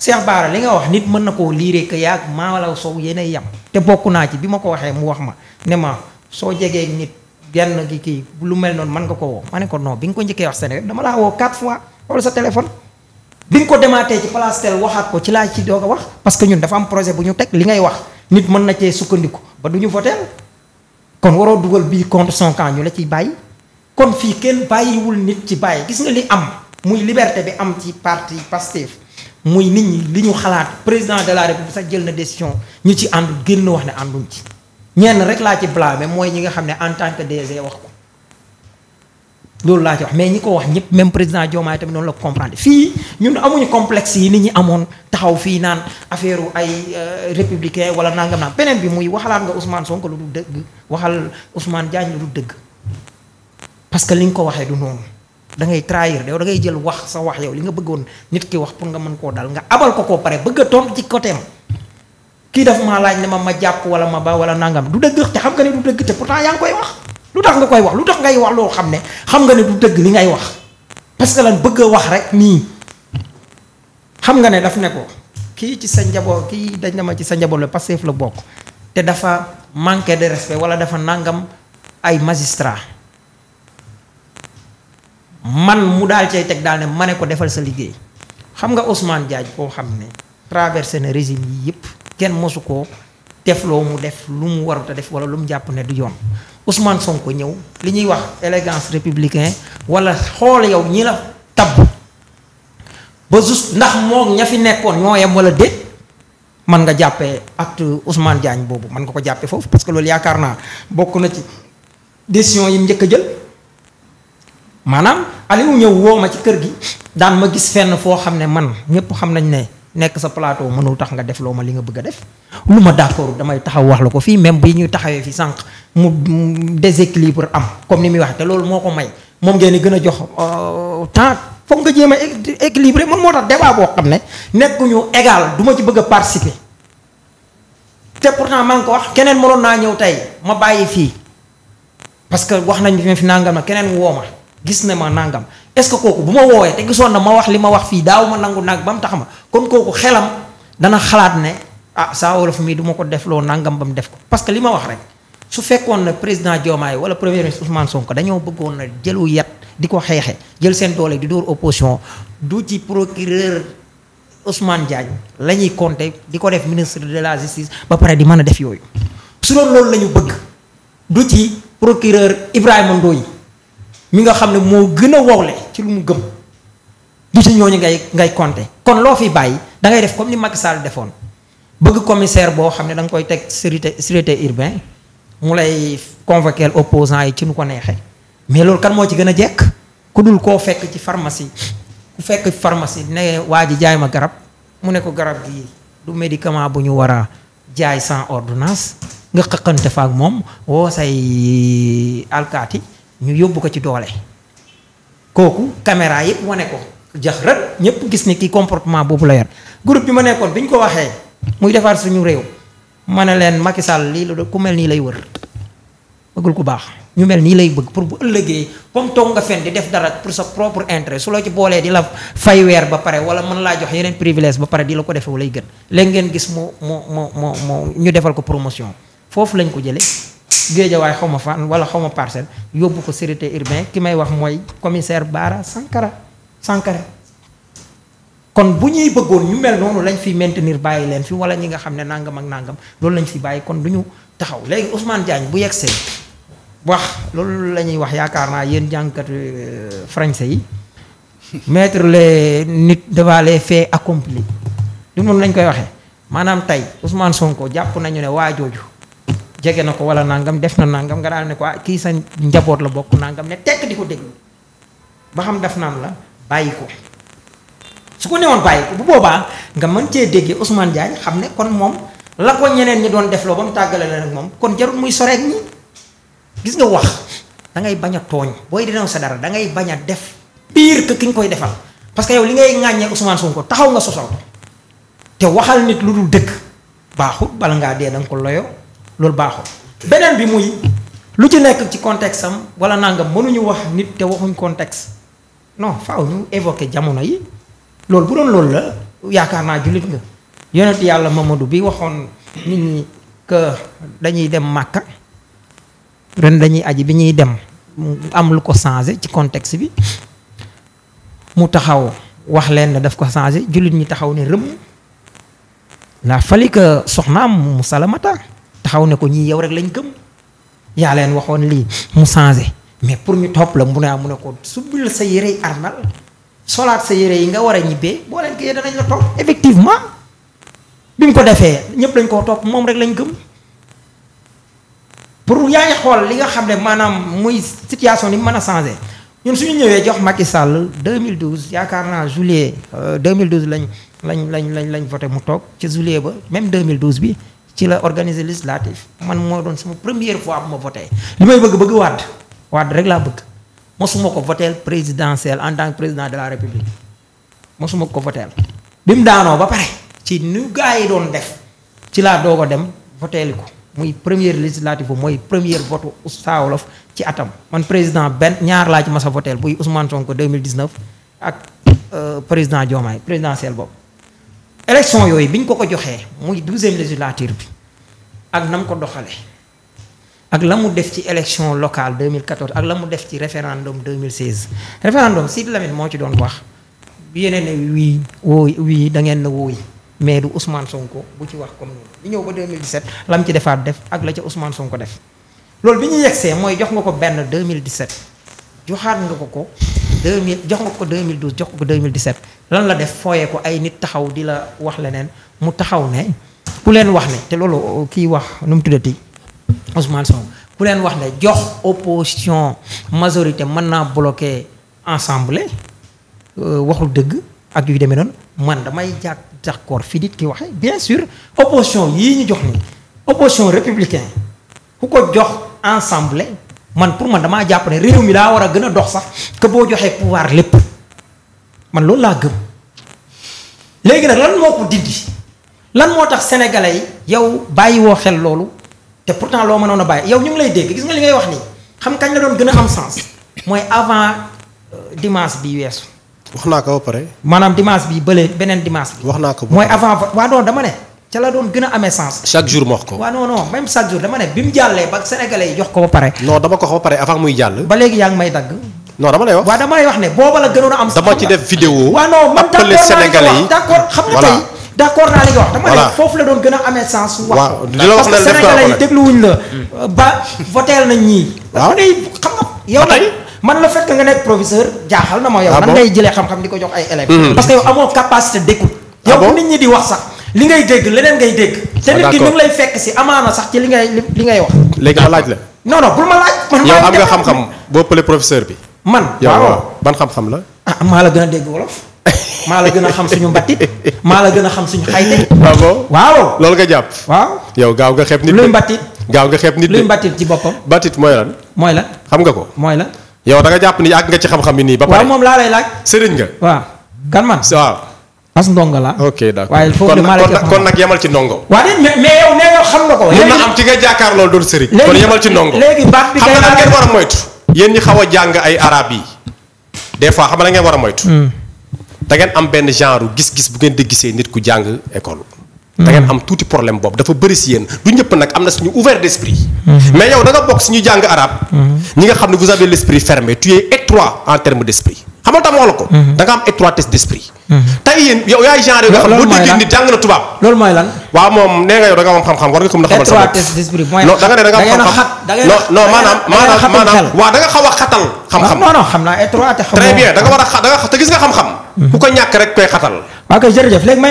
Cheikh Bara li nga wax nit mën na koo liiree que yaag maalaw sow yéen yam te bokk naa ci bi ma ko waxee mu wax ma ne ma soo jegee nit genn gi kii lu mel noonu mën nga ko woo ma ne ko non bi nga ko njëkkee wax Sénégal dama laa woo quatre fois wala sa téléphone bi nga ko demaatee ci place tel waxaat ko ci laa ci doog a wax parce que ñun dafa am projet bu ñu teg li ngay wax nit mën na cee sukkandiku ba du ñu voteel kon waroo dugal bii contre son camp la ciy bàyyi kon fii kenn bàyyiwul nit ci bàyyi gis nga li am muy liberté bi am ci parti Pastef muy nit ñi li ñu xalaat président de la république sax jël na décision ñu ci ànd génn wax ne ànduñ ci ñenn rek laa ci blâmer mooy ñi nga xam ne en tant que DG wax ko loolu laa ci wax mais ñi ko wax ñëpp même président Diomaye tamit noonu la ko comprendre fii ñun amuñu complexe yi nit ñi amoon taxaw fii naan affaire ay euh, républicain wala nangam naan beneen bi muy waxalaat nga Ousmane Sonko lu du dëgg waxal Ousmane Diagne lu du dëgg parce que li nga ko waxee du noonu. dangay trair trahir yow da ngay jël wax sa wax yow li nga bëggoon nit ki wax pour nga mën koo dal nga abal ko koo pare bëgg a tontu ci côté am kii daf ma laaj ne ma ma jàpp wala ma ba wala nangam du dëgg te xam nga ne du dëgg te pourtant yaa ngi koy wax lu tax nga koy wax lu tax ngay wax loo xam ne xam nga ne du dëgg li ngay wax parce que bëgg a wax rek nii xam nga ne daf ne ko kii ci sa njaboot kii dañ na ma ci sa njaboot la fu la bokk te dafa manqué de respect wala dafa nangam ay magistrat man mu daal cay teg daal ne ma ne ko defal sa liggéey xam nga Ousmane jaañ koo xam ne traversé na régime yii yëpp kenn mosu koo defloo mu def lu mu warut def wala lu mu jàpp ne du yoon Ousmane Sonko ñëw li ñuy wax élégance républicain wala xool yow ñi la tabb ba juste ndax moo ña fi nekkoon ñoo yem wala déet man nga jàppe acte Ousmane Diagne boobu man nga ko jàppee foofu parce que loolu yaakaar naa bokk na ci décision yi mu njëkk a jël. maanaam Aliou ñëw woo ma ci kër gi daan ma gis fenn foo xam ne man ñëpp xam nañ ne nekk sa plateau mënul tax nga def loo ma li nga bëgg a def lu ma d'accord damay taxaw wax la ko fii même bi ñuy taxawee fi sànq mu des déséquilibre am comme ni muy wax te loolu moo ko may moom ngeen di gën a jox euh, temps foog nga jéem a équilibré man moo tax débat boo xam ne nekkuñu égal duma ci bëgg a participer te pourtant maa ngi ko wax keneen mënoon naa ñëw tey ma bàyyi fii parce que wax nañ fi nangam na keneen woo ma. gis na ma nangam est ce que kooku bu ma woowee te gisoon na ma wax li ma wax fii daaw ma nangu nag ba mu tax ma kon kooku xelam dana xalaat ne ah saa wolof mii duma ko def loo nangam ba mu def ko parce que li ma wax rek su fekkoon na président Diomaye wala premier ministre Sonko dañoo bëggoon na jëlu yat di ko xeexe jël seen doole di dóor opposition du ci procureur Ousmane Diagne la ñuy compter di ko def ministre de la justice ba pare di mën a def yooyu su loolu la ñu bëgg du ci procureur Ibrahima Ndoye mi nga xam ne moo gën a wowle ci lu mu gëm du ci ñooñu ngay ngay compter kon loo fi bàyyi da ngay def comme ni Macky Sall defoon bëgg commissaire boo xam ne da nga koy teg sûreté sûreté urbain mu lay convoquer opposant yi ci nu ko neexee mais loolu kan moo ci gën a jekk ku dul koo fekk ci pharmacie ku fekk pharmacie ne waa ji jaay ma garab mu ne ko garab gi du médicament bu ñu war a jaay sans ordonnance nga xëqante fa ak moom woo say alkaati ñu yóbbu ko ci doole kooku caméra yëpp wane ko jax rek ñëpp gis ni kii comportement boobu la yor groupe bi ma nekkoon bi ñu ko waxee muy defar suñu réew ma ne leen Macky Sall lii la ku mel nii lay wër bëggul ku baax ñu mel nii lay bëgg pour bu ëllëgee comme toog nga fen di def dara pour sa propre intérêt su la ci boolee di la fay weer ba pare wala mën laa jox yeneen privilège ba pare di la ko defee lay gën léegi ngeen gis mu mu mu mu ñu defal ko promotion foofu lañ ko jëlee. géejawaay xaw ma fan wala xaw ma parcelle yóbbu ko sécurité urbain ki may wax mooy commissaire Bara Sankara Sankara kon bu ñuy bëggoon ñu mel noonu lañ fi maintenir bàyyi leen fi wala ñi nga xam ne nangam ak nangam loolu lañ fi bàyyi kon du ñu taxaw léegi Ousmane Diagne bu yegg see wax loolu la ñuy wax yaakaar naa yéen jànkatu euh, français yi mettre les nit devant les faits accomplis du noonu lañ koy waxee maanaam tey Ousmane Sonko jàpp nañu ne waa jooju jege na ko wala nangam def na nangam nga daal ne ko ah kii sa njaboot la bokk nangam ne tekk di ko déglu ba xam daf naan la bàyyi ko su ko newoon bàyyi ko bu boobaa nga mën cee déggee Ousmane Diagne xam ne kon moom la ko ñeneen ñi doon def loo ba mu tàggale la nag moom kon jarul muy soreek ñi gis nga wax da ngay bañ a tooñ booy dinaw sa dara dangay ngay bañ a def pire que ki nga koy defal parce que yow li ngay ŋàññee Ousmane ko taxaw nga sosal te waxal nit dëkk baaxul bala ngaa dee da ko loyo loolu baaxul beneen bi muy lu ci nekk ci contexte am wala nangam mënuñu wax nit te waxuñ contexte non faaw ñu évoquer jamono yi loolu bu doon loolu la yaakaar naa jullit nga yonent yàlla Mamadou bi waxoon nit ñi que dañuy dem Màkka ren dañuy aji bi ñuy dem am lu ko changé ci contexte bi mu taxaw wax leen ne daf ko changé jullit ñi taxaw ne rëm la fali que mu salamata xaw ne ko ñii yow rek lañ gëm yaa leen waxoon lii mu changé mais pour ñu topp la mu ne ah, mu ne ko subbil sa yére yi armal solaat sa yére yi nga war a ñibbee boo leen kii danañ effectivement bi ko defee ñëpp lañ koo topp moom rek lañ gëm pour yaa ngi xool li nga xam ne maanaam muy situation ni mën a changé ñun suñu ñëwee jox Macky Sall 2012 yaakaar naa juillet 2012 euh, lañ lañ lañ lañ lañ voté mu toog ci juillet ba même 2012 bi. ci la organiser législative man moo doon suma première fois bu ma voté li may bëgg bëgg Wade Wade rek laa bëgg mosuma ko voté présidentiel en tant président de la république mosuma ko voté bi mu daanoo ba pare ci nu gars yi doon def ci laa doog dem votéli ko muy première législative mooy première vote Oustaz Wolof ci atam man président benn ñaar laa ci mas a voté buy Ousmane Sonko 2019 ak euh, président Diomaye présidentiel boobu. élection yooyu bi ñu ko ko joxee muy douzième législature bi ak na mu ko doxale ak la mu def ci élection locale 2014 ak la mu def ci référendum 2016 référendum Sidy Lamine moo ci doon wax bi yeneen ne wii wooy wii da ngeen na wooy mais du Ousmane Sonko bu ci wax comme noonu bi ñëw ba 2017 la mu ci defaat def ak la ca Ousmane Sonko def loolu bi ñu yegsee mooy jox nga ko benn 2017 joxaat nga ko ko 2000 jox nga ko 2012 jox ko 2017 lan la def fooyee ko ay nit taxaw di la wax leneen mu taxaw ne ku leen wax ne te loolu euh, kii wax nu mu tuddati Ousmane Sonko ku leen wax ne jox opposition majorité mën naa bloquer ensemble euh, waxul dëgg ak yu demee noonu man damay jàkk d'accord fi dit ki waxee bien sûr opposition yi ñu jox nii opposition républicain ku ko jox ensemble man pour man damaa jàpp ne réew mi daa war a gën a dox sax que boo joxee pouvoir lépp man loolu laa gëm léegi nag lan moo ko dindi lan moo tax sénégalais yi yow bàyyi woo xel loolu te pourtant loo mënoon a bàyyi yow ñu ngi lay dégg gis nga li ngay wax nii xam kañ la doon gën a am sens mooy avant euh, dimanche bi weesu. wax naa ko ba pare. maanaam dimanche bi bële beneen dimanche bi. wax naa ko mooy avant waa doon dama ne. ca la doon gën a amee sens. jour mu wax ko. waaw non non même chaque jour dama ne bi mu jàllee ba sénégalais yi jox ko ba pare. non dama ko wax ba pare avant muy jàll. ba léegi yaa ngi may dagg. non dama lay wax. waaw dama wax ne booba la am. dama ci def vidéo. waaw non man d' d' accord naa li nga wax. dama ne foofu la doon gën a amee sens. wax ko lu que la. Hmm. ba voteel nañ ñii. waaw xam nga yow nag man la fekk nga nekk professeur jaaxal na ma yow. Ah nan ngay jëlee xam-xam di ko jox ay élèves. Hmm. parce que yow amoo capacité d'écoute ah yow nit ñi di wax sax li ngay dégg leneen ngay dégg. Ah, te nit ki ñu lay fekk si amaana sax ci li ngay li ngay wax. léegi ma laaj la. non non bul ma laaj. man am nga xam-xam boo pële professeur bi. man waaw ban xam-xam la. ah maa la gën a dégg wolof. maa la gën a xam suñu mbattit maa la gën a xam suñu xayte. waaw ah waaw loolu nga jàpp. waaw yow gaaw nga xeeb nit. luy mbattit gaaw nga xeeb nit luy mbattit ci boppam. mbattit mooy lan. mooy lan xam nga ko. mooy lan. yow da nga jàpp ni àgg nga ci xam-xam yi nii. ba pare moom laa lay laaj. sëriñ nga. waaw kan man waaw. as ndongo la. ok d'accord waaye foofu de kon nag yemal ci ndongo. waa déet mais mais yow nee nga xam na ko. léegi mun na am ci nga jàkkaar loolu doon sëriñ. kon yemal ci ndongo léegi baat bi kay xam a moytu. yéen ñi xaw jàng ay arab yi des fois xam nga ngeen war a moytu. Hmm. da ngeen am benn genre gis-gis bu ngeen di gisee nit ku jàng école. da ngeen hmm. am tuuti problème boobu dafa bëri si yéen du ñëpp nag am na suñu ouvert d'esprit. Hmm. mais yow da bokk bokk ñu jàng arab. ñi nga xam ne vous avez l'esprit fermé tu es étroit en terme d'esprit xam nga tam wax la ko. Mhm. da nga am étroitesse d'esprit. Mhm. tey yéen yow yaay genre yoo xam boo déggee ni jàng na tubaab. loolu yow nga xam a a a a xa da nga te gis nga xam mhm.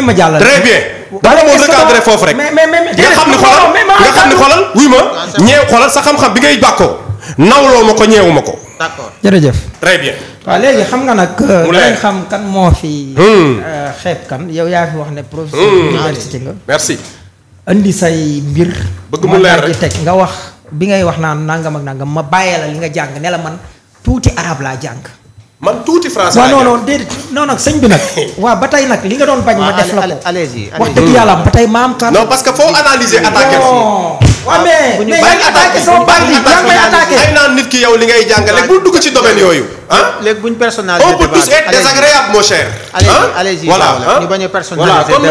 ma jàllale. très bien. dafa moom recadré ni xoolal wuy ma ñeew xoolal sa xam-xam bi ngay bàkkoo nawloo ma ko ñeewu ma ko. d'accord jërëjëf. très bien. waaw léegi xam nga nag. Euh, mu xam kan moo fi. Hmm. Euh, xeeb kan yow yaa fi wax ne. professeur hmm. université nga. indi say mbir. bëgg mu leer rek teg nga wax bi ngay wax naan nangam ak nangam ma bàyyee la li nga jàng ne la man tuuti arab laa jàng. man tuuti français non non déedéet non nag sëñ bi nag. waaw ba tey nag li nga doon bañ. ma def la ko wax dëgg yàlla ba tey ma am kàddu. non parce que foo analyser attaqué ko. waaw ah, mais mais yaa yow li ngay jàngale bul dugg ci domaine yooyu. ah léegi bu ñu personnalisé. on peut tous être désagréable mon cher. Ah? Ah? a personnalisé. voilà kon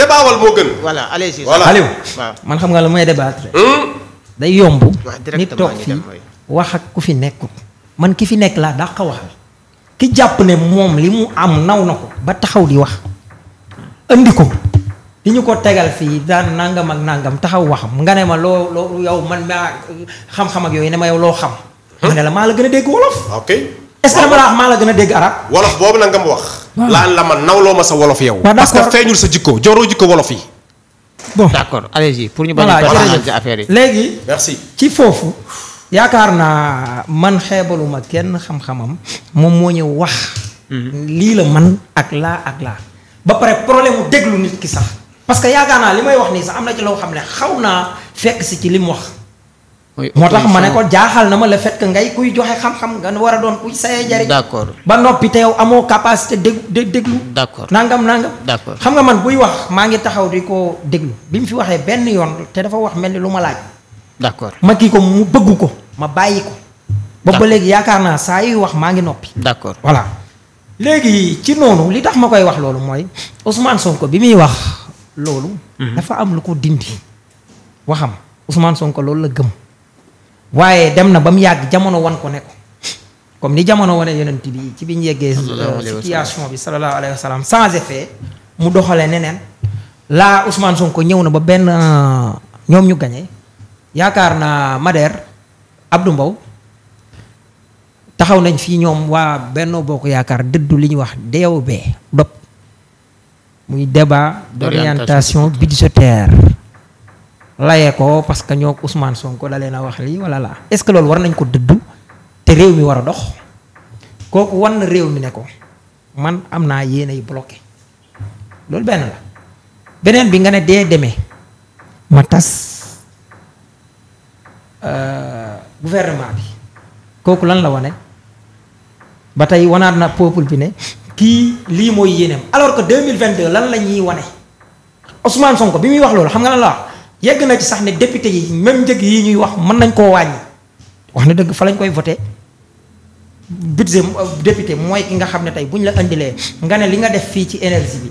débaawal moo gën. voilà allez man xam nga lu may débattre. Hmm? day yomb. nit toog fii wax ak ku fi nekkut man ki fi nekk laa dàq waxal ki jàpp ne moom li mu am naw na ko ba taxaw di wax andi ko li ñu ko tegal fii daan nangam ak nangam taxaw waxam nga ne ma loo loo yow man maa xam-xam ak yooyu ne ma yow loo xam. ma ne la maa la gën a dégg wolof. ok est-ce que dama maa la gën a dégg arab. wolof boobu la nga ma wax. laan la ma nawloo ma sa wolof yow. parce que feeñul sa jikko joroo jikko wolof yi. bon d'accord allez-y pour ñu. bañ a affaire yi léegi. ci foofu. yaakaar naa man xeebaluma kenn xam-xamam moom moo ñëw wax. Mhm. lii la man ak laa ak laa. ba pare problème mu déglu nit ki sax. parce que yaakaar naa li may wax nii sax am na ci loo xam ne xaw naa fekk si ci li mu wax. moo tax ma ne ko jaaxal na ma le fait ngay kuy joxe xam-xam nga war a doon kuy sayee jariñ. ba noppi te yow amoo capacité dég déglu. d'accord nangam nangam. d'accord xam nga man buy wax maa ngi taxaw di ko déglu bi mu fi waxee benn yoon te dafa wax mel ni lu ma laaj. d'accord ma kii ko mu bëggu ko. ma bàyyi ko. boobu léegi yaakaar naa saa yuy wax maa ngi noppi. d'accord voilà. léegi ci noonu li tax ma koy wax loolu mooy Ousmane Sonko bi muy wax loolu. Mhm. dafa am lu ko dindi. waxam Ousmane Sonko loolu la gëm. waaye dem na ba mu yàgg jamono wan ko ne ko comme ni jamono wane yonent bi ci bi ñu yeggee. Euh, situation bi sallallahu alayhi wa sans effet. mu doxalee neneen. laa Ousmane Sonko ñëw na ba benn euh, ñoom ñu gañe yaakaar naa Madère. Abdou mbaw taxaw nañ fii ñoom waa Benno Bokk Yaakaar dëddu li ñuy wax DOB dop muy débat d'orientation budgétaire layee ko parce que ñoo Ousmane Sonko da leen a wax lii wala laa est loolu war nañ ko dëddu te réew mi war a dox kooku wan na réew mi ne ko man am naa yéenay bloqué loolu benn la beneen bi nga ne dee demee ma tas. Euh, gouvernement bi kooku lan la wane ba tey wanaat na peuple bi ne kii lii mooy yéeneem alors que 2022 lan la ñuy wane Ousmane Sonko bi muy wax loolu xam nga lan la wax yegg na ci sax ne député yi même njëg yi ñuy wax mën nañ koo wàññi wax na dëgg fa lañ koy voté budget euh, député mooy ki nga xam ne tey buñ la indilee nga ne li nga def fii ci énergie bi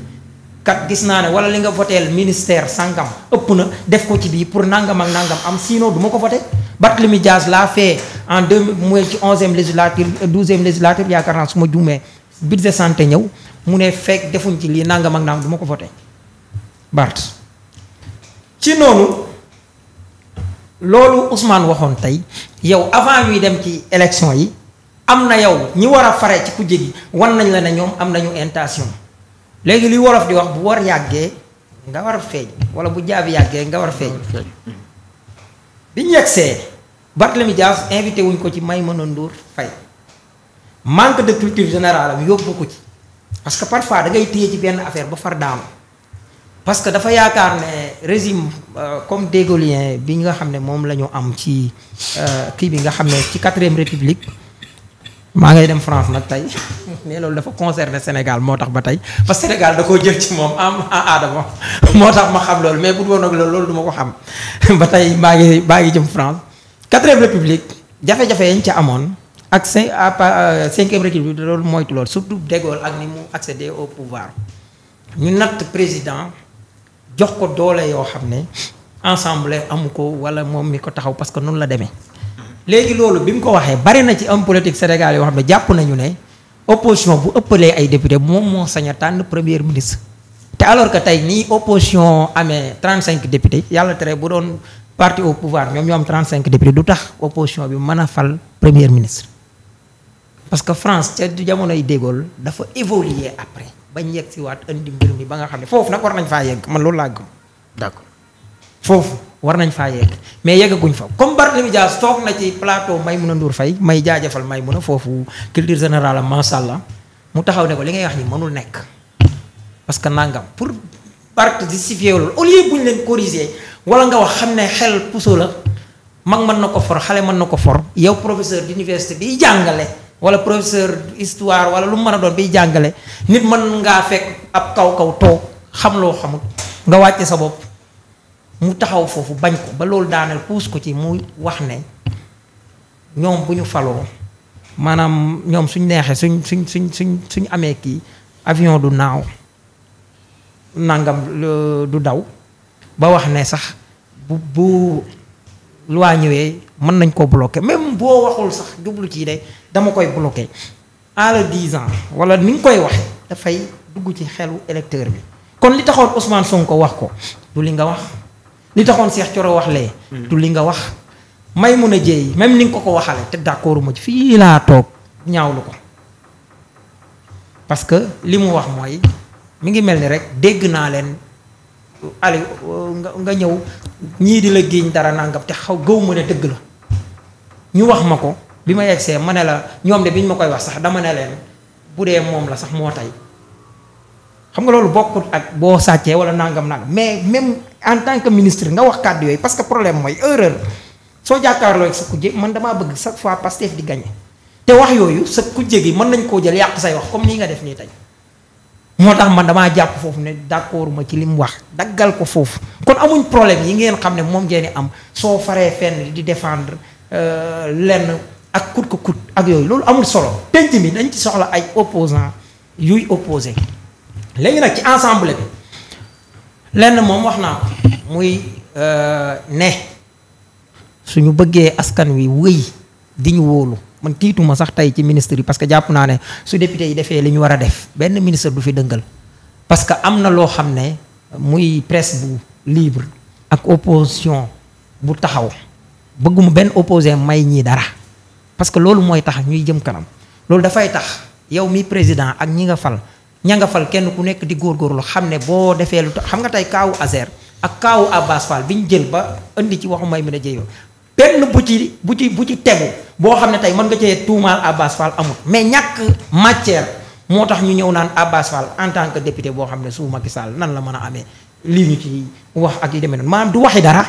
kat gis naa ne wala li nga voteel ministère sàngam ëpp na def ko ci bii pour nangam ak nangam am sinon du ma ko voté Barthélémy Dias laa fee en deux mooy ci onzième législature douzième législature yaakaar naa su ma juumee budget ñëw mu ne fekk defuñ ci lii nangam ak nangam du ma ko voté Bart ci noonu loolu Ousmane waxoon tey yow avant ñuy dem ci élection yi am na yow ñi war a fare ci kujje gi wan nañ la ne ñoom am nañu intention léegi li worof di wax bu war yàggee nga war feeñ wala bu jaabi yàggee nga war feeñ bi ñu yegsee Barthélemy Dias invité wuñ ko ci Maïmouna Ndour Faye manque de culture générale am yóbbu ko ci parce que parfois da ngay téye ci benn affaire ba far daanu parce que dafa yaakaar ne régime euh, comme dégolien bi nga xam ne moom la ñu am ci euh, kii bi nga xam ne ci quatrième république maa ngay dem France nag tey mais loolu dafa concerné Sénégal moo tax ba tey parce Sénégal da koo jël ci moom am aadama moo tax ma xam loolu mais bu doon ak loolu loolu du ma ko xam ba tey maa ngi maa ngi jëm France. quatrième république jafe-jafe yañ ci amoon ak cin à euh, cinquième république loolu moytu loolu surtout de Gaulle ak ni mu accéder au pouvoir ñu natt président jox ko doole yoo xam ne ensemble amu ko wala moom mi ko taxaw parce que noonu la demee. léegi loolu bi mu ko waxee bari na ci homme politique Sénégal yoo xam ne jàpp nañu ne opposition bu ëppalee ay député moom moo sañ a tànn première ministre. te alors que tey nii opposition amee 35 députés yàlla tere bu doon parti au pouvoir ñoom ñoo am 35 députés du tax opposition bi mën a fal première ministre. parce que France ca jamonoy De dafa évoluer après bañ yegg si waat indi mbir mi ba nga xam ne foofu nag war nañ faa yegg man loolu laa gëm war nañ faa yegg mais yeggaguñ fa comme Barthélémy Dias toog na ci plateau Maïmouna Ndour fay may jaajafal may jaajëfal a foofu culture générale macha allah mu taxaw ne ko li ngay wax ni mënul nekk parce que nangam pour Barth justifier loolu au lieu buñ leen corriger wala nga wax xam ne xel puso la mag mën na ko for xale mën na ko for yow professeur d'université biy jàngale wala professeur histoire wala lu mu mën a doon biy jàngale nit mën ngaa fekk ab kaw kaw toog xam loo xamul nga wàcce sa bopp mu taxaw foofu bañ ko ba loolu daaneel puus ko ci mu wax ne ñoom bu ñu faloo maanaam ñoom suñ neexee suñ suñ suñ suñ suñ amee kii avion du naaw nangam du daw ba wax ne sax bu bu loi ñëwee mën nañ koo bloqué même boo waxul sax jublu ci de dama koy bloqué à la dix wala ni koy waxee dafay dugg ci xelu électeur bi kon li taxoon Ousmane Sonko ko wax ko du li nga wax li taxoon Cheikh Thioro wax lee. Hmm. du li nga wax. may mun a jéey même ni nga ko ko waxale te d'accord ma ci fii laa toog ñaaw ñaawlu ko parce que li mu wax mooy mi ngi mel ni rek dégg naa leen ali nga ñëw ñii di la géeñ dara nàngam te xaw gëw ma ne dëgg la ñu wax ma ko bi ma yegsee ma ne la ñoom de biñ ma koy wax sax dama ne leen bu dee moom la sax moo tey xam nga loolu bokkut ak boo sàccee wala nangam nangam mais même en tant que ministre nga wax kàddu yooyu parce que problème mooy erreur soo jàkkaarloo ak sa kujje man damaa bëgg chaque fois Pastef di gagné te wax yooyu sa kujje gi mën nañ koo jël yàq say wax comme nii nga def nii tey moo tax man damaa jàpp foofu ne d'accord ma ci li mu wax daggal ko foofu kon amuñ problème yi ngeen xam ne moom ngeen am soo faree fenn di defendre euh, lenn ak kut ko kut ak yooyu loolu amul solo penc mi dañ ci soxla ay opposant yuy opposé léegi nag ci ensemble bi lenn moom wax naa muy euh, ne suñu bëggee askan wi wëy di ñu wóolu man tiituma sax tey ci ministre yi parce que jàpp naa ne su député yi defee li ñu war a def benn ministre du fi dëngal parce que am na loo xam ne muy presse bu libre ak opposition bu taxaw bëgguma benn opposé may ñii dara parce que loolu mooy tax ñuy jëm kanam loolu dafay tax yow mi président ak ñi nga fal ña nga fal kenn ku nekk di góor góorgóorlu xam ne boo defee lu xam nga tey kaawu Azer ak kaawu Abbas Fall bi ñu jël ba indi ci waxu may mën a jëyoo benn bu ci bu ci bu ci tegu boo xam ne tey mën nga cee tuumaal Abbas Fall amul mais ñàkk matière moo tax ñu ñëw naan Abbas Fall en tant que député boo xam ne su Macky Sall nan la mën a amee lii ñu ci wax ak yi demee noonu maanaam du waxi dara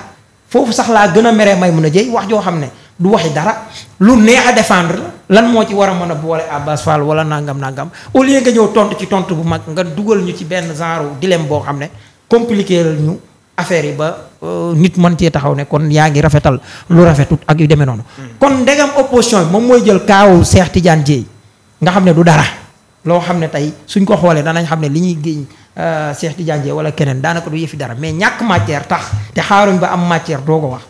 foofu sax laa gën a meree may mun a jëy wax joo xam ne. du waxi dara lu neex a défendre lan moo ci war a mën a boole Abbas Fall wala nangam nangam au lieu nga ñëw tontu ci tontu bu mag nga dugal ñu ci benn genre dilemme boo xam ne compliqué la ñu affaire yi ba euh, nit mën cee taxaw ne kon yaa ngi rafetal lu rafetut ak yu demee noonu. Hmm. kon ndegam opposition moom mooy jël kaawu Cheikh Tidiane Dièye nga xam ne du dara loo xam ne tey suñ ko xoolee danañ xam ne li ñuy géñ euh, Cheikh Tidiane Dièye wala keneen daanaka du yëfi dara mais ñàkk matière tax te xaaruñ ba am matière doo ko wax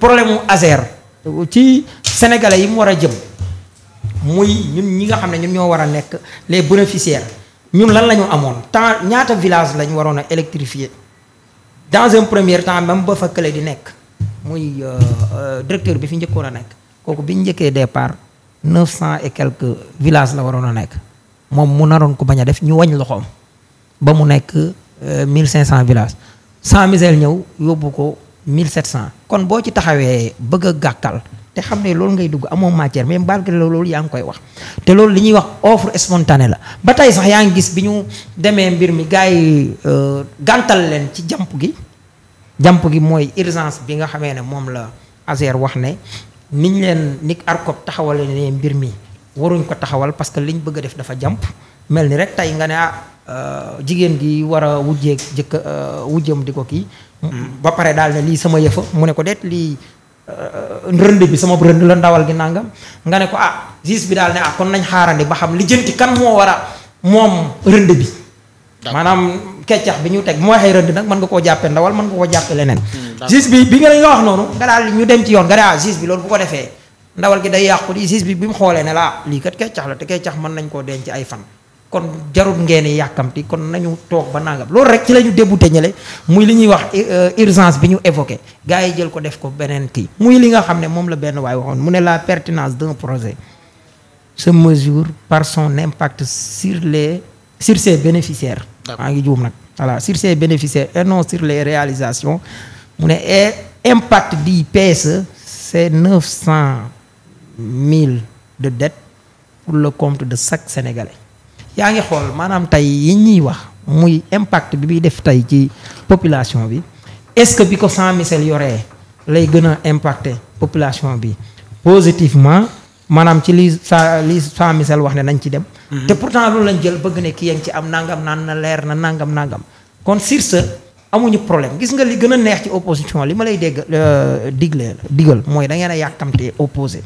problème mu Azer ci sénégalais yi mu war a jëm muy ñun ñi nga xam ne ñun ñoo war a nekk les bénéficiaires ñun lan la ñu amoon temps ñaata village la ñu waroon a électrifier dans première premier temps même ba fa kële di nekk muy euh, euh, directeur bi fi njëkkoon a nekk kooku bi ñu njëkkee départ neuf cent et quelques villages la waroon a nekk moom mu naroon ko bañ a def ñu wañ loxoom ba mu nekk euh, mille cinq cent villages sans misère ñëw yóbbu ko 1700 kon boo ci taxawee bëgg a gàkkal te xam ne loolu ngay dugg amoo matière mais la loolu yaa ngi koy wax te loolu li ñuy wax offre spontanée la ba tey sax yaa ngi gis bi ñu demee mbir mi gars yi euh, gàntal leen ci jàmp gi jàmp gi mooy urgence bi nga xamee ne moom la Azer wax ne niñ leen ni ARCOP taxawale ne mbir mi waruñ ko taxawal parce que liñ bëgg a def dafa jàmp mel ni rek tey nga ne ah euh, jigéen gi war a wujjeeg jëkk euh, wujjam di ko kii ba pare daal ne lii sama yëfa mu ne ko deet lii euh, rënd bi sama rënd la ndawal gi nangam nga ne ko ah gis bi daal ne ah kon nañ xaarandi ba xam li lijjanti kan moo war a moom rënd bi maanaam keccax bi ñu teg moo waxee rënd nag mën nga koo jàppee ndawal mën nga koo jàppee leneen hmm, gis bi bi nga ne nga wax noonu nga dem ci yoon nga ne ah gis bi loolu bu ko defee ndawal gi day yàqu di gis bi bi mu xoolee ne la lii kat keccax la te keccax mën nañ koo denc ay fan kon jarul ngeen yàkkamti kon nañu toog ba nangam loolu rek ci la ñu débuté ñële muy li ñuy wax euh, euh, urgence bi ñu évoqué gars yi jël ko def ko beneen kii muy li nga xam ne moom la benn waay waxoon mu ne la pertinence d'un projet se mesure par son impact sur les sur ses bénéficiaires maa ngi juum nag voilà sur ses bénéficiaires et non sur les réalisations mu ne impact di PSE c'est neuf cent mille de dette pour le compte de sac Sénégalais yaa ngi xool maanaam tey yi ñuy wax muy impact bi muy def tey ci population bi est-ce que bi ko sant Michel yoree lay gën a impacter population bi positivement maanaam ci li sa li Sans wax ne nañ ci dem. Mhm. te pourtant loolu lañ jël bëgg ne kii yaa ci am nangam naan na leer na nangam nangam kon sur amuñu problème gis nga li gën a neex ci opposition li ma lay dégg euh, digle digal mooy da a yàkkamtee opposé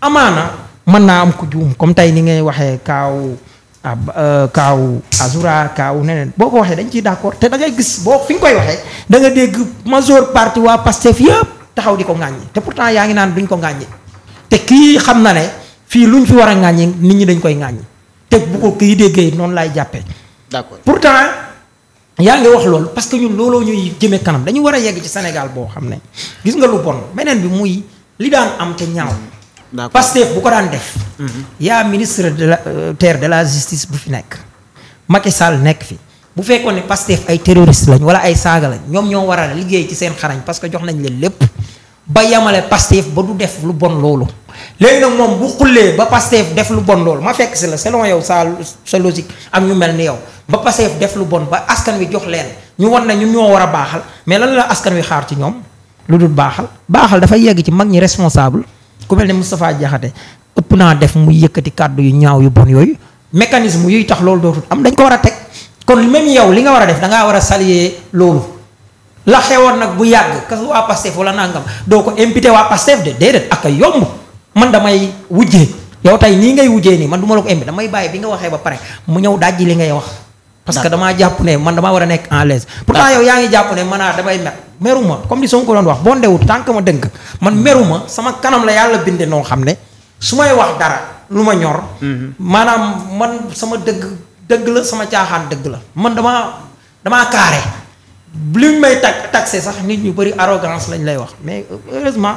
amaana mën naa am ku juum comme tey ni ngay waxee kaaw. ah euh, kaaw Azura kaaw neneen boo ko waxee dañ ciy d'accord te da ngay gis boo fi nga koy waxee da nga dégg majeure partie waa Pastef yëpp taxaw di ko ŋàññi te pourtant yaa ngi naan duñ ko ŋàññi te kii xam na ne fii luñ fi war a ŋàññi nit ñi dañ koy ŋàññi te bu ko kii déggee noonu laay jàppee. d'accord pourtant yaa ngi wax loolu parce que ñun looloo ñuy jëmee kanam dañu war a yegg ci Sénégal boo xam ne gis nga lu bon beneen bi muy li daan am te ñaaw. Pastef bu ko daan def. Mhm. yaa ministre de la euh, terre de la justice bu fi nekk. Macky Sall nekk fi bu fekkoon ne Pastef ay terroriste lañ wala ay saaga lañ ñoom ñoo war a liggéey ci seen xarañ parce que jox nañ leen lépp. ba yamale Pastef ba du def lu bon loolu léegi nag moom bu xullee ba Pastef def lu bon loolu ma fekk si la selon yow sa sa logique am ñu mel ni yow ba Pastef def lu bon ba askan wi jox leen ñu wan na ñun ñoo war a baaxal mais lan la askan wi xaar ci ñoom lu dul baaxal baaxal dafa yegg ci mag ñi responsable ku mel ne Moustapha Diakhaté ëpp naa def mu yëkkati kàddu yu ñaaw yu bon yooyu mécanisme yuy tax loolu dootul am dañ ko war a teg kon même yow li nga war a def da ngaa war a saluer loolu la xewoon nag bu yàgg kas waa Pastef wala nangam doo ko imputé waa Pastef de déedéet ak yomb man damay wujjee yow tey nii ngay wujjee nii man du ma la ko imputé damay bàyyi bi nga waxee ba pare mu ñëw dajji li ngay wax. parce que damaa jàpp ne man damaa war a nekk en l'aise pourtant yow yaa ngi jàpp ne man a ah damay mer meru ma comme li Sonko doon wax boo ndewut tànk ma dënk man hmm. meru ma sama kanam la yàlla binde noo xam ne su may wax dara lu ma ñor hmm. maanaam man sama dëgg dëgg la sama caaxaan dëgg la man damaa damaa kaare li may tag taxé sax nit ñu bëri arrogance lañ lay wax mais heureusement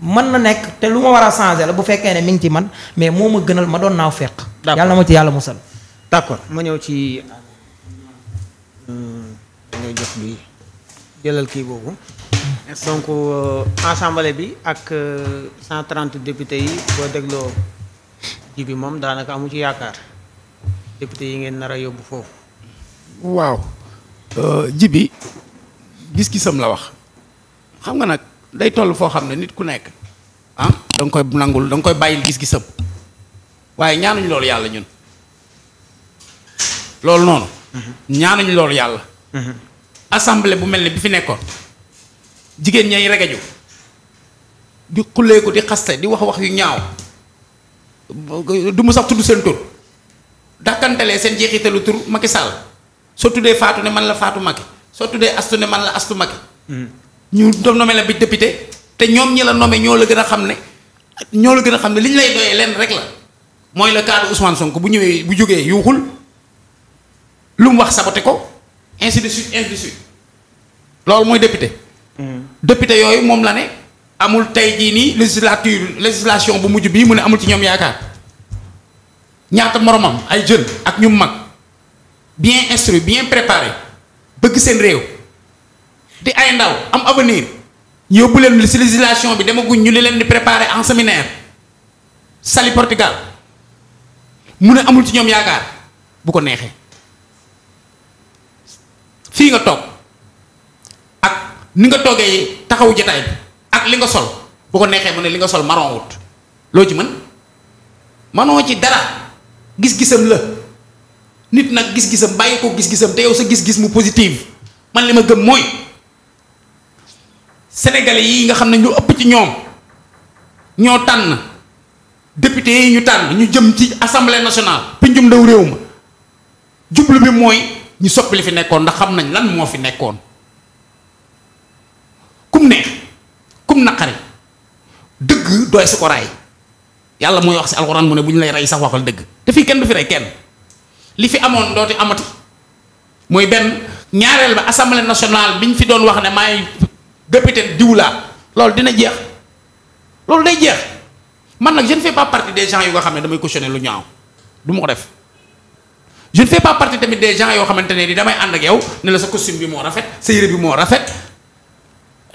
mën na nekk te lu ma war a changer la bu fekkee ne mi ngi ci man mais moo ma gënal ma doon naaw fekk yàlla na ma ci yàlla musal d'accord ñoo jox bii jëlal kii boobu donc assemblée euh, bi ak 130 euh, députés yi boo dégloo ji bi moom daanaka amu ci yaakaar député yi ngeen nar a yóbbu foofu waaw euh, jibi bi gis-gisam la wax xam nga nag day toll foo xam ne nit ku nekk ah da nga koy nangul da koy bàyyil gis-gisam waaye ñaanuñ loolu yàlla ñun loolu noonu mm-hmm. ñaanuñ loolu yàlla mm-hmm. assemblée bu mel ne bi fi nekkoon jigéen ñay regaju di ko di xaste di wax wax yu ñaaw du mu sax tudd seen tur dàkkantalee seen jeexitalu tur Macky Sall soo tuddee Fatou ne man la Fatou Macky soo tuddee Astou ne man la Astou Macky hmm. ñu doom nommé la bi député te ñoom ñi la nommé ñoo la gën a xam ne ñoo la gën a xam ne li ñu lay doyee lenn rek la mooy le cas de sonk bu ñëwee bu jógee yuuxul lu mu wax saboté ko ainsi de suite ainsi loolu mooy député. Mm. député yooyu moom la ne amul tey jii nii législature législation bu mujj bii mu ne amul ci ñoom yaakaar ñaata moromam ay jeunes ak ñu mag bien instruit bien préparé bëgg seen réew di ay ndaw am avenir yóbbu leen si législation bi demaguñ ñu li leen di préparer en séminaire sali Portugal mu ne amul ci ñoom yaakaar bu ko neexee fii nga toog. ni nga toogee taxaw jataay bi ak li nga sol bu ko neexee ma ne li nga sol maron wut loo ci mën manoo ci dara gis-gisam la nit nag gis-gisam bàyyi ko gis-gisam te yow sa gis-gis mu positive man li ma gëm mooy sénégalais yi nga xam ne ñu ëpp ci ñoom ñoo tànn député yi ñu tànn ñu jëm ci assemblée nationale péncum ndaw réew ma jublu bi mooy ñu soppi li fi nekkoon ndax xam nañ lan moo fi nekkoon kum neex kum naqari dëgg doy su ko raay yàlla mooy wax si alxuraan mu ne bu ñu lay rey sax waxal dëgg te fii kenn du fi rey kenn li fi amoon dooti amati mooy benn ñaareel ba assemblée nationale bi ñu fi doon wax ne maay député diwlaa loolu dina jeex loolu day jeex man nag je ne fais de partie yoo xam ne damay cautionner lu ñaaw du ma ko def je ne fais tamit de gens yoo xamante ne ni damay ànd ak yow ne la sa costume bi moo rafet sa yére moo rafet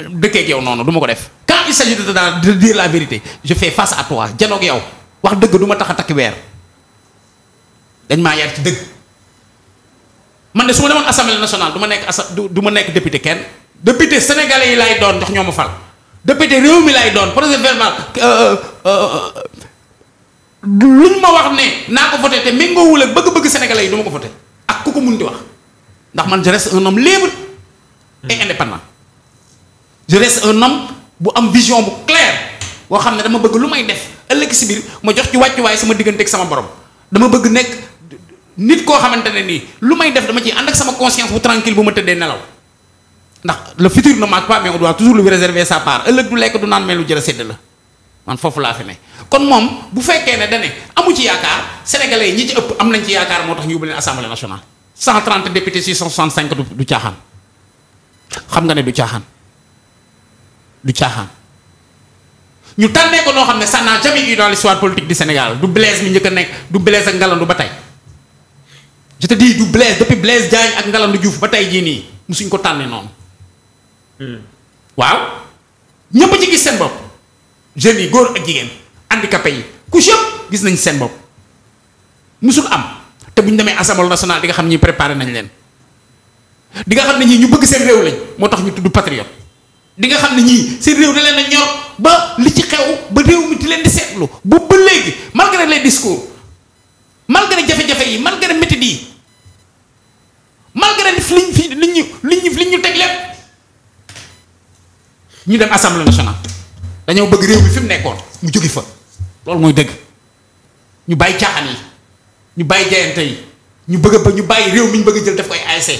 dëkkee ak yow noonu du ko def quand il s'agit de dire la vérité je fais face à toi janoog yow wax dëgg du ma tax a takk weer dañ maa yar ci dëgg man de su ma demoon assemblée nationale du ma nekk assa du ma nekk député kenn député sénégalais yi laay doon jox ñoo ma fal député réew mi laay doon projet verbal euh, euh, euh, luñ ma wax ne naa ko voté te méngoowul ak bëgg-bëgg sénégalais yi duma ma ko voté ak ku ko mun munti wax ndax man je reste un homme libre et indépendant je reste un homme bu am vision bu claire boo xam ne dama bëgg lu may def ëllëg si biir ma jox ci waaye sama diggante ak sama borom dama bëgg nekk nit koo xamante ne nii lu may def dama ci ànd ak sama conscience bu tranquille bu ma tëddee nelaw ndax la futur ne manque pas mais on doit toujours lui réserver sa part ëllëg du lekk du naan mais lu jërë sedd la man foofu laa fi ne kon moom bu fekkee ne dane amu ci yaakaar sénégalais yi ñi ci ëpp am nañ ci yaakaar moo tax ñu yóbbu leen assemblée nationale 130 députés 665 du caaxaan xam nga ne du caaxaan du caaxaan ñu tànnee ko noo xam ne ça n'a jamais eu dans l'histoire politique du Sénégal du Blaise mi njëkk nekk du Blaise ak Ngalandou ba tey je di dis du Blaise depuis Blaise Diagne ak Ngalandou Diouf ba tey jii nii musuñ ko tànnee noonu hmm. waaw ñëpp ci gis seen bopp jeunes yi góor ak jigéen indi handicapés yi ku yëpp gis nañ seen bopp musul am te bu ñu demee assemblée nationale di nga xam ñi préparé nañ leen di nga xam ne ñii ñu bëgg seen réew lañ moo tax ñu tudd patriote di nga xam ne ñii seen réew da leen a ñor ba li ci xew ba réew mi di leen di seetlu bu ba léegi malgré les discours malgré jafe-jafe yi malgré métit yi malgré liñ fi liñ ñu liñ ñu liñ ñu teg lépp ñu dem assemblée nationale dañoo bëgg réew mi fi mu nekkoon mu jóge fa loolu mooy dëgg ñu bàyyi caaxaan yi ñu bàyyi jaayante yi ñu bëgg ba ñu bàyyi réew mi ñu bëgg jël def ko ay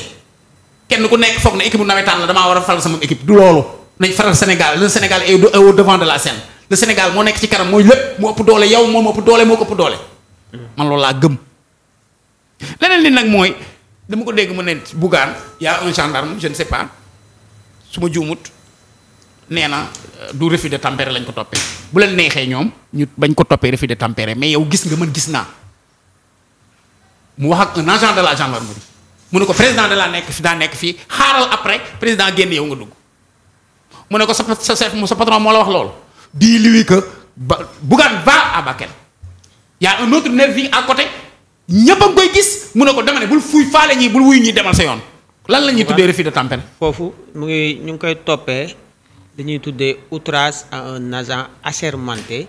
kenn ku nekk foog na équipe bu nawetaan la damaa war a fal sama équipe du loolu. nañ faral Sénégal le Sénégal est de la scène le Sénégal moo nekk ci kanam mooy lépp mu ëpp doole yow moom ëpp doole moo ko ëpp doole. man loolu laa gëm. leneen li nag mooy dama ko dégg mu ne Bougane y un gendarme je ne sais pas su ma juumut nee na euh, du refus de tempérer lañ ko toppee bu leen neexee ñoom ñu bañ ko toppee refus de tempérer mais yow gis nga man gis naa mu wax ak un agent de la gendarmerie mu ne ko président de la nekk fi daa nekk fii xaaral après président génn yow nga dugg. mu ne ko sa sa chef sa patron moo la wax loolu dis-lui que ba Bougane va à Bakel y a un autre nervi à côté ñëpp a ngi koy gis mu ne ko dama bul fuy faale ñi bul wuy ñii demal sa yoon. lan la ñuy tuddee refus de tempête. foofu mu ngi ñu ngi koy toppee dañuy tuddee outrage à un agent assermenté.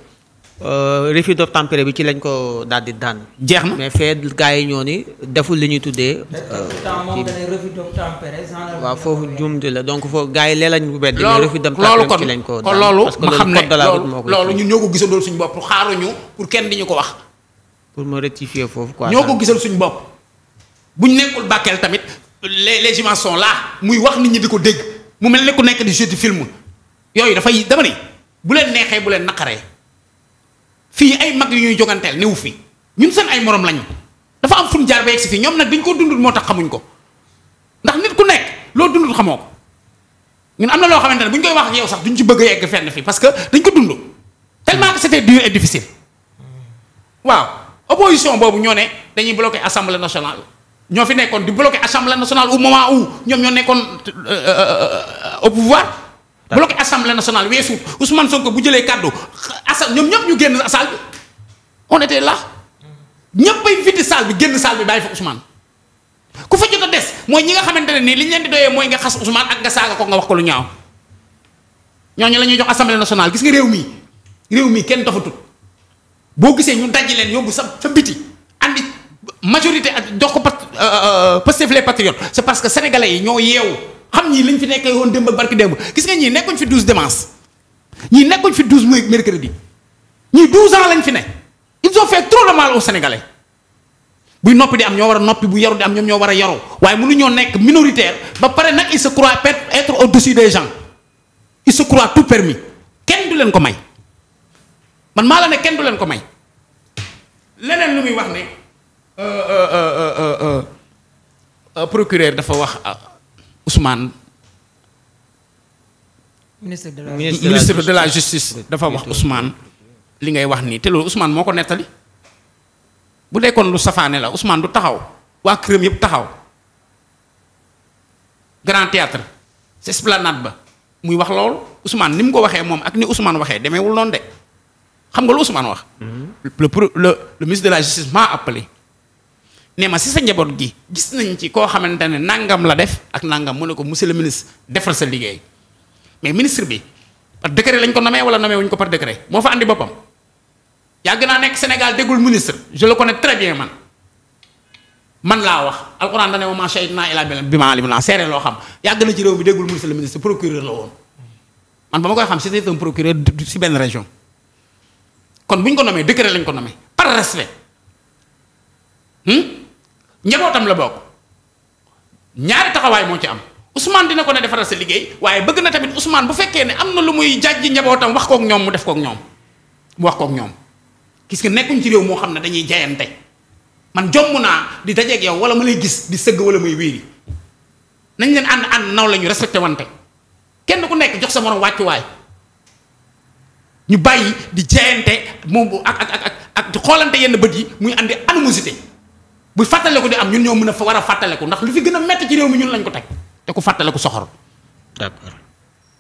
Euh, refus d'obtempérer bi ci lañ ko daal di daan. jeex na mais fee gars yi ñoo ni deful li ñuy tuddee. Euh, waaw foofu jumte la donc foofu gars yi lee lañ bu bett. refus d'obtempérer ci ko daan loolu kon loolu ma loolu ñun ñoo ko gisandoo suñu bopp xaaruñu pour kenn di ñu ko wax. pour ma rectifier foofu quoi. ñoo ko gisal suñu bopp bu ñu nekkul Bakel tamit les les images muy wax nit ñi di ko dégg mu mel ni ku nekk di jeudi film yooyu dafay dama ne bu leen neexee bu leen naqaree. fii ay mag yu ñuy joganteel néew fii ñun seen ay morom lañu dafa am fuñ jaar ba yegsi fii ñoom nag dañ ko dundul moo tax xamuñ ko ndax nit ku nekk loo dundul xamoo ko ñun am na loo xamante ne bu ñu koy wax ak sax duñ ci bëgg a yegg fenn fii parce que dañ ko dund tellement que c'était dur et difficile waaw opposition boobu ñoo ne dañuy bloquer assemblée nationale ñoo fi nekkoon di bloquer assemblée nationale au moment où ñoom ñoo nekkoon euh, euh, euh, au pouvoir bloqué assemblée nationale weesu Ousmane Sonko bu jëlee kàddu assa ñoom ñëpp ñu génn salle bi on était là ñëpp ay vite salle bi génn salle bi bàyyi fa Ousmane. ku fa jot a des mooy ñi nga xamante ne nii li ñu leen di doyee mooy nga xas Ousmane ak nga saaga ko nga wax ko lu ñaaw ñooñu la ñuy jox assemblée nationale gis nga réew mi réew mi kenn dafa boo gisee ñu daj leen yóbbu sa sa biti andi majorité ak jox ko euh, euh, Pastef les patriotes c'est parce que sénégalais yi ñoo yeewu. xam ñi liñ fi nekkee woon démb ak barki démb gis nga ñii nekkuñ fi douze dimanche ñii nekkuñ fi douze mercredi ñii douze ans lañ fi ne ils ont fait trop de mal aux Sénégalais buy noppi di am ñoo war a noppi bu yaru di am ñoom ñoo war a yaru waaye mënuñoo nekk minoritaire ba pare nag il se croit être au-dessus des gens il se croit tout permis kenn du leen ko may man maa la ne kenn du leen ko may leneen lu muy wax ne euh, euh, euh, procureur dafa wax Ousmane. ministre de la ministre de la justice dafa wax Ousmane. li ngay wax nii te loolu Ousmane moo ko nettali bu dee kon lu safaane la Ousmane du taxaw waa këram yëpp taxaw grand théâtre ci esplanade ba muy wax loolu Ousmane ni mu ko waxee moom ak ni Ousmane waxee demeewul noonu de xam nga lu Ousmane wax. Mhm. le le le ministre de la justice m'a appelé. nee ma si sa njaboot gi gis nañ ci koo xamante ne nangam la def ak nangam mu ne ko monsieur le ministre defal sa liggéey mais ministre bi par décret lañ ko nommé wala nommé wuñ ko par décret moo fa andi boppam. yàgg naa nekk Sénégal déggul ministre je le connais très bien man man laa wax alxuraan da ne ma macha allah ilaa bi ma alim loo xam yàgg na ci réew mi déggul ministre le ministre la woon man ba ma koy xam c'était un procureur si benn région kon bu ko nommé décret lañ ko nommé par respect. Hmm? njabootam la bokk ñaari taxawaay moo ci am Ousmane dina ko ne defaral sa liggéey waaye bëgg na tamit Ousmane bu fekkee ne am na lu muy jàjj njabootam wax kook ñoom mu def kook ñoom mu wax kook ñoom gis nga nekkuñ ci réew moo xam ne dañuy jayante man jomm naa di dajeeg yow wala mu lay gis di sëgg wala muy wéeri nañ leen ànd ànd naw la ñu respecté kenn ku nekk jox sa morom wàccuwaay ñu bàyyi di jayante moom ak ak ak ak di xoolante yenn bët yi muy andi animosité. bu fàttaleku di am ñun ñoo mun a fa war a fàttaleku ndax lu fi gën a métti ci réew mi ñun lañ ko teg te ku fàttaleku soxor. d'accord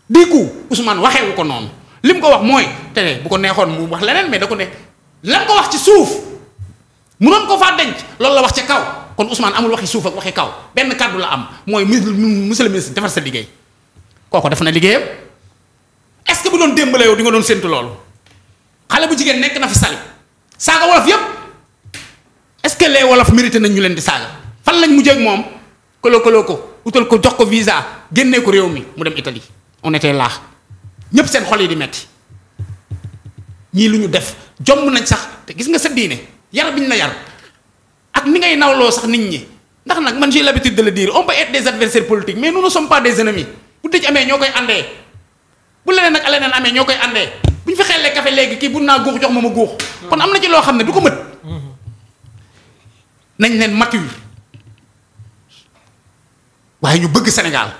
di ko Ousmane waxeewu ko noonu li ko wax mooy te bu ko neexoon mu wax leneen mais da ko ne lan ko ci suuf munoon ko faa denc loolu la wax kaw kon Ousmane amul waxi suuf ak kaw benn kàddu am mooy monsieur le ministre defar sa liggéey kooku def na liggéeyam est que bu doon démb la yow di nga doon séntu loolu xale bu jigéen nekk na fi sali saaga wolof yépp que les wolof mérité nañ ñu leen di saaga fan lañ mujjee ak moom koloo-koloo ko utal ko jox ko visa génnee ko réew mi mu dem Italie on était là ñëpp seen xol yi di metti ñii lu ñu def jomm nañ sax te gis nga sa diine yar biñ la yar ak ni ngay nawloo sax nit ñi ndax nag man si l'habitude de le dire on peut être des adversaires politiques mais nous ne sommes pas des ennemis bu dëj amee ñoo koy àndee bu leneen nag ñoo koy àndee bu ñu fi xellee café léegi kii bu naa guux jox ma ma guux kon am na ci loo nañ leen mature waaye ñu bëgg Sénégal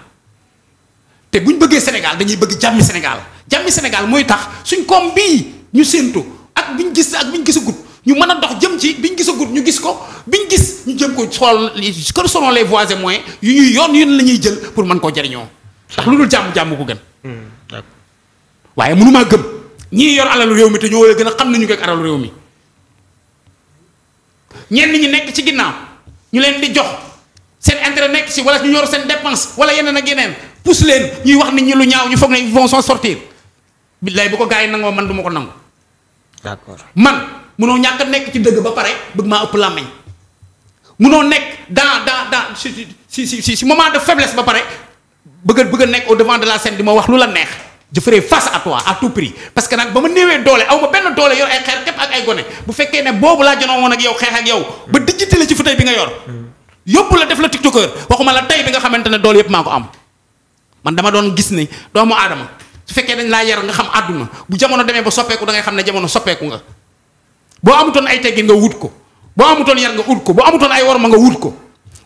te bu ñu bëggee Sénégal dañuy bëgg jàmmi Sénégal jàmmi Sénégal mooy tax suñ koom bii ñu séentu ak bi ñu gis ak bi ñu gisagut ñu mën a dox jëm ci bi ñu gisagut ñu gis ko bi ñu gis ñu jëm ko xool que selon les voies et yu ñuy yoon yu la ñuy jël pour mën koo jariñoo ndax lu dul jàmm jàmm ko gën. Hmm, waaye mënumaa gëm ñii yor alalu réew mi te ñoo war a gën a xam nañu ko ak alalu réew mi. ñenn ñi nekk ci ginnaaw ñu leen di jox seen entre nekk si wala ñu yor seen dépense wala yeneen ak yeneen pousse leen ñuy wax ni ñi lu ñaaw ñu foog ne ils vont s'en sortir billaay bu ko gars yi nangoo man duma ma ko nangu. d'accord man munoo ñàkk nekk ci dëgg ba pare bëgg maa ëpp làmmiñ munoo nekk dans dans daa si si si si moment de faiblesse ba pare bëgg a bëgg a nekk au devant de la scène di ma wax lu la neex. je ferai face à toi prix parce que nag ba ma néewee doole aw ma benn doole yor ay xeer képp ak ay gone bu fekkee ne boobu laa jonoo woon ak yow xeex ak yow ba dijjite la ci fauteuil bi nga yor yóbbu la def la tiktoker waxuma la tey bi nga xamante ne doole yëpp maa ko am man dama doon gis ne doomu aadama su fekkee dañ laa yar nga xam àdduna bu jamono demee ba soppeeku da ngay xam ne jamono soppeeku nga boo amutoon ay teggin nga wut ko boo amutoon yar nga wut ko boo amutoon ay worma nga wut ko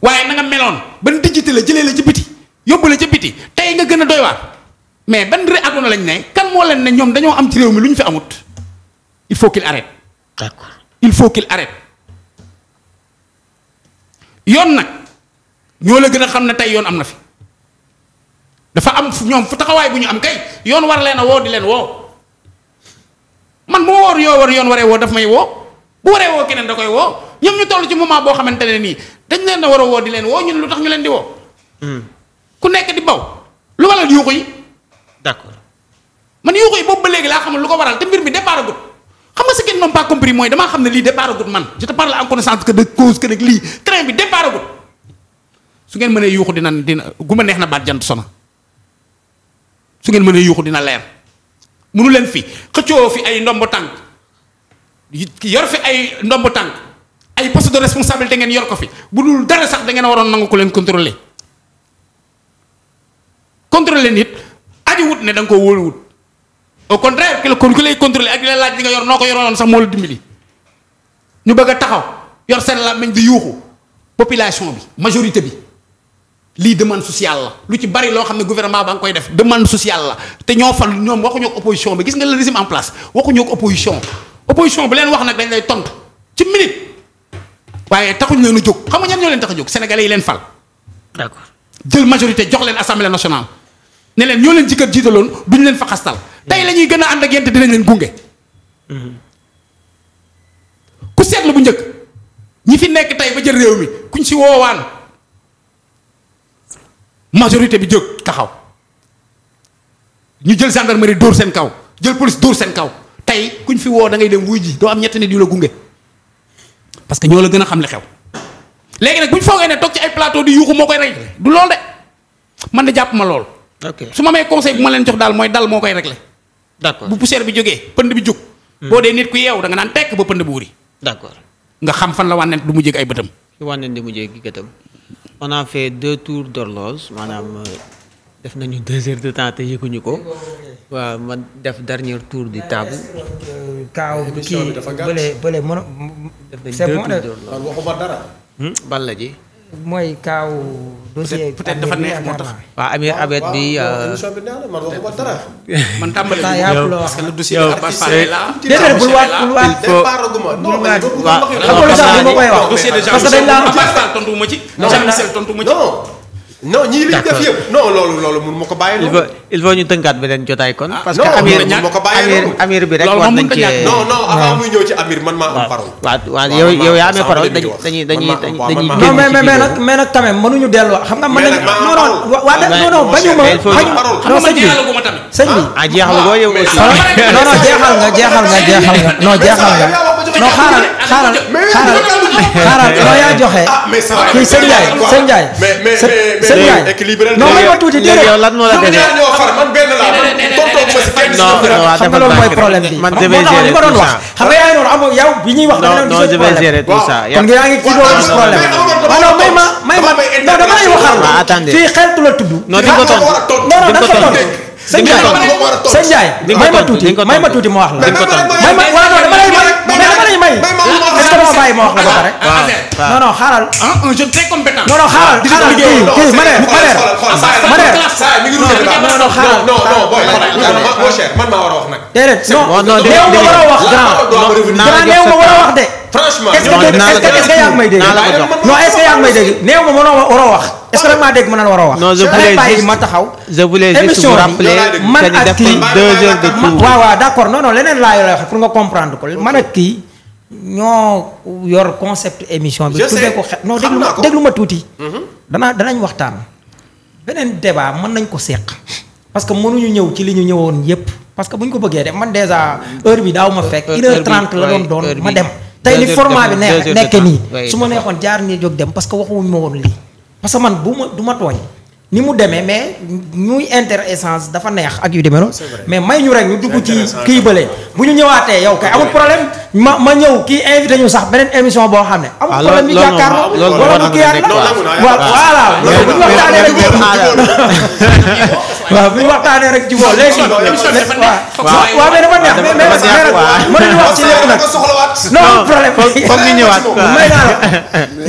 waaye na nga meloon ban dijjite la jëlee la ci biti yóbbu la biti tey nga gën a doy mais ban ré àdduna lañ ne kan moo leen ne ñoom dañoo am ci réew mi lu ñu fi amut il faut qu'il il faut qu'il arrête yoon nag ñoo la gën a xam ne tey yoon am na fi dafa am ñoom fu taxawaay bu ñu am kay yoon war leen a woo di leen woo man moo ma war yoo war yoon waree woo daf may woo bu waree woo keneen da koy woo ñoom ñu tollu ci moment boo xamante ne nii dañ leen a war a woo di leen woo ñun lu tax ñu leen di woo hmm. ku nekk di baw lu waral yuuxu yi d'accord man yuuxu yi boobu ba léegi laa xamul lu ko waral te mbir mi départ agut xam nga ce qu'ils n'ont pas compris damaa xam ne lii départ agut man je te parle en connaissance que de cause que nag lii train bi départ agut su ngeen mënee yuuxu dina dina gu neex na baat jant sona su ngeen mënee yuuxu dina leer munu leen fi xëccoo fi ay ndombo tànk yor fi ay ndombo tànk ay poste de te ngeen yor ko fi bu dul dara sax da ngeen waroon nangu ko leen contrôler ne da nga koo wóoluwut au contraire ki kon ki lay contrôler ak ki lay laaj li nga yor noo ko yoroon sax moo la dimbali ñu bëgg a taxaw yor seen làmmiñ di yuuxu population bi majorité bi lii demande sociale la lu ci bari loo xam ne gouvernement ba nga koy def demande sociale la te ñoo fal ñoom waxuñu ak opposition gis nga le régime en place waxuñu ak opposition opposition bi leen wax nag dañ lay tontu ci waaye taxuñ leen a jóg xam nga ñan tax a jóg sénégalais yi leen fal. jël majorité jox leen assemblée nationale. ne leen ñoo leen ci kër jiitaloon duñ leen fa xastal tey la ñuy gën a ànd ak yéen te dinañ leen gunge. ku seetlu bu njëkk ñi fi nekk tey ba jël réew mi kuñ si woowaan majorité bi jóg taxaw ñu jël gendarmerie dóor seen kaw jël police dóor seen kaw tey kuñ fi wow da ngay dem wuy ji doo am ñetti nit yu la gunge parce que ñoo la gën a xam li xew. léegi nag bu ñu foogee ne toog ci ay plateau di yuuxu moo koy rey du lool de man de jàpp ma lool. su ma may conseil bu ma leen jox daal mooy dal moo koy réglé. d'accord bu poussière bi jógee pënd bi jóg. Hmm. boo dee nit ku yeew da nga naan tekk ba pënd bu wuri. nga xam fan la wànnent du mu ay bëtam. fi wànnent di mu jég gi gëtam. on a deux tours d'horloge maanaam euh, def nañu deux heures de temps te yëguñu ko. waaw man def dernier tour di table. kaaw kii bële bële mën a. def nañ deux tours d'horloge waxuma dara. Hmm? balla ji. mooy kaaw dossier peut-être dafa neex moo tax waaw amir abet bi euh, euh, émission bi neex na man waxuma dara man tàmbali parce que bul waat bul waat bul waat waaw nga lu tax ma koy wax parce que dañ laa tontu ma ci Jean Michel tontu ma ci non ñii li ñu def loolu loolu mun ma ko bàyyi noonu. il faut ñu tënkaat beneen jotaay kon. parce que amir amir bi rek war nañ ci non non avant muy ñëw ci amir man maa am parole. waaw waaw yow yow yaa amee parole dañuy dañuy dañuy dañuy. non mais mais nag mais nag nga jeexal nga jeexal nga jeexal nga jeexal nga. non xaaral xaaral xaaral xaaral loo ah, yaa joxe. Ah, kii sëñ Ndiaye sëñ Ndiaye. sëñ Ndiaye non may ma tuuti déedéet yow lan moo la dese. xam nga loolu mooy problème bi. man demee gérer tout ça xam nga yaa ngi noonu amoo yow bi ñuy wax. non non demee gérer tout ça. kon nga yaa ngi ci doon gis problème. alors may ma may ma non dama lay waxal. waaw ah, attendez fii la tudd. non di ko tontu di ko sëñ Ndiaye may ma tuuti may ma tuuti ma wax la. may ma wala non dama lay may mais dama lay may. est-ce que ma bàyyi ma wax la ba pare. non non xaaral. un jeune très compétent. non non xaaral xaaral kii kii ma leer ma leer ma leer. non non xaaral. non non booy mon cher man maa war a wax nag. déedéet non néew ma war a wax grand. grand néew ma war a wax de. franchement est-ce que est-ce que yaa ngi may dégg. non est-ce que yaa ngi may dégg néew ma war a wax. est-ce dégg ma a war a wax. non je taxaw. je voulais juste vous rappeler man ak kii leneen laa yor wax pour nga comprendre ko man ak kii ñoo yor concept émission bi. je tuddee ko xel non déglu ma déglu ma tuuti. Mhm. danaa danañ waxtaan. beneen débat mën nañ ko seq. parce que mënuñu ñëw ci li ñu ñëwoon yépp parce que bu ñu ko bëggee def man déjà heure bi daaw ma fekk. une heure trente la ma dem. tey ni format bi neex nekkee nii su ma neexoon jaar nii jóg dem parce que waxuñu ma woon lii. parce que man bu ma du ma tooñ ni mu demee mais ñuy inter dafa neex ak yu demee noonu mais may ñu rek ñu dugg ci kii bële bu ñu ñëwaatee yow kay amul problème ma ma ñëw kii invité ñu sax beneen émission boo xam ne amul problème ñu jàkkaarloo wala mu kii yaat ñu waxtaanee rek bu rek ci boobu léegi waaw waaw mais dafa neex mais mais mënuñu wax ci lépp may naa la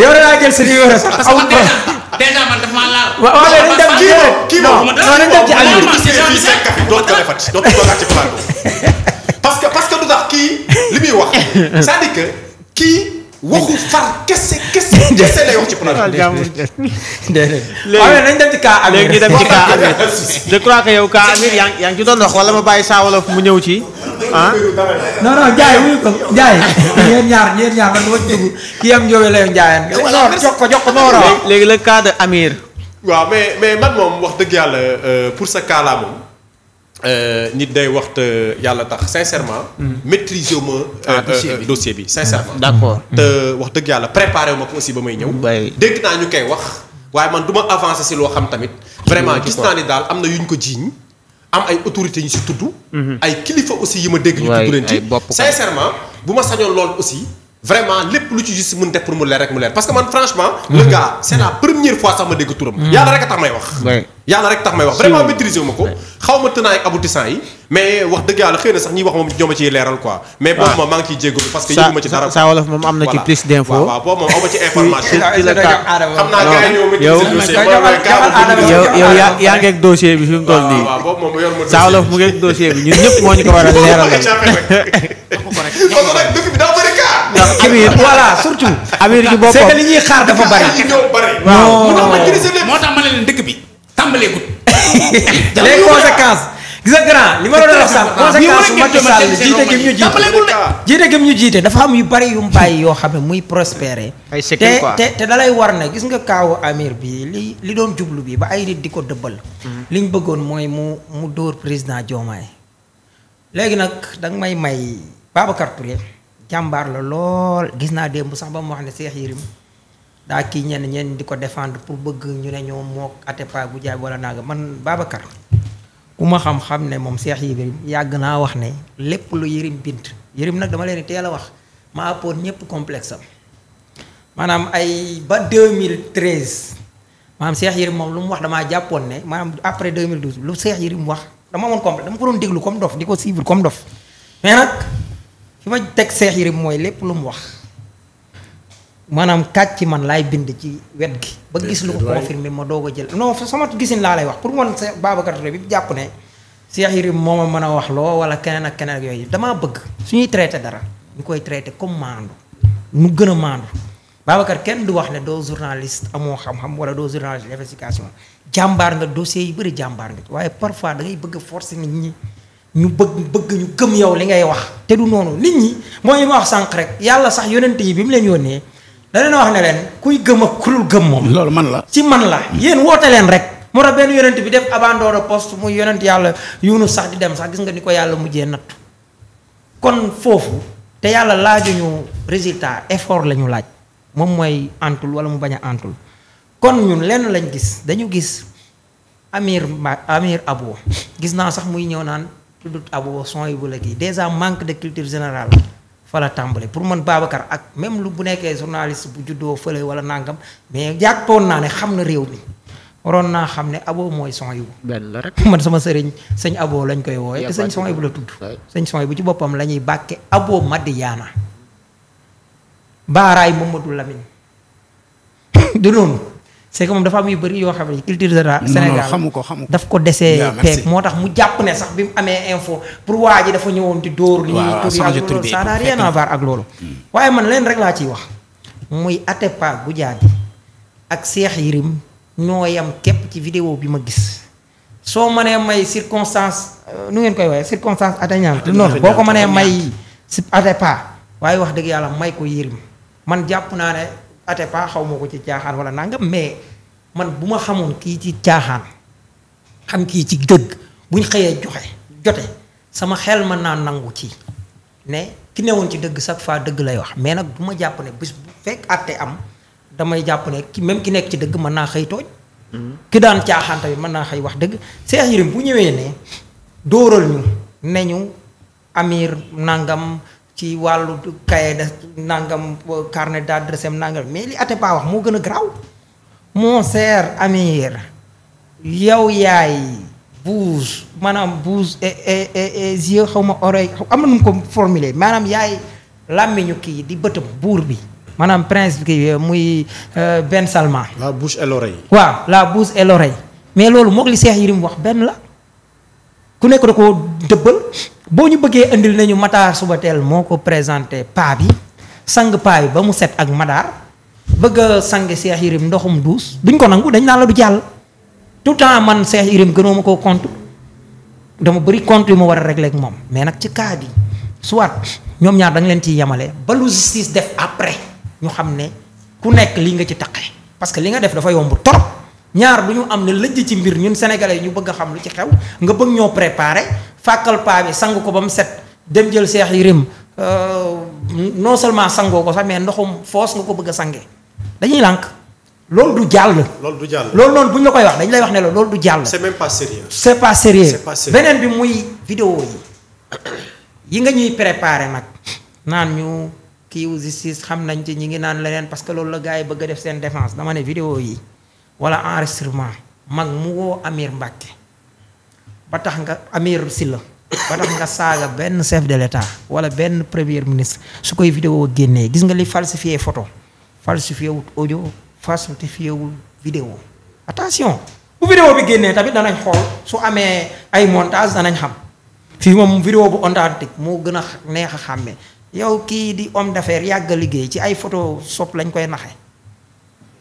yow da laa jël sa numéro sax amul problème déjà man daf maa laal. waaw waaw mais dañ dem kii moom kii moom non dañ dem ci àll bi seen café doo ko defati doo ko toogaat ci plateau parce que parce que du tax kii li muy wax c'est-à-dire que kii. waxu far kese kese kese lay wax ci plage bi. léegi que yow cas Amir yaa ma bàyyi saa wolof mu ñëw ci ah. non non Ndiaye wuyu la yow léegi le cas de Amir. waaw mais mais moom wax dëgg yàlla euh, pour sa cas Euh, nit day wax te yàlla tax sincèrement. Hmm. maîtriser wu ma. Ah, euh, euh, dossier bi sincèrement. Hmm. d'accord te wax dëgg yàlla préparé ma ko aussi ba may ñëw. dégg naa ñu koy wax. waaye man du ma avancer si loo xam tamit. Hmm. vraiment gis naa ni daal am na yu ñu ko jiiñ am ay autorité ñu si tudd. ay kilifa aussi yi ma dégg. ñu tudd leen ci sincèrement bu ma sañoon lool aussi. vraiment lépp lu ci juste mën def pour mu leer rek mu leer parce que man franchement. le gars c' première fois sax ma dégg turam. yàlla rek a tax may wax. yàlla rek tax may wax vraiment maîtriser ma ko. xaw ma tënaay aboutissant yi. mais wax dëgg yàlla na sax ñi wax moom ñoo ma leeral quoi. mais moom maa ngi ciy parce que yëgu ci dara. saa moom am na ci plus d' info. mu toll dossier bi saa ñëpp moo ñu ko war a leeral. Amir voilà surtout. dafa bari. waaw moo bi tàmbaleegut. li ma jiite gi ñu jiite dafa am yu bari yu mu bàyyi yoo xam ne muy prospérer. ay te te da war na gis nga kaawu Amir bi li li doon jublu bi ba ay nit di ko dëbbal. Mm-hmm. li bëggoon mooy mu mu dóor président joomaay léegi nag danga may may Babacar Touré. jàmbaar la lool gis naa démb sax ba mu wax ne Cheikh Yérim daa kii ñenn ñenn di ko defendre pour bëgg ñu ne moo mook Atépa bu jaay wala naaga man Babacar ku ma xam-xam ne moom Cheikh Yérim yàgg naa wax ne lépp lu Yérim bind Yérim nag dama leen di teel a wax maa appoon ñëpp complexe maanaam ay ba 2013 maanaam Cheikh Yérim moom lu mu wax damaa jàppoon ne maanaam après 2012 lu Cheikh Yérim wax dama amoon complexe dama ko doon déglu comme dof di ko suivre comme dof fi ma teg Cheikh Yérim mooy lépp lu mu wax maanaam kàcc ci man laay bind ci wet gi. ba gis lu ko confirmer ma doog a jël. non sama gisin laa lay wax pour man sa Babacar Touré bi jàpp ne Cheikh Yérim moo ma mën a wax loo wala keneen ak keneen ak yooyu damaa bëgg suñuy traité dara ñu koy traité comme maandu mu gën a maandu. Babacar kenn du wax ne doo journaliste amoo xam-xam wala doo journaliste d'investigation jàmbaar nga dossier yu bëri jàmbaar nga nit ñi. ñu bëgg bëgg ñu gëm yow li ngay wax te du noonu nit ñi mooy li ma wax sànq rek yàlla sax yonent yi bi mu leen yónnee da leen wax ne leen kuy gëm ak ku dul gëm moom. loolu man la ci man la. yéen woote leen rek. moo tax benn yonent bi dem abandon de poste muy yonent yàlla Yunus sax di dem sax gis nga ni ko yàlla mujjee natt kon foofu te yàlla laajuñu résultat effort la ñu laaj moom mooy antul wala mu bañ a antul kon ñun lenn lañ gis dañu gis Amir Amir Abo gis naa sax muy ñëw naan. tuddut abu son yi bu la kii déjà manque de culture générale fa la tàmbali pour man Babacar ak même lu bu nekkee journaliste bu juddoo fële wala nangam mais jàppoon naa ne xam na réew mi waroon naa xam ne abo mooy son yi bu. benn man sama sëriñ sëñ aboo lañ koy wooye te sëñ son yi bu la tudd. sëñ son yi bu ci boppam la ñuy bàkke abo Madiyaana baaraay Mamadou Lamine du noonu. c'est moom dafa am yu bëri yoo xam ne culture de rap Sénégal xamu ko xamu ko daf ko desee peeg moo tax mu jàpp ne sax bi mu amee info pour waa ji dafa ñëwoon di dóor li ñuy tur bi ça n'a hmm. waaye man leen rek laa ciy wax muy Atepa Goudiaby ak Cheikh Yérim ñoo yam képp ci vidéo bi ma gis soo mënee may circonstance euh, nu ngeen koy waxee circonstance atténuante noonu boo ko mënee may si Atepa waaye wax dëgg yàlla may ko Yérim man jàpp naa ne Atepa xaw ma ko ci caaxaan wala nàngam mais man bu ma xamoon kii ci caaxaan xam kii ci dëgg buñ xëyee joxe jote sama xel mën naa nangu ci ne ki newoon ci dëgg chaque fois dëgg lay wax mais nag bu ma jàpp ne bis bu fekk àtte am damay jàpp ne ki même ki nekk ci dëgg mën naa xëy tooñ. Mm-hmm. ki daan caaxaan tamit mën naa xëy wax dëgg. Cheikh Yérim bu ñëwee ne dóoral ñu ne ñu amir nangam. ci wàllu cahier de nangam carnet d'adresse am nangam mais li Atépa wax moo gën a garaaw mon cher Amir yow yaay bouge maanaam bouge et et xaw ma oreille am na nu mu ko formuler maanaam yaay làmmiñu kii di bëtam buur bi maanaam prince kii euh, muy euh, Ben Salman. la bouche et l'oreille. waaw la bouche et l'oreille mais loolu moog li Cheikh Yérim wax benn la. ku nekk da koo dëbbal boo ñu bëggee indil nañu suba Subatel moo ko présenté paa bi sang paa bi ba mu set ak Matar bëgg a sang Cheikh Yérim ndoxum duus duñ ko nangu dañ naa la du jàll tout temps man Cheikh Yérim gënoo ma koo compte dama bëri compte yu ma war a régler ak moom mais nag ci cas bi soit ñoom ñaar da leen ciy yemale ba lu justice def après ñu xam ne ku nekk li nga ci taqe parce que li nga def dafa yomb trop. ñaar du ñu am ne lëjj ci mbir ñun sénégalais ñu bëgg a xam lu ci xew nga bëgg ñoo préparé fàkkal paa bi sang ko ba mu set dem jël seex yi rém non seulement sangoo ko sax mais ndoxum foos nga ko bëgg sange dañuy lànk loolu du jàll. loolu du jàll loolu noonu bu ñu la koy wax dañ lay wax ne la loolu du jàll. c'est même pas sérieux. c'est pas beneen bi muy vidéo yi yi nga ñuy préparé nag naan ñu kii justice xam nañ ci ñi ngi naan leneen parce que loolu la gars yi bëgg a def seen défense dama ne vidéo yi. wala enregistrement mag mu woo Amir Mbàkke ba tax nga Amir Silla ba tax nga saaga benn chef de l'état wala benn première ministre su koy vidéo génnee gis nga li falsifié photo falsifié wut audio falsifié wul vidéo attention bu vidéo bi génnee tamit danañ xool su amee ay montage danañ xam fii moom vidéo bu authentique moo gën a neex a xàmme yow kii di om d'affaires yàgg a liggéey ci ay photo sop lañ koy naxe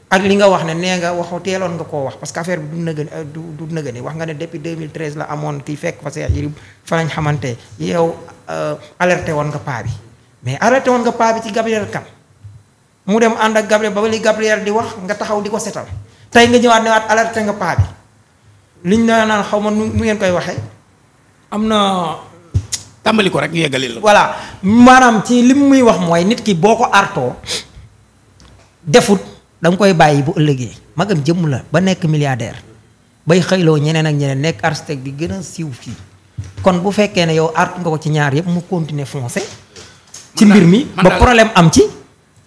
ak li nga wax ne nee nga waxu teeloon nga koo wax parce que affaire bi du nëgën euh, du nëgëni wax nga ne depuis 2013 la amoon kii fekk fa Cheikh Yérim fa lañ xamante yow euh, alerté woon nga paa bi mais alerté woon nga paa bi ci Gabriel Kane mu dem ànd ak Gabriel ba li Gabriel di wax nga taxaw di ko setal tey nga ñëwaat waat alerte nga paa bi li liñ na naan xaw ma nu ngeen koy waxee am na tàmbali ko rek ñu yeggali la. voilà maanaam ci lim muy wax mooy nit ki boo ko artoo da koy bàyyi bu ëllëgee magam jëmm la ba nekk milliardaire bay xëyloo ñeneen ak ñeneen nekk architecte bi gën a siiw fii kon bu fekkee ne yow art nga ko ci ñaar yëpp mu continuer foncé ci mbir mi ba problème am ci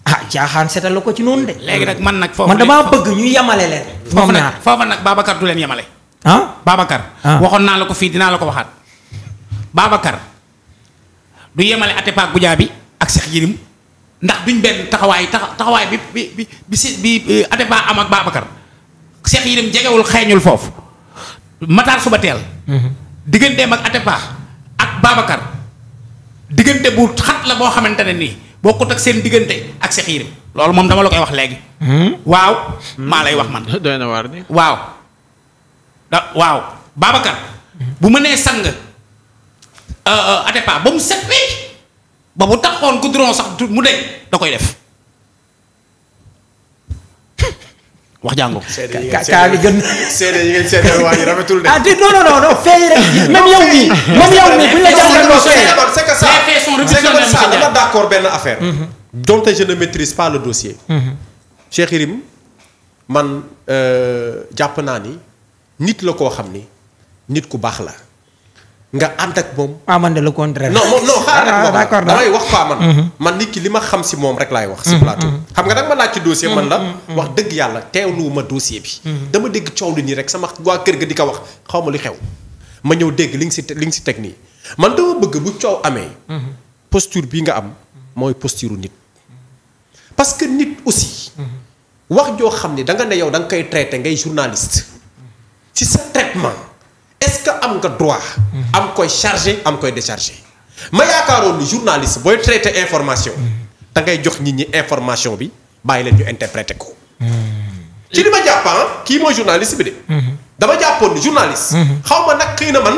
ah jaaxaan seetal la ko ci noonu de. man nag foofu man damaa bëgg ñu yemale leen. foofu nag foofu nag Babacar du leen yemale. ah Babacar. Ah. waxoon naa la ko fii dinaa la ko waxaat. Babacar du yemale Atepa Goudiaby ak Cheikh Yérim ndax duñ benn taxawaay taxawaay bi bi bi si bi eh, Atépa am ak Babacar Cheikh Yérim jegewul xeeñul foofu Matar Subateel mhm. digganteem ak Atépa ak Babacar diggante bu xat la boo xamante ne nii bokkut ak seen diggante ak Cheikh Yérim loolu moom dama la koy wax léegi mhm. waaw mhm. maa lay wax man doy waaw da waaw Babacar bu mënee sang euh, euh, Atépa ba mu set wecc ba bu taxoon goudron sax mu deñ da koy def wax jàngo. kaa bi gën. ah di non non non feeñ rek même yow mii même yow mii buñ la jàngaloo feeñ. c'est que dama d'accord benn affaire. Mhm. donc je ne le dossier. Mhm. Cheikh Yérim man euh, jàpp naa ni nit la koo xam ni nit ku baax la. nga ànd ak moom. ah man de le contraire. non moom ah, wax quoi man. Mhm. man nit ki li ma xam si moom rek laay wax. si mhm, plateau mhm. xam nga danga ma laaj ci dossier man la. wax dëgg yàlla teewluwuma dossier bi. dama dégg coow li nii rek sama waa kër ga di ko wax xaw ma li xew. ma ñëw dégg li nga si li nga si teg nii man dama bëgg bu coow amee. posture bi nga am mooy posture nit. parce que nit aussi. wax joo xam ne danga ne yow danga koy traité ngay journaliste. ci sa traitement. est-ce que am nga droit. am koy chargé am koy déchargé. ma yaakaaroon ni journaliste booy traité information. da ngay jox nit ñi information bi bàyyi leen ñu interpréter ko. Hmm. ci li ma jàpp ah, kii mooy journaliste bi de. Hmm. dama jàppoon ni journaliste. Hmm. xaw ma nag xëy na man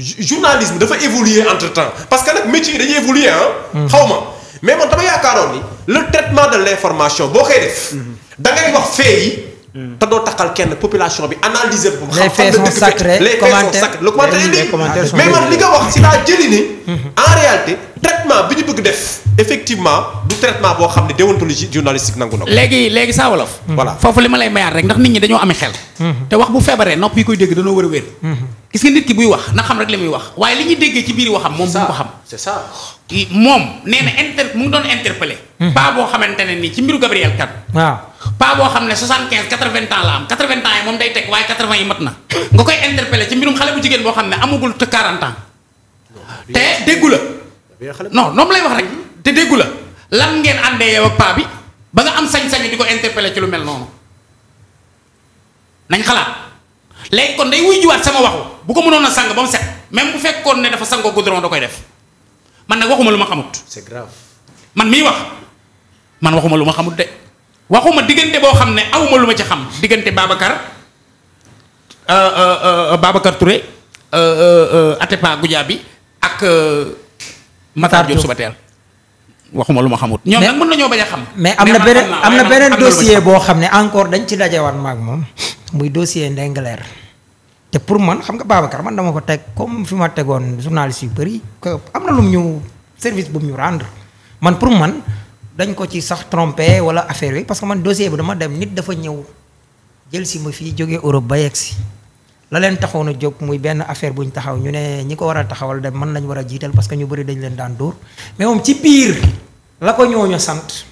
journalisme dafa évoluer entre temps parce que nag métier yi dañuy évoluer ah. xaw ma mais man dama yaakaaroon ni le traitement de l'information boo koy def. da ngay wax fee yi. te doo taxal kenn population bi analyser ko. xam fan la dëkk les faits mais man li nga wax si laa jëli ni. Mhm. en réalité traitement bi ñu bëgg def effectivement du traitement boo xam ne déontologie journalistique nangu na ko. léegi léegi saa wolof. foofu li ma lay mayaat rek ndax nit ñi dañoo amee xel. Mhm. te wax bu feebaree nopp koy dégg dañoo wër wér. Mhm. gis nga nit ki buy wax na xam rek li muy wax waaye li ñuy déggee ci biir waxam. moom bu xam c'est ça moom nee na mu ngi doon interpellé. Hmm. paa boo xamante ne nii ci mbiru Gabriel Kane. waaw paa boo xam ne 75 80 ans la am 80 ans yi moom day teg waaye 80 yi mat na. nga koy interpellé ci mbirum xale bu jigéen boo xam ne amagul te 40 ans. te déggu la. non noonu lay wax rek te déggu la lan ngeen àndee yow paa bi ba nga am sañ-sañ di ko interpellé ci lu mel noonu nañ xalaat léegi kon day wuy jiwaat sama waxu. bu ko mënoon na sang ba mu set même bu fekkoon ne dafa sangoo a da koy def man nag waxuma lu ma xamut. c'est man mii wax man waxuma lu ma xamut de waxuma diggante boo xam ne awuma lu ma ci xam diggante Babacar euh, euh, euh, Babacar Touré Atepa Goudiaby ak Matar Diop Subatel waxuma lu ma xamut. ñoom nag mën nañoo bañ a xam. mais am na beneen am na beneen dossier boo xam ne encore dañ ci dajewaat maag moom muy dossier Ndingler. te pour man xam nga Babacar man dama ko teg comme fi ma tegoon journaliste yu bëri que am na lum ñu service bu ñu rendre man pour man dañ ko ci sax trompé wala affaire yi parce que man dossier bi dama dem nit dafa ñëw jël si ma fii jógee Europe ba yegg si la leen taxawoon a jóg muy benn affaire bu ñu taxaw ñu ne ñi ko war a taxawal dem man lañ war a jiital parce que ñu bëri dañ leen daan dóor mais moom ci biir la ko ñooñu sant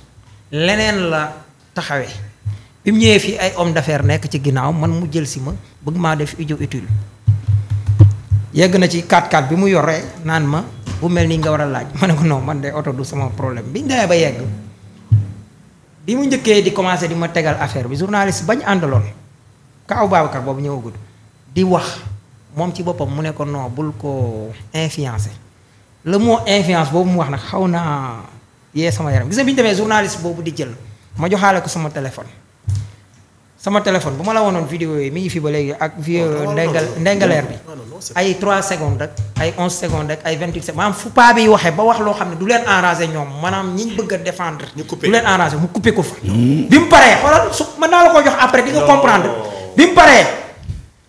leneen la taxawee bi mu ñëwee fii ay homme d'affaires nekk ci ginnaaw man mu jël si ma bëgg maa def idio utile yegg na ci 4 x bi mu yoree naan ma bu mel nii nga war a laaj ma ne ko non man de oto du sama problème biñ demee ba yegg bi mu njëkkee di commencé di ma tegal affaire bi journaliste bañ àndaloon Kaaw Babacar boobu ñëwagul di wax moom ci boppam mu ne ko non bul ko influencé le moo influence boobu mu wax nag xaw naa yee sama yaram gis nga bi ñu demee journaliste boobu di jël ma joxaale ko sama téléphone. sama téléphone bu ma la wonoon vidéo yi mi ngi fi ba léegi ak vieux ndengal ndengaleer bi ay 3 secondes rek ay 11 secondes rek ay 28 secondes maanaam fu paa waxee ba wax loo xam ne du leen enragé ñoom manaam ñi bëgg a défendre du leen enragé mu coupé ko fa bi mu paree xoolal su mën naa la ko jox après di nga comprendre bi mu paree